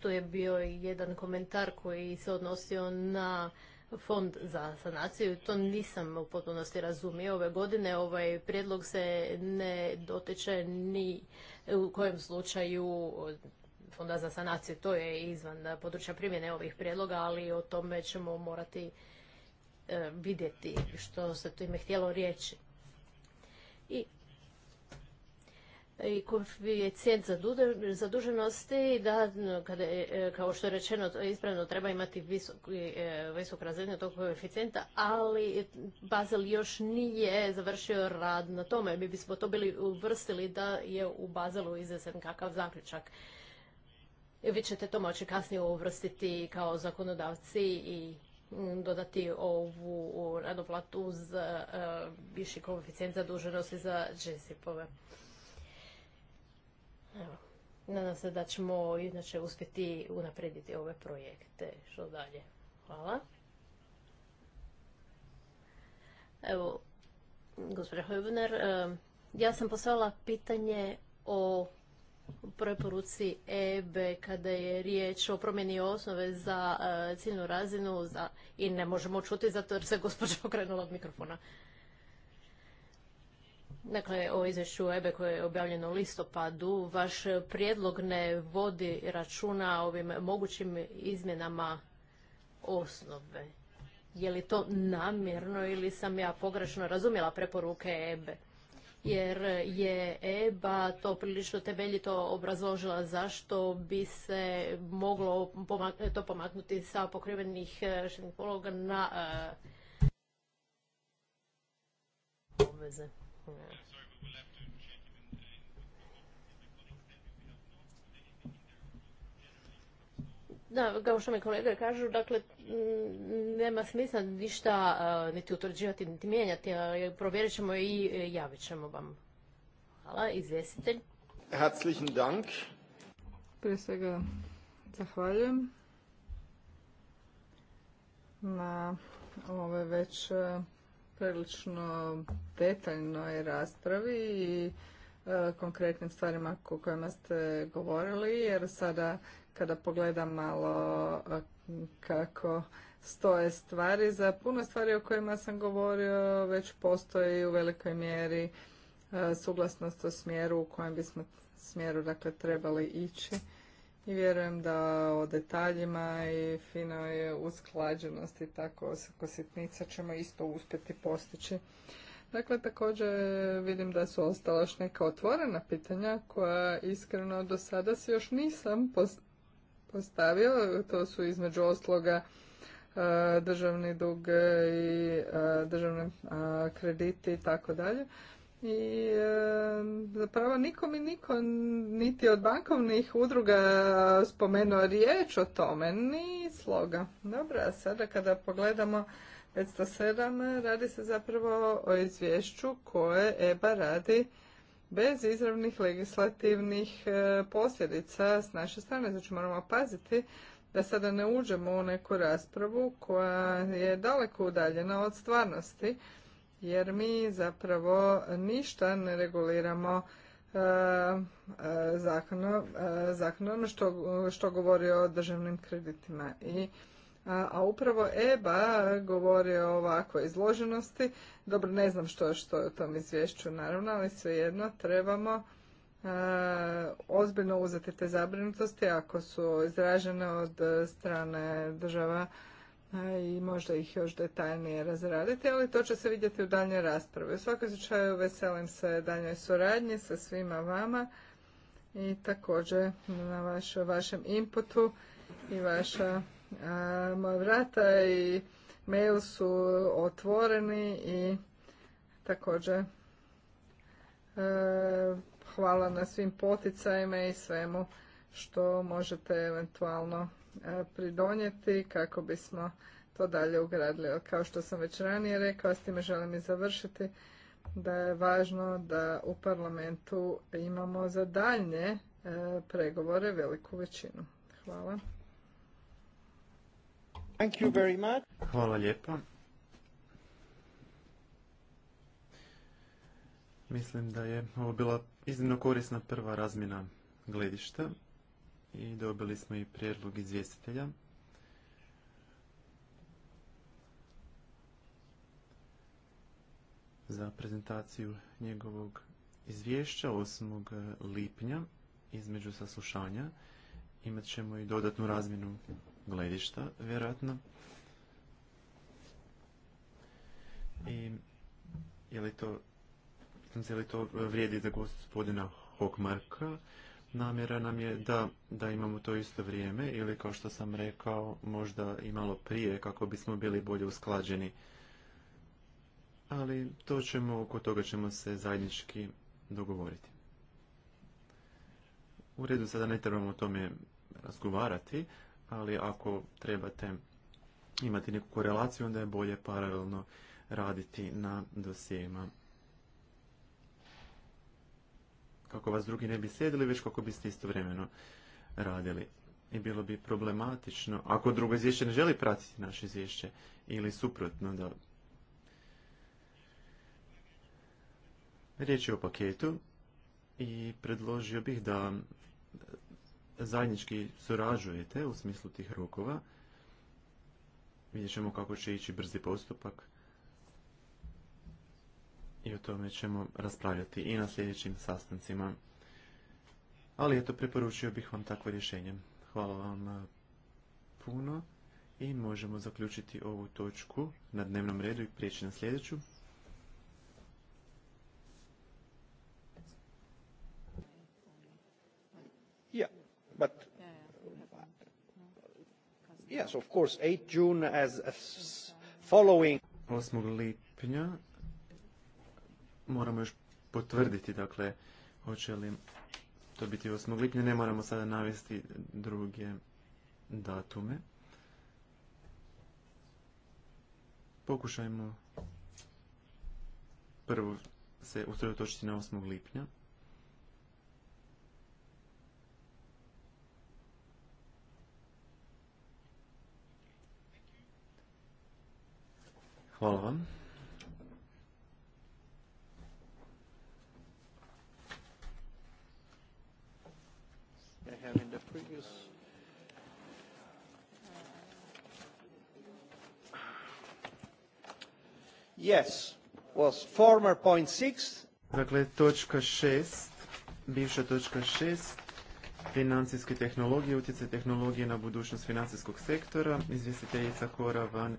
to je bio jedan komentar koji se odnosio na fond za sanaciju. To nisam u potpunosti razumio ove godine. Ovaj prijedlog se ne dotiče ni u kojem slučaju fonda za sanaciju. To je izvan područja primjene ovih prijedloga, ali o tome ćemo morati e, vidjeti što se to ime htjelo riječi. I i koeficijent zaduženosti da kada e, kao što je rečeno ispravno treba imati visok, e, visok razrednje tog koeficijenta ali Bazel još nije završio rad na tome mi bismo to bili uvrstili da je u Bazelu iznesen kakav zaključak e, vi ćete to moći kasnije uvrstiti kao zakonodavci i dodati ovu radoplatu za viši koeficijent zaduženosti za džesipove. Evo, nadam se da ćemo inače uspjeti unaprediti ove projekte. Što dalje? Hvala. Evo, gospođa Hojbner, ja sam postavila pitanje o preporuci EB kada je riječ o promjeni osnove za e, ciljnu razinu za, i ne možemo čuti zato jer se gospođa okrenula od mikrofona. Dakle, o izvješću EBE koje je objavljeno u listopadu, vaš prijedlog ne vodi računa o ovim mogućim izmjenama osnove. Je li to namjerno ili sam ja pogrešno razumjela preporuke EBE? Jer je EBA to prilično temeljito obrazložila zašto bi se moglo to pomaknuti sa pokrivenih e, šednih na e, obveze. Da, kao što mi kolege kažu, dakle, mm, nema smisla ništa e, niti utvrđivati, niti mijenjati. Provjerit ćemo i e, javit ćemo vam. Hvala, izvjestitelj. Herzlichen Dank. Prije svega zahvaljujem na ove već prilično detaljnoj raspravi i e, konkretnim stvarima o kojima ste govorili, jer sada kada pogledam malo e, kako stoje stvari, za puno stvari o kojima sam govorio već postoji u velikoj mjeri e, suglasnost o smjeru u kojem bismo smjeru dakle trebali ići i vjerujem da o detaljima i je usklađenosti tako oko sitnica ćemo isto uspjeti postići. Dakle, također vidim da su ostala još neka otvorena pitanja koja iskreno do sada se još nisam postavio. To su između osloga e, državni dug i e, državni krediti i tako dalje. I zapravo niko mi niko niti od bankovnih udruga spomenuo riječ o tome, ni sloga. Dobro, a sada kada pogledamo 507 radi se zapravo o izvješću koje EBA radi bez izravnih legislativnih e, posljedica s naše strane. Znači moramo paziti da sada ne uđemo u neku raspravu koja je daleko udaljena od stvarnosti jer mi zapravo ništa ne reguliramo e, e, zakonom, e, ono što, govori o državnim kreditima. a, upravo EBA govori o ovakvoj izloženosti. Dobro, ne znam što, što je u tom izvješću, naravno, ali svejedno trebamo ozbiljno uzeti te zabrinutosti ako su izražene od strane država i možda ih još detaljnije razraditi, ali to će se vidjeti u daljnjoj raspravi. U svakom slučaju veselim se daljnjoj suradnji sa svima vama i također na vaš, vašem inputu i vaša moja vrata i mail su otvoreni i također hvala na svim poticajima i svemu što možete eventualno E, pridonijeti kako bismo to dalje ugradili. Kao što sam već ranije rekla, s time želim i završiti, da je važno da u parlamentu imamo za daljnje e, pregovore veliku većinu. Hvala. Hvala lijepo. Mislim da je ovo bila iznimno korisna prva razmjena gledišta i dobili smo i prijedlog izvjestitelja. za prezentaciju njegovog izvješća 8. lipnja između saslušanja. Imat ćemo i dodatnu razmjenu gledišta, vjerojatno. I je li to, je li to vrijedi za gospodina Hokmarka? Namjera nam je da, da imamo to isto vrijeme ili kao što sam rekao možda i malo prije kako bismo bili bolje usklađeni. Ali to ćemo, oko toga ćemo se zajednički dogovoriti. U redu sada ne trebamo o tome razgovarati, ali ako trebate imati neku korelaciju onda je bolje paralelno raditi na dosijema kako vas drugi ne bi sjedili, već kako biste istovremeno radili. I bilo bi problematično, ako drugo izvješće ne želi pratiti naše izvješće, ili suprotno, da... Riječ je o paketu i predložio bih da zajednički surađujete u smislu tih rokova. Vidjet ćemo kako će ići brzi postupak i o tome ćemo raspravljati i na sljedećim sastancima. Ali eto, preporučio bih vam takvo rješenje. Hvala vam eh, puno i možemo zaključiti ovu točku na dnevnom redu i prijeći na sljedeću. Osmog but lipnja moramo još potvrditi, dakle, hoće li to biti 8. lipnja, ne moramo sada navesti druge datume. Pokušajmo prvo se usredotočiti na 8. lipnja. Hvala vam. I have in the previous Yes, was former point six. Dakle, točka šest, bivša točka šest, financijske tehnologije, utjecaj tehnologije na budućnost financijskog sektora. Izvjestiteljica Kora van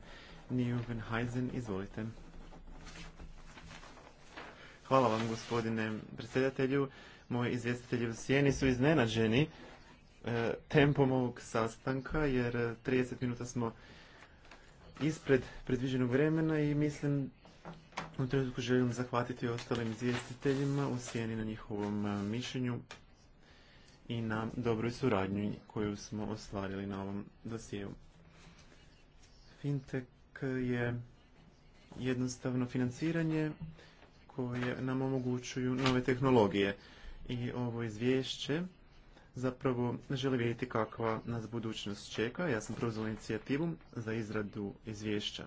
Nieuwenhuizen, izvolite. Hvala vam, gospodine predsjedatelju. Moji izvjestitelji u sjeni su iznenađeni e, tempom ovog sastanka jer 30 e, minuta smo ispred predviđenog vremena i mislim u trenutku želim zahvatiti ostalim izvjestiteljima u sjeni na njihovom e, mišljenju i na dobroj suradnju koju smo ostvarili na ovom dosijevu. Fintech je jednostavno financiranje koje nam omogućuju nove tehnologije i ovo izvješće zapravo želi vidjeti kakva nas budućnost čeka. Ja sam preuzela inicijativu za izradu izvješća.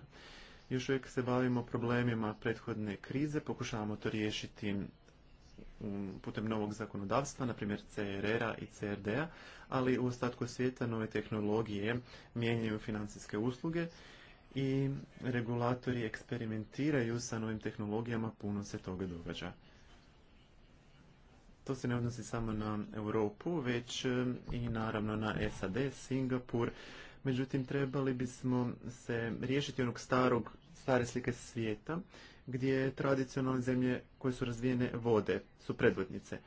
Još uvijek se bavimo problemima prethodne krize, pokušavamo to riješiti putem novog zakonodavstva, na primjer CRR-a i CRD-a, ali u ostatku svijeta nove tehnologije mijenjaju financijske usluge i regulatori eksperimentiraju sa novim tehnologijama, puno se toga događa to se ne odnosi samo na Europu, već e, i naravno na SAD, Singapur. Međutim, trebali bismo se riješiti onog starog, stare slike svijeta, gdje tradicionalne zemlje koje su razvijene vode, su predvodnice.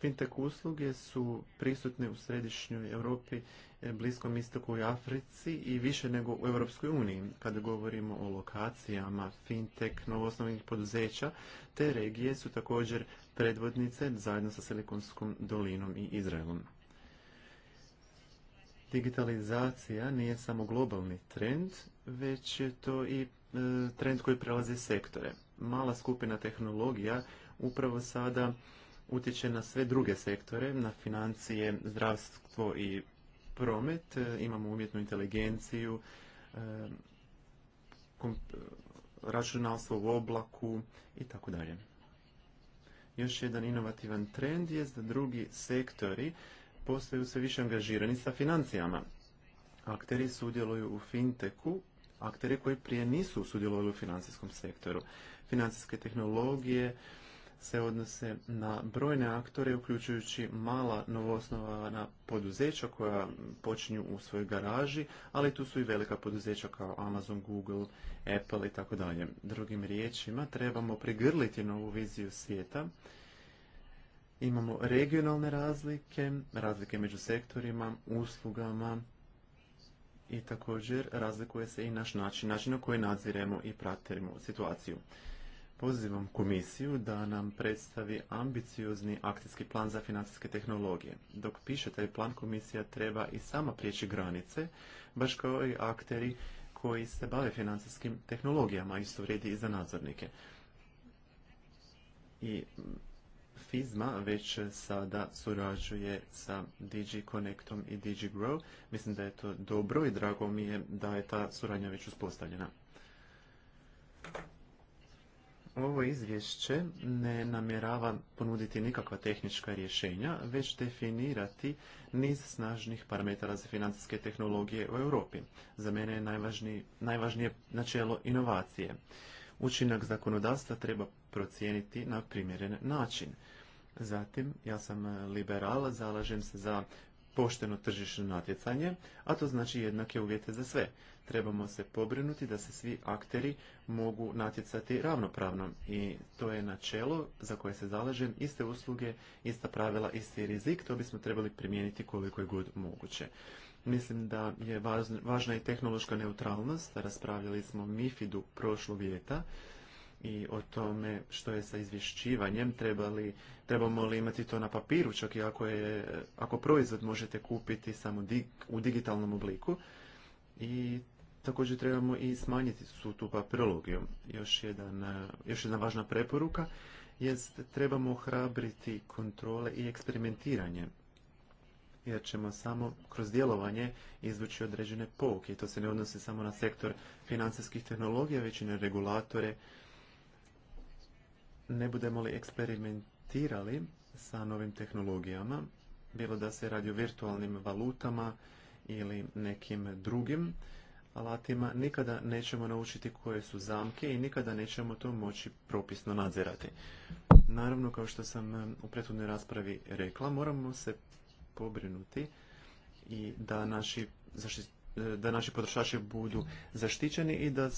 Fintech usluge su prisutne u središnjoj Europi E, Bliskom istoku i Africi i više nego u Europskoj uniji, kada govorimo o lokacijama, fintech, novosnovnih poduzeća, te regije su također predvodnice zajedno sa Silikonskom dolinom i Izraelom. Digitalizacija nije samo globalni trend, već je to i e, trend koji prelazi sektore. Mala skupina tehnologija upravo sada utječe na sve druge sektore, na financije, zdravstvo i promet, e, imamo umjetnu inteligenciju, e, e, računalstvo u oblaku i tako dalje. Još jedan inovativan trend je da drugi sektori postaju sve više angažirani sa financijama. Akteri sudjeluju u finteku, akteri koji prije nisu sudjelovali u financijskom sektoru. Financijske tehnologije, se odnose na brojne aktore, uključujući mala novoosnovana poduzeća koja počinju u svojoj garaži, ali tu su i velika poduzeća kao Amazon, Google, Apple i tako dalje. Drugim riječima, trebamo prigrliti novu viziju svijeta. Imamo regionalne razlike, razlike među sektorima, uslugama, i također razlikuje se i naš način, način na koji nadziremo i pratimo situaciju. Pozivam komisiju da nam predstavi ambiciozni akcijski plan za financijske tehnologije. Dok piše taj plan, komisija treba i sama prijeći granice, baš kao i akteri koji se bave financijskim tehnologijama, isto vrijedi i za nadzornike. I FIZMA već sada surađuje sa DigiConnectom Connectom i DigiGrow. Mislim da je to dobro i drago mi je da je ta suradnja već uspostavljena. Ovo izvješće ne namjerava ponuditi nikakva tehnička rješenja, već definirati niz snažnih parametara za financijske tehnologije u Europi. Za mene je najvažnije, načelo inovacije. Učinak zakonodavstva treba procijeniti na primjeren način. Zatim, ja sam liberal, zalažem se za pošteno tržišno natjecanje, a to znači jednake uvjete za sve. Trebamo se pobrinuti da se svi akteri mogu natjecati ravnopravno i to je načelo za koje se zalažem iste usluge, ista pravila, isti rizik, to bismo trebali primijeniti koliko je god moguće. Mislim da je važna i tehnološka neutralnost, raspravljali smo MIFID-u prošlog ljeta, i o tome što je sa izvješćivanjem, trebali, trebamo li imati to na papiru, čak i ako, je, ako proizvod možete kupiti samo u digitalnom obliku. I također trebamo i smanjiti su tu papirologiju. Još, jedan, još jedna važna preporuka jest trebamo hrabriti kontrole i eksperimentiranje jer ćemo samo kroz djelovanje izvući određene pouke. I to se ne odnosi samo na sektor financijskih tehnologija, već i na regulatore ne budemo li eksperimentirali sa novim tehnologijama, bilo da se radi o virtualnim valutama ili nekim drugim alatima, nikada nećemo naučiti koje su zamke i nikada nećemo to moći propisno nadzirati. Naravno, kao što sam u prethodnoj raspravi rekla, moramo se pobrinuti i da naši da naši potrošači budu zaštićeni i da e,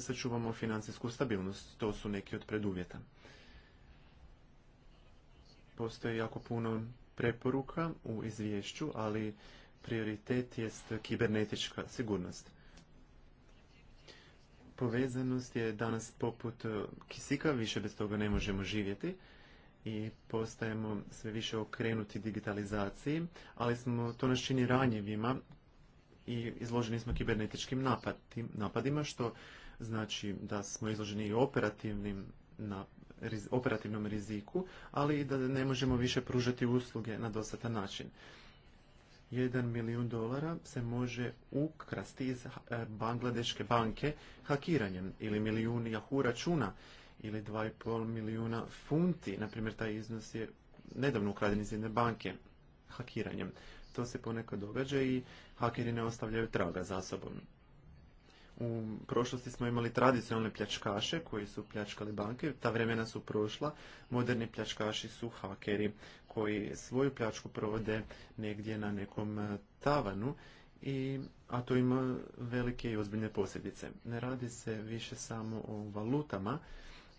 sačuvamo financijsku stabilnost. To su neki od preduvjeta. Postoji jako puno preporuka u izvješću, ali prioritet jest kibernetička sigurnost. Povezanost je danas poput kisika, više bez toga ne možemo živjeti i postajemo sve više okrenuti digitalizaciji, ali smo, to nas čini ranjevima i izloženi smo kibernetičkim napadima, što znači da smo izloženi i operativnim operativnom riziku, ali i da ne možemo više pružati usluge na dostatan način. 1 milijun dolara se može ukrasti iz eh, Bangladeške banke hakiranjem ili milijun Yahoo računa ili 2,5 milijuna funti. Naprimjer, taj iznos je nedavno ukraden iz jedne banke hakiranjem. To se ponekad događa i hakeri ne ostavljaju traga za sobom. U prošlosti smo imali tradicionalne pljačkaše koji su pljačkali banke, ta vremena su prošla, moderni pljačkaši su hakeri koji svoju pljačku provode negdje na nekom e, tavanu i, a to ima velike i ozbiljne posljedice. Ne radi se više samo o valutama,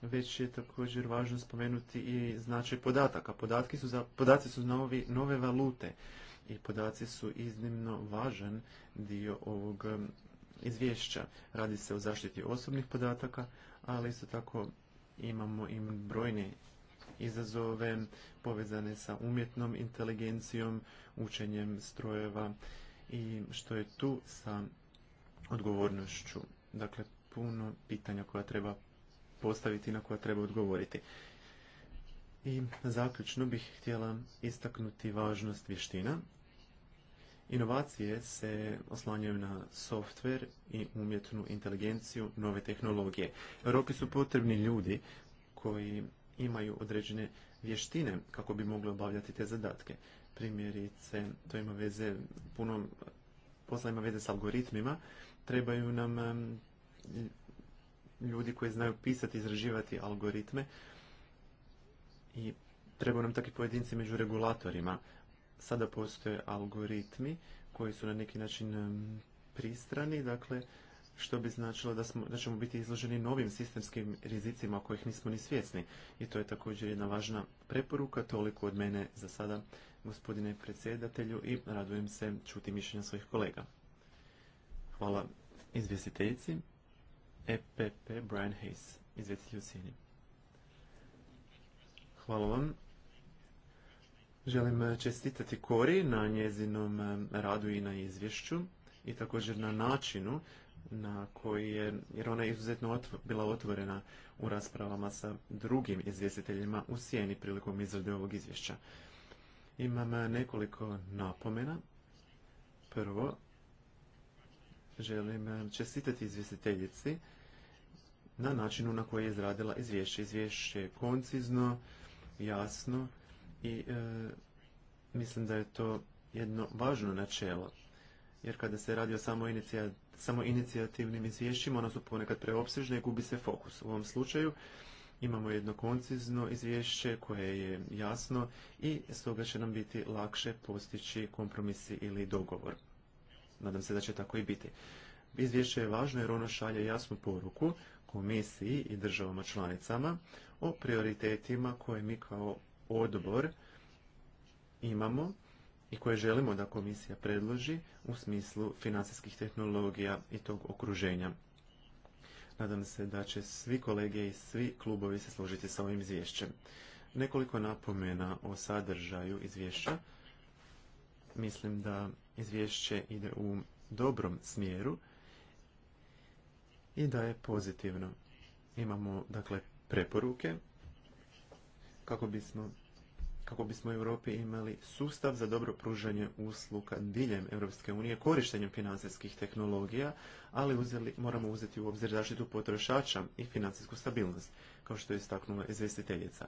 već je također važno spomenuti i značaj podataka. Podatki su za, podaci su novi, nove valute i podaci su iznimno važan dio ovog izvješća. Radi se o zaštiti osobnih podataka, ali isto tako imamo i brojne izazove povezane sa umjetnom inteligencijom, učenjem strojeva i što je tu sa odgovornošću. Dakle, puno pitanja koja treba postaviti i na koja treba odgovoriti. I zaključno bih htjela istaknuti važnost vještina Inovacije se oslanjaju na softver i umjetnu inteligenciju, nove tehnologije. Europi su potrebni ljudi koji imaju određene vještine kako bi mogli obavljati te zadatke. Primjerice, to ima veze, puno posla ima veze s algoritmima, trebaju nam ljudi koji znaju pisati, izraživati algoritme i trebaju nam takvi pojedinci među regulatorima. Sada postoje algoritmi koji su na neki način pristrani, dakle, što bi značilo da, smo, da ćemo biti izloženi novim sistemskim rizicima kojih nismo ni svjesni. I to je također jedna važna preporuka, toliko od mene za sada, gospodine predsjedatelju, i radujem se čuti mišljenja svojih kolega. Hvala izvjestiteljici. EPP Brian Hayes, izvjestitelj u Hvala vam. Želim e, čestitati Kori na njezinom e, radu i na izvješću i također na načinu na koji je, jer ona je izuzetno bila otvorena u raspravama sa drugim izvjestiteljima u sjeni prilikom izrade ovog izvješća. Imam e, nekoliko napomena. Prvo, želim čestitati izvjestiteljici na načinu na koji je izradila izvješće. Izvješće je koncizno, jasno i e, mislim da je to jedno važno načelo. Jer kada se radi o samo, inicija, samo inicijativnim izvješćima, ona su ponekad preopsežna i gubi se fokus. U ovom slučaju imamo jedno koncizno izvješće koje je jasno i stoga će nam biti lakše postići kompromisi ili dogovor. Nadam se da će tako i biti. Izvješće je važno jer ono šalje jasnu poruku komisiji i državama članicama o prioritetima koje mi kao odbor imamo i koje želimo da komisija predloži u smislu financijskih tehnologija i tog okruženja. Nadam se da će svi kolege i svi klubovi se složiti sa ovim izvješćem. Nekoliko napomena o sadržaju izvješća. Mislim da izvješće ide u dobrom smjeru i da je pozitivno. Imamo dakle preporuke kako bismo kako bismo u Europi imali sustav za dobro pružanje usluga diljem Europske unije korištenjem financijskih tehnologija, ali uzeli, moramo uzeti u obzir zaštitu potrošača i financijsku stabilnost, kao što je istaknula izvjestiteljica.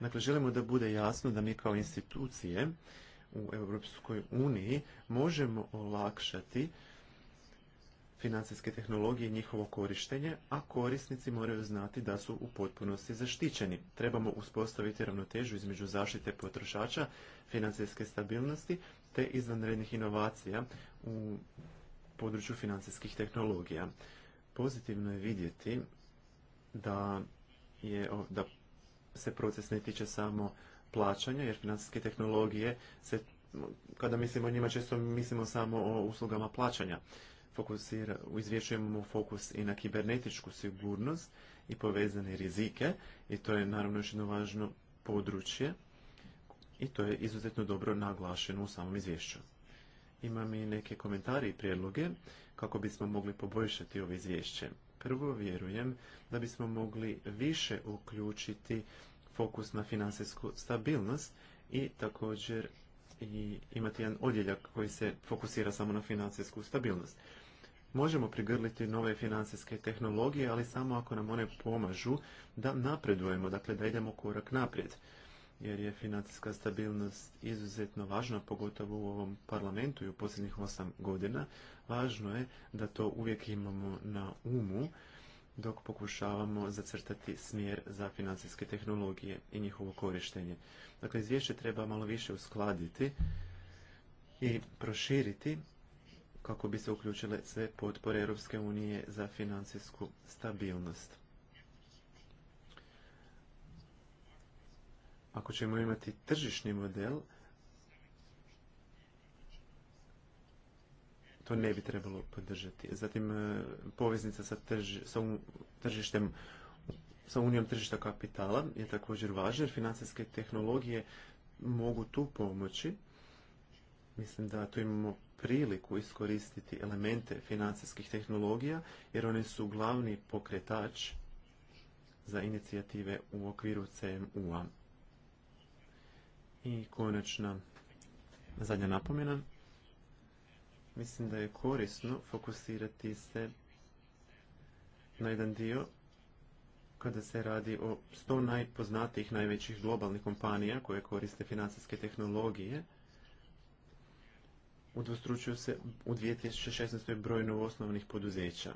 Dakle, želimo da bude jasno da mi kao institucije u Europskoj uniji možemo olakšati financijske tehnologije i njihovo korištenje, a korisnici moraju znati da su u potpunosti zaštićeni. Trebamo uspostaviti ravnotežu između zaštite potrošača, financijske stabilnosti te izvanrednih inovacija u području financijskih tehnologija. Pozitivno je vidjeti da, je, da se proces ne tiče samo plaćanja, jer financijske tehnologije se, kada mislimo o njima, često mislimo samo o uslugama plaćanja fokusira, u izvješću imamo fokus i na kibernetičku sigurnost i povezane rizike i to je naravno još jedno važno područje i to je izuzetno dobro naglašeno u samom izvješću. Imam i neke komentare i prijedloge kako bismo mogli poboljšati ovo izvješće. Prvo vjerujem da bismo mogli više uključiti fokus na financijsku stabilnost i također i imati jedan odjeljak koji se fokusira samo na financijsku stabilnost. Možemo prigrliti nove financijske tehnologije, ali samo ako nam one pomažu da napredujemo, dakle da idemo korak naprijed. Jer je financijska stabilnost izuzetno važna, pogotovo u ovom parlamentu i u posljednjih osam godina. Važno je da to uvijek imamo na umu dok pokušavamo zacrtati smjer za financijske tehnologije i njihovo korištenje. Dakle, izvješće treba malo više uskladiti i proširiti kako bi se uključile sve potpore Europske unije za financijsku stabilnost. Ako ćemo imati tržišni model, to ne bi trebalo podržati. Zatim e, poveznica sa, sa tržištem sa unijom tržišta kapitala je također važna financijske tehnologije mogu tu pomoći. Mislim da tu imamo priliku iskoristiti elemente financijskih tehnologija jer one su glavni pokretač za inicijative u okviru CMU-a. I konačna zadnja napomena. Mislim da je korisno fokusirati se na jedan dio kada se radi o 100 najpoznatijih najvećih globalnih kompanija koje koriste financijske tehnologije udvostručio se u 2016. broj novoosnovnih poduzeća.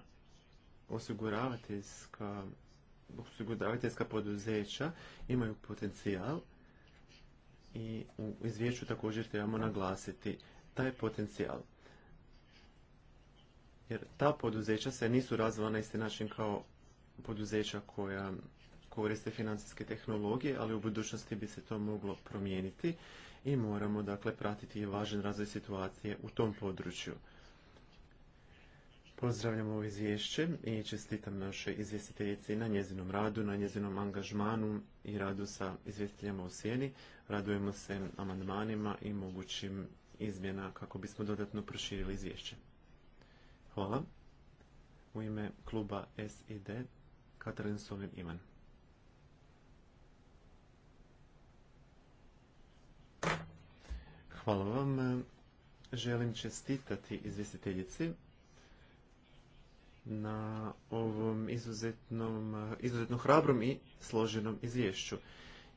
Osiguravateljska, osiguravateljska poduzeća imaju potencijal i u izvješću također trebamo naglasiti taj potencijal. Jer ta poduzeća se nisu razvila na isti način kao poduzeća koja koriste financijske tehnologije, ali u budućnosti bi se to moglo promijeniti i moramo dakle pratiti važan razvoj situacije u tom području. Pozdravljamo ovo izvješće i čestitam našoj izvjestiteljici na njezinom radu, na njezinom angažmanu i radu sa izvjestiteljama u sjeni. Radujemo se amandmanima i mogućim izmjena kako bismo dodatno proširili izvješće. Hvala. U ime kluba SID Katarin solim Ivan. Hvala vam. Želim čestitati izvjestiteljici na ovom izuzetnom, izuzetno hrabrom i složenom izvješću.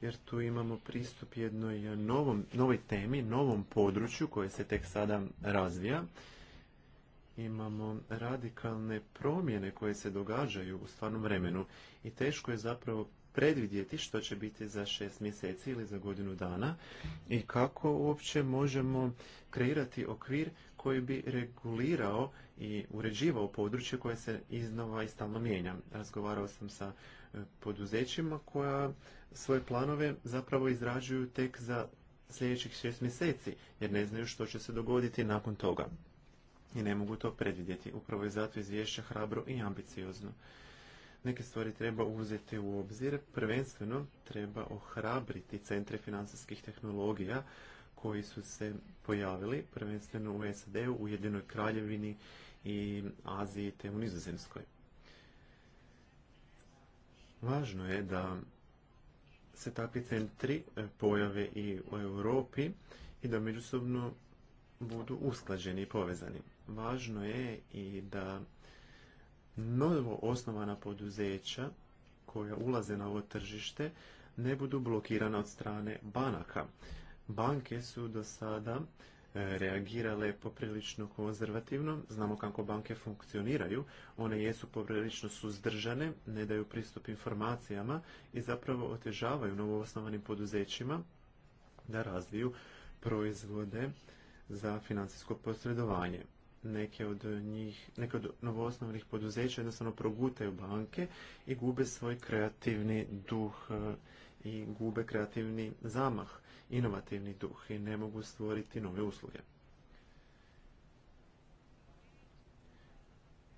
Jer tu imamo pristup jednoj novom, novoj temi, novom području koje se tek sada razvija. Imamo radikalne promjene koje se događaju u stvarnom vremenu i teško je zapravo predvidjeti što će biti za šest mjeseci ili za godinu dana i kako uopće možemo kreirati okvir koji bi regulirao i uređivao područje koje se iznova i stalno mijenja. Razgovarao sam sa e, poduzećima koja svoje planove zapravo izrađuju tek za sljedećih šest mjeseci, jer ne znaju što će se dogoditi nakon toga. I ne mogu to predvidjeti. Upravo je zato izvješće hrabro i ambiciozno neke stvari treba uzeti u obzir. Prvenstveno treba ohrabriti centre financijskih tehnologija koji su se pojavili, prvenstveno u SAD-u, u Jedinoj kraljevini i Aziji te u Nizozemskoj. Važno je da se takvi centri e, pojave i u Europi i da međusobno budu usklađeni i povezani. Važno je i da novo osnovana poduzeća koja ulaze na ovo tržište ne budu blokirana od strane banaka. Banke su do sada e, reagirale poprilično konzervativno. Znamo kako banke funkcioniraju. One jesu poprilično suzdržane, ne daju pristup informacijama i zapravo otežavaju novoosnovanim poduzećima da razviju proizvode za financijsko posredovanje neke od njih, neke od novoosnovnih poduzeća jednostavno progutaju banke i gube svoj kreativni duh e, i gube kreativni zamah, inovativni duh i ne mogu stvoriti nove usluge.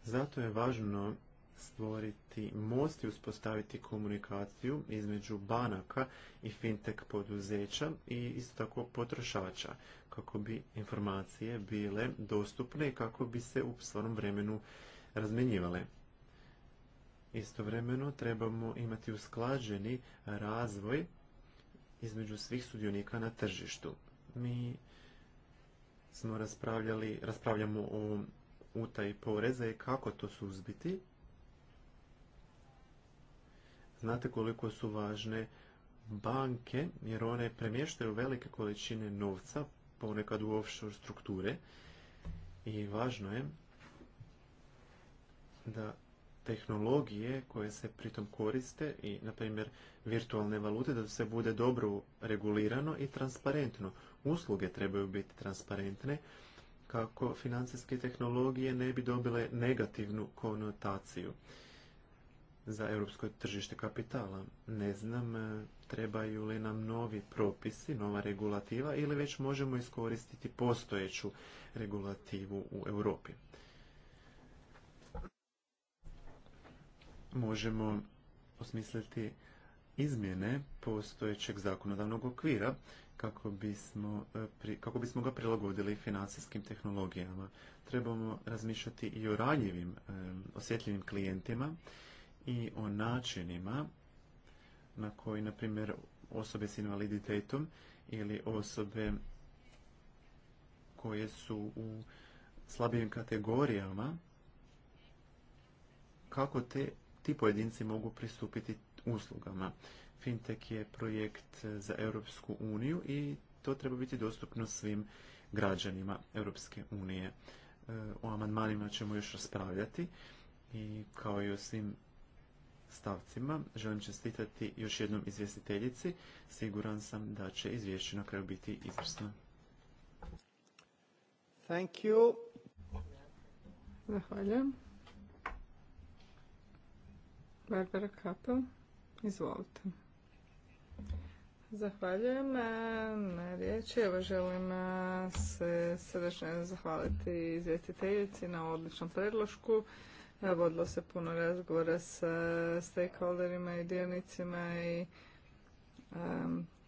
Zato je važno stvoriti most i uspostaviti komunikaciju između banaka i fintech poduzeća i isto tako potrošača kako bi informacije bile dostupne i kako bi se u stvarnom vremenu razmenjivale. Istovremeno trebamo imati usklađeni razvoj između svih sudionika na tržištu. Mi smo raspravljali, raspravljamo o utaji poreza i kako to suzbiti Znate koliko su važne banke, jer one premještaju velike količine novca, ponekad u offshore strukture. I važno je da tehnologije koje se pritom koriste i, na primjer, virtualne valute, da se bude dobro regulirano i transparentno. Usluge trebaju biti transparentne kako financijske tehnologije ne bi dobile negativnu konotaciju za europsko tržište kapitala. Ne znam e, trebaju li nam novi propisi, nova regulativa ili već možemo iskoristiti postojeću regulativu u Europi. Možemo osmisliti izmjene postojećeg zakonodavnog okvira kako bismo, e, kako bismo ga prilagodili financijskim tehnologijama. Trebamo razmišljati i o ranjivim, e, osjetljivim klijentima i o načinima na koji, na primjer, osobe s invaliditetom ili osobe koje su u slabijim kategorijama, kako te, ti pojedinci mogu pristupiti uslugama. Fintech je projekt za Europsku uniju i to treba biti dostupno svim građanima Europske unije. E, o amandmanima ćemo još raspravljati i kao i o svim stavcima. Želim čestitati još jednom izvjestiteljici. Siguran sam da će izvješće na kraju biti izvrsno. Thank you. Zahvaljujem. Barbara izvolite. Zahvaljujem e, na riječi. Evo želim e, se srdečno zahvaliti izvjestiteljici na odličnom predlošku Vodilo se puno razgovora sa stakeholderima i dionicima i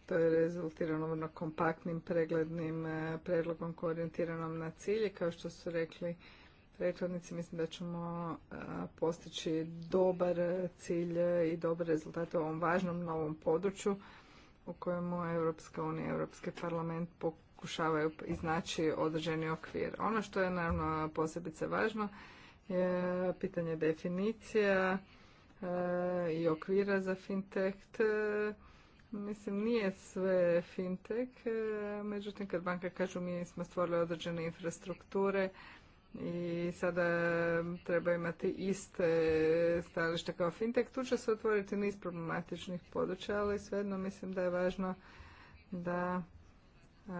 to je rezultirano vrlo kompaktnim, preglednim eh, predlogom koorientiranom na cilje. Kao što su rekli prethodnici, mislim da ćemo eh, postići dobar cilj i dobar rezultat u ovom važnom novom području u kojemu Europska unija i Europski parlament pokušavaju iznaći određeni okvir. Ono što je naravno posebice važno pitanje definicija eh, i okvira za fintech. Mislim, nije sve fintech, eh, međutim kad banka kažu mi smo stvorili određene infrastrukture i sada treba imati iste stajalište kao fintech, tu će se otvoriti niz problematičnih područja, ali svejedno mislim da je važno da eh,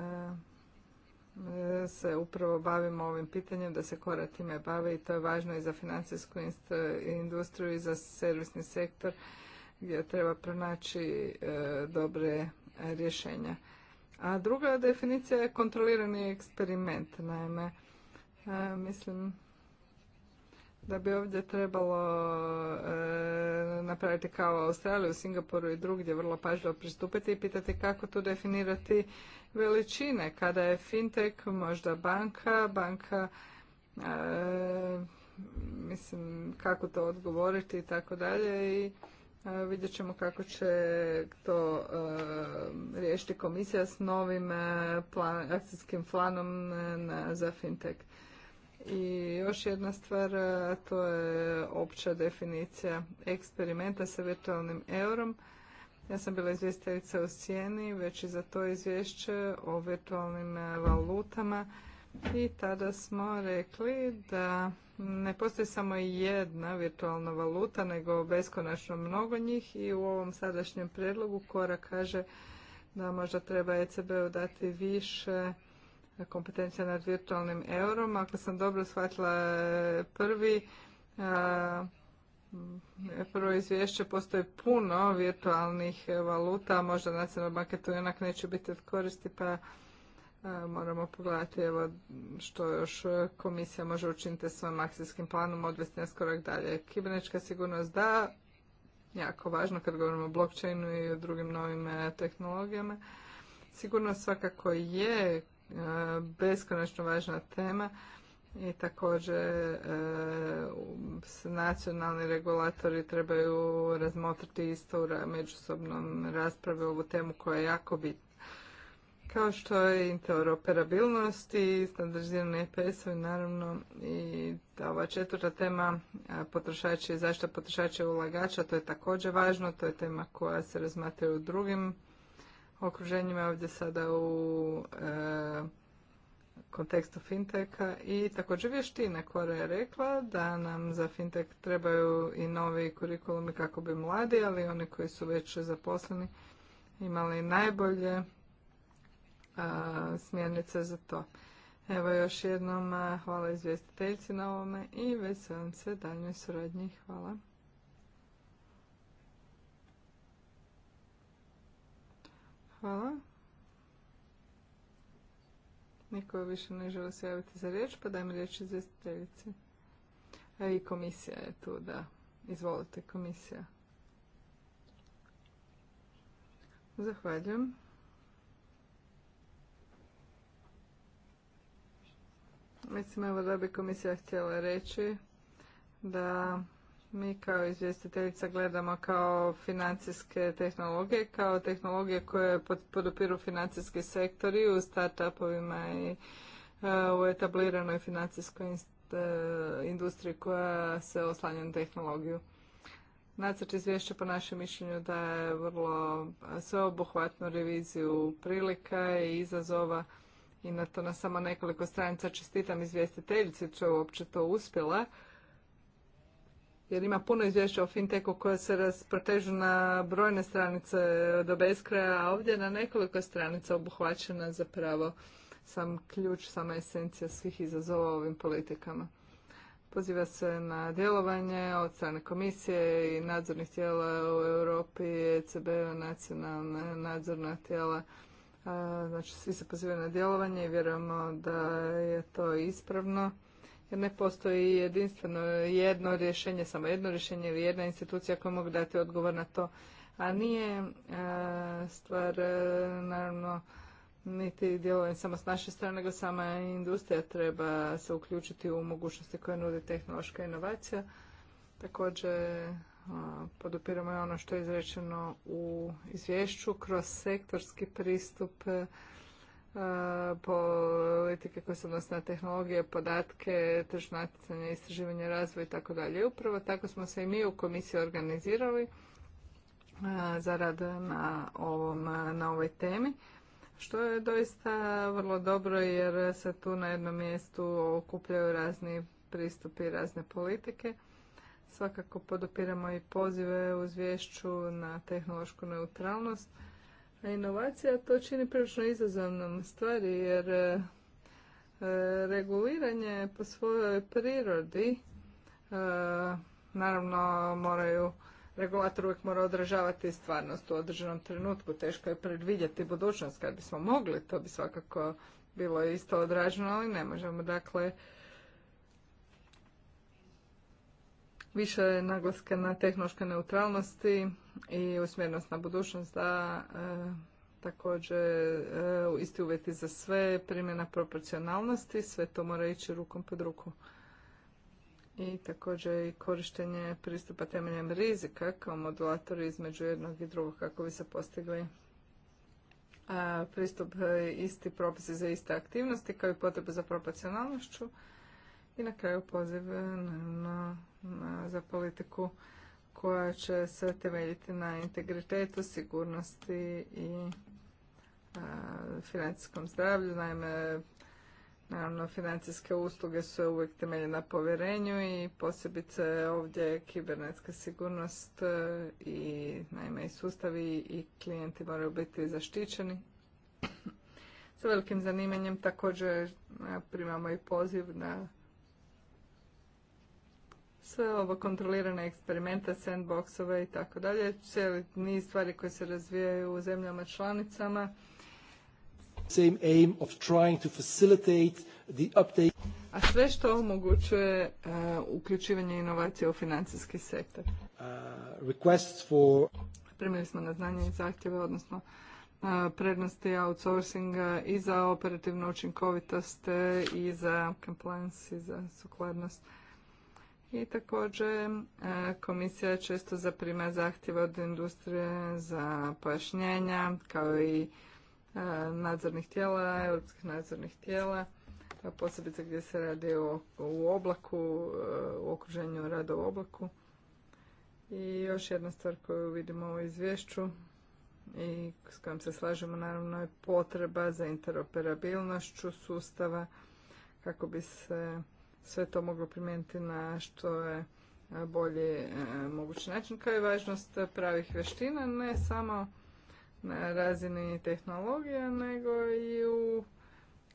E, se upravo bavimo ovim pitanjem, da se Kora time bave i to je važno i za financijsku industriju i za servisni sektor gdje treba pronaći e, dobre rješenja. A druga definicija je kontrolirani eksperiment. Naime, e, mislim da bi ovdje trebalo e, napraviti kao Australiju, Singapuru i drugdje vrlo pažljivo pristupiti i pitati kako tu definirati veličine. Kada je fintech, možda banka, banka e, mislim kako to odgovoriti i tako dalje i e, vidjet ćemo kako će to e, riješiti komisija s novim e, plan, akcijskim planom e, na, za fintech. I još jedna stvar, to je opća definicija eksperimenta sa virtualnim eurom. Ja sam bila izvjestiteljica u Sijeni, već i za to izvješće o virtualnim e, valutama i tada smo rekli da ne postoji samo jedna virtualna valuta, nego beskonačno mnogo njih i u ovom sadašnjem predlogu Kora kaže da možda treba ECB-u dati više kompetencija nad virtualnim eurom. Ako sam dobro shvatila prvi, prvo izvješće, postoji puno virtualnih valuta, možda nacionalna banka tu jednak neće biti od koristi, pa moramo pogledati evo, što još komisija može učiniti svojim akcijskim planom, odvesti nas korak dalje. Kibernetička sigurnost da, jako važno kad govorimo o blockchainu i o drugim novim e, tehnologijama. Sigurnost svakako je E, beskonačno važna tema i također e, nacionalni regulatori trebaju razmotriti isto u međusobnom raspravi ovu temu koja je jako bitna. Kao što je interoperabilnost i standardizirane eps ove naravno i ova četvrta tema potrošači i zaštita potrošača ulagača, to je također važno, to je tema koja se razmatra u drugim okruženjima ovdje sada u e, kontekstu finteka i također vještine koja je rekla da nam za fintek trebaju i novi kurikulumi kako bi mladi, ali oni koji su već zaposleni imali najbolje e, smjernice za to. Evo još jednom e, hvala izvjestiteljci na ovome i veselim se daljnjoj suradnji. Hvala. Hvala. Niko više ne želi se javiti za riječ, pa dajme riječ izvjestiteljici. A I komisija je tu, da. Izvolite, komisija. Zahvaljujem. Mislim, evo da bi komisija htjela reći da mi kao izvjestiteljica gledamo kao financijske tehnologije, kao tehnologije koje podupiru financijski sektor i u startupovima i e, u etabliranoj financijskoj e, industriji koja se oslanja na tehnologiju. Nacrt izvješća po našem mišljenju da je vrlo sveobuhvatnu reviziju prilika i izazova i na to na samo nekoliko stranica čestitam izvjestiteljici što je uopće to uspjela jer ima puno izvješća o fintechu koje se protežu na brojne stranice do beskraja, a ovdje na nekoliko stranica obuhvaćena zapravo sam ključ, sama esencija svih izazova ovim politikama. Poziva se na djelovanje od strane komisije i nadzornih tijela u Europi, ECB, nacionalna nadzorna tijela. Znači, svi se pozivaju na djelovanje i vjerujemo da je to ispravno jer ne postoji jedinstveno jedno rješenje, samo jedno rješenje ili jedna institucija koja mogu dati odgovor na to. A nije e, stvar, e, naravno, niti djelovanje samo s naše strane, nego sama industrija treba se uključiti u mogućnosti koje nudi tehnološka inovacija. Također, e, podupiramo i ono što je izrečeno u izvješću kroz sektorski pristup E, politike koje se odnose na tehnologije, podatke, tržno natjecanje, istraživanje, razvoj i tako dalje. Upravo tako smo se i mi u komisiji organizirali e, za rad na, ovom, na ovoj temi, što je doista vrlo dobro jer se tu na jednom mjestu okupljaju razni pristupi, i razne politike. Svakako podopiramo i pozive u izvješću na tehnološku neutralnost inovacija to čini prilično izazovnom stvari jer e, e, reguliranje po svojoj prirodi e, naravno moraju regulator uvijek mora odražavati stvarnost u određenom trenutku. Teško je predvidjeti budućnost. Kad bismo mogli, to bi svakako bilo isto odraženo, ali ne možemo. Dakle, više naglaske na tehnološke neutralnosti i usmjernost na budućnost da e, također e, isti uvjeti za sve, primjena proporcionalnosti, sve to mora ići rukom pod ruku. I također i korištenje pristupa temeljem rizika kao modulator između jednog i drugog kako bi se postigli pristup e, isti propisi za iste aktivnosti kao i potrebe za proporcionalnošću i na kraju poziv za politiku koja će se temeljiti na integritetu, sigurnosti i financijskom zdravlju. Naime, naravno, financijske usluge su uvijek temeljene na povjerenju i posebice ovdje kibernetska sigurnost e, i naime i sustavi i klijenti moraju biti zaštićeni. Sa velikim zanimanjem također primamo i poziv na sve ovo kontrolirane eksperimenta, sandboxove i tako dalje, cijeli niz stvari koje se razvijaju u zemljama članicama. Same aim of trying to facilitate the A sve što omogućuje e, uključivanje inovacija u financijski sektor. Uh, Primili smo na znanje i zahtjeve, odnosno e, prednosti outsourcinga i za operativnu učinkovitost e, i za compliance i za sukladnost. I također e, komisija često zaprima zahtjeve od industrije za pojašnjenja kao i e, nadzornih tijela, europskih nadzornih tijela, posebice gdje se radi o, u oblaku, e, u okruženju rada u oblaku. I još jedna stvar koju vidimo u izvješću i s kojom se slažemo naravno je potreba za interoperabilnošću sustava kako bi se sve to moglo primijeniti na što je e, bolji e, mogući način, kao i važnost pravih vještina, ne samo na razini tehnologija, nego i u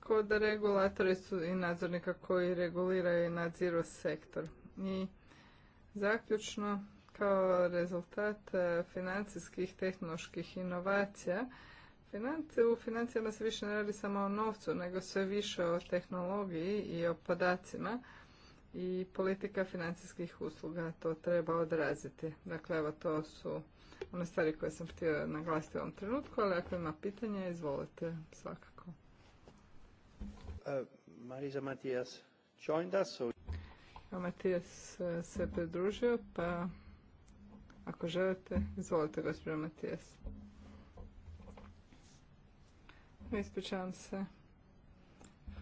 kod regulatora i nadzornika koji reguliraju i nadziru sektor. I zaključno, kao rezultat e, financijskih tehnoloških inovacija, u financijama se više ne radi samo o novcu, nego sve više o tehnologiji i o podacima i politika financijskih usluga to treba odraziti. Dakle, evo to su one stvari koje sam htio naglasiti u ovom trenutku, ali ako ima pitanja, izvolite svakako. Uh, Marisa Matijas joined us. se pridružio, pa ako želite, izvolite gospođo Matijas. Ispričavam se.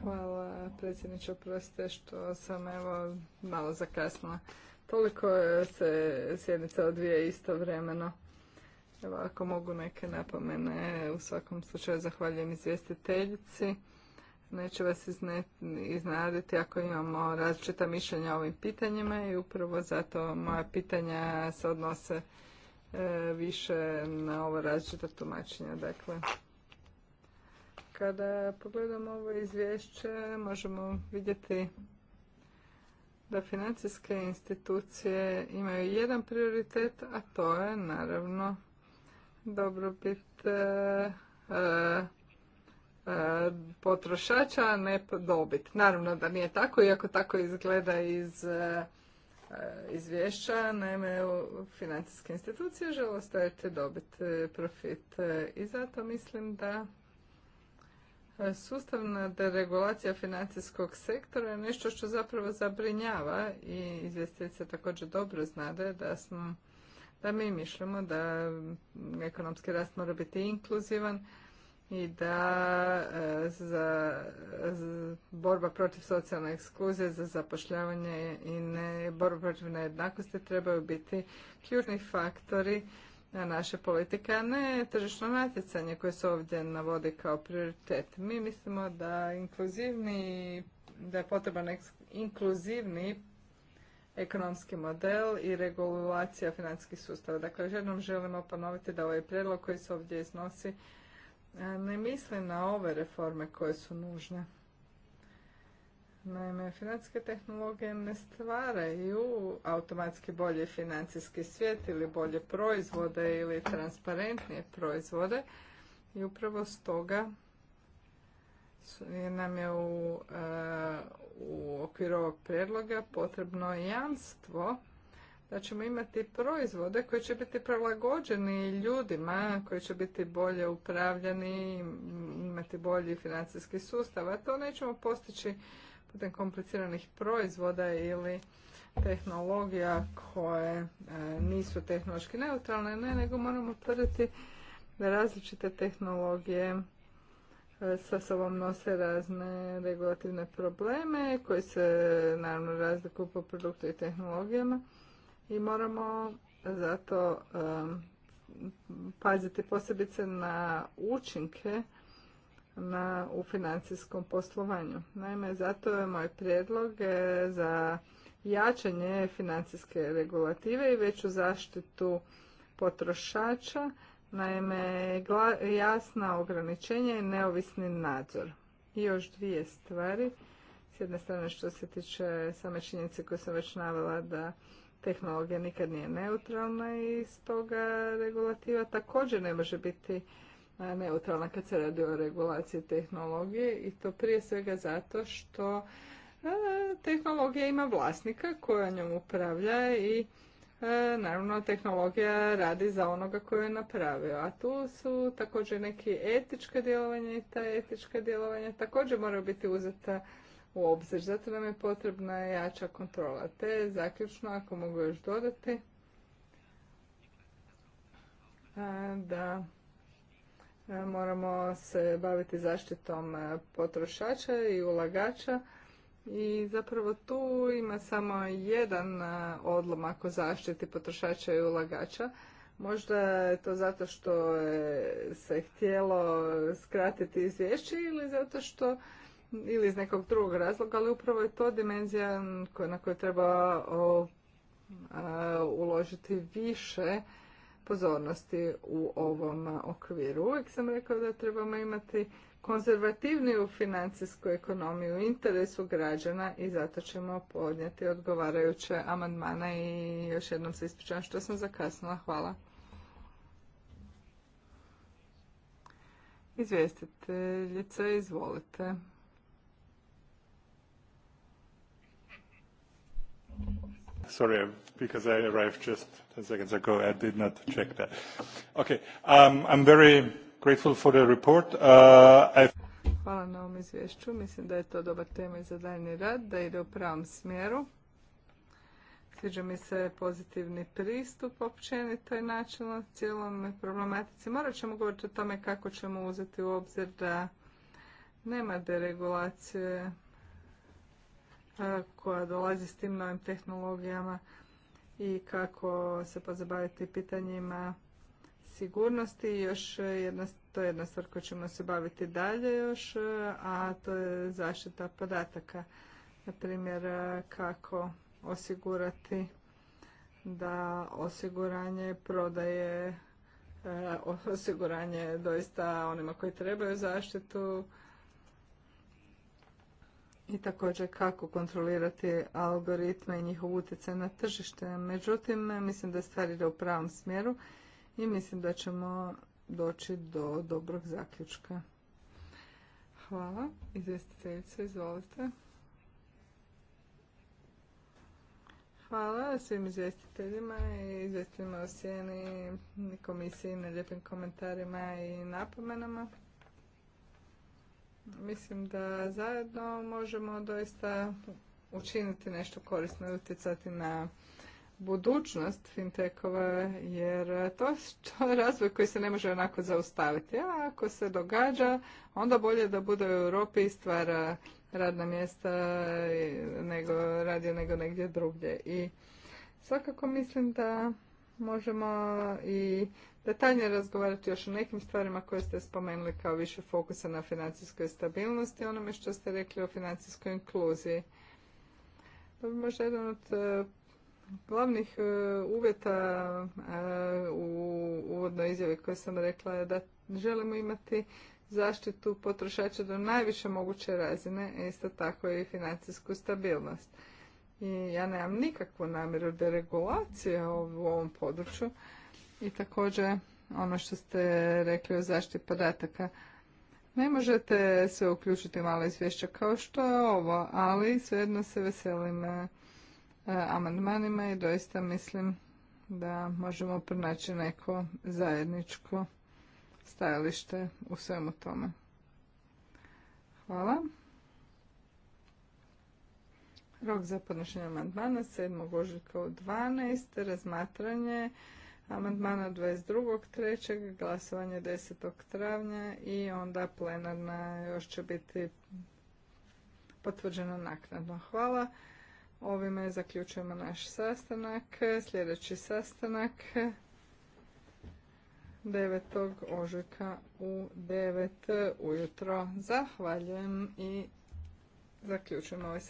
Hvala predsjedniče, oprostite što sam evo malo zakasnila. Toliko se sjednica odvije istovremeno. Evo, ako mogu neke napomene, u svakom slučaju zahvaljujem izvjestiteljici. Neće vas iznenaditi ako imamo različita mišljenja o ovim pitanjima i upravo zato moja pitanja se odnose e, više na ovo različito tumačenja. Dakle, kada pogledamo ovo izvješće, možemo vidjeti da financijske institucije imaju jedan prioritet, a to je naravno dobrobit e, e, e potrošača, a ne dobit. Naravno da nije tako, iako tako izgleda iz e, e, izvješća, naime financijske institucije žele ostaviti dobit profit i zato mislim da Sustavna deregulacija financijskog sektora je nešto što zapravo zabrinjava i izvjestiteljica također dobro znade da smo da mi mišljamo da ekonomski rast mora biti inkluzivan i da e, za, borba protiv socijalne ekskluzije za zapošljavanje i ne, borba protiv nejednakosti trebaju biti ključni faktori na naše politike, a ne tržišno natjecanje koje se ovdje navodi kao prioritet. Mi mislimo da inkluzivni, da je potreban inkluzivni ekonomski model i regulacija financijskih sustava. Dakle, još jednom želimo ponoviti da ovaj prijedlog koji se ovdje iznosi ne misli na ove reforme koje su nužne. Naime, financijske tehnologije ne stvaraju automatski bolji financijski svijet ili bolje proizvode ili transparentnije proizvode i upravo stoga nam je u, eh, u okviru ovog predloga potrebno jamstvo da ćemo imati proizvode koji će biti prilagođeni ljudima, koji će biti bolje upravljani, imati bolji financijski sustav, a to nećemo postići putem kompliciranih proizvoda ili tehnologija koje e, nisu tehnološki neutralne, ne, nego moramo tvrditi da različite tehnologije e, sa sobom nose razne regulativne probleme koji se naravno razlikuju po produktu i tehnologijama i moramo zato e, paziti posebice na učinke na, u financijskom poslovanju. Naime, zato je moj prijedlog e, za jačanje financijske regulative i veću zaštitu potrošača, naime jasna ograničenja i neovisni nadzor. I još dvije stvari. S jedne strane što se tiče same činjenice koje sam već navela da tehnologija nikad nije neutralna i stoga regulativa također ne može biti neutralna kad se radi o regulaciji tehnologije i to prije svega zato što tehnologija ima vlasnika koja njom upravlja i naravno tehnologija radi za onoga koju je napravio. A tu su također neki etička djelovanja i ta etička djelovanja također mora biti uzeta u obzir. Zato nam je potrebna jača kontrola. Te zaključno, ako mogu još dodati, da E, moramo se baviti zaštitom e, potrošača i ulagača i zapravo tu ima samo jedan e, odlomak o zaštiti potrošača i ulagača. Možda je to zato što se htjelo skratiti izvješće ili zato što ili iz nekog drugog razloga, ali upravo je to dimenzija na koju treba uložiti više pozornosti u ovom okviru. Uvijek sam rekao da trebamo imati konzervativniju financijsku ekonomiju u interesu građana i zato ćemo podnijeti odgovarajuće amandmane i još jednom se ispričavam što sam zakasnila. Hvala. Izvjestiteljica, izvolite. Sorry, because I arrived just 10 seconds ago. I did not check that. Okay. Um, I'm very grateful for the report. Uh, I've... Hvala na ovom izvješću. Mislim da je to dobar tema i za daljni rad, da ide u pravom smjeru. Sviđa mi se pozitivni pristup općenito i načinu cijelom problematici. Morat ćemo govoriti o tome kako ćemo uzeti u obzir da nema deregulacije koja dolazi s tim novim tehnologijama i kako se pozabaviti pitanjima sigurnosti. Još jedna, to je jedna stvar koju ćemo se baviti dalje još, a to je zaštita podataka. Na primjer, kako osigurati da osiguranje prodaje e, osiguranje doista onima koji trebaju zaštitu i također kako kontrolirati algoritme i njihov utjecaj na tržište. Međutim, mislim da stvar ide u pravom smjeru i mislim da ćemo doći do dobrog zaključka. Hvala. Izvjestiteljice, izvolite. Hvala svim izvjestiteljima i izvjestiteljima o sjeni, komisiji na lijepim komentarima i napomenama. Mislim da zajedno možemo doista učiniti nešto korisno i utjecati na budućnost fintekova, jer to je razvoj koji se ne može onako zaustaviti. ako se događa, onda bolje da bude u Europi i stvara radna mjesta nego radije nego negdje drugdje. I svakako mislim da možemo i detaljnije razgovarati još o nekim stvarima koje ste spomenuli kao više fokusa na financijskoj stabilnosti, onome što ste rekli o financijskoj inkluziji. To možda jedan od e, glavnih e, uvjeta e, u uvodnoj izjavi koje sam rekla je da želimo imati zaštitu potrošača do najviše moguće razine, isto tako i financijsku stabilnost. I ja nemam nikakvu namjeru deregulacije u ovom području, i također ono što ste rekli o zaštiti podataka. Ne možete se uključiti malo izvješća kao što je ovo, ali svejedno se veselim e, amandmanima i doista mislim da možemo pronaći neko zajedničko stajalište u svemu tome. Hvala. Rok za podnošenje amandmana 7. ožujka u 12. Razmatranje amandmana 22. 3. glasovanje 10. travnja i onda plenarna još će biti potvrđena naknadno. Hvala. Ovime zaključujemo naš sastanak. Sljedeći sastanak 9. ožujka u 9. ujutro. Zahvaljujem i zaključujemo ovaj sastanak.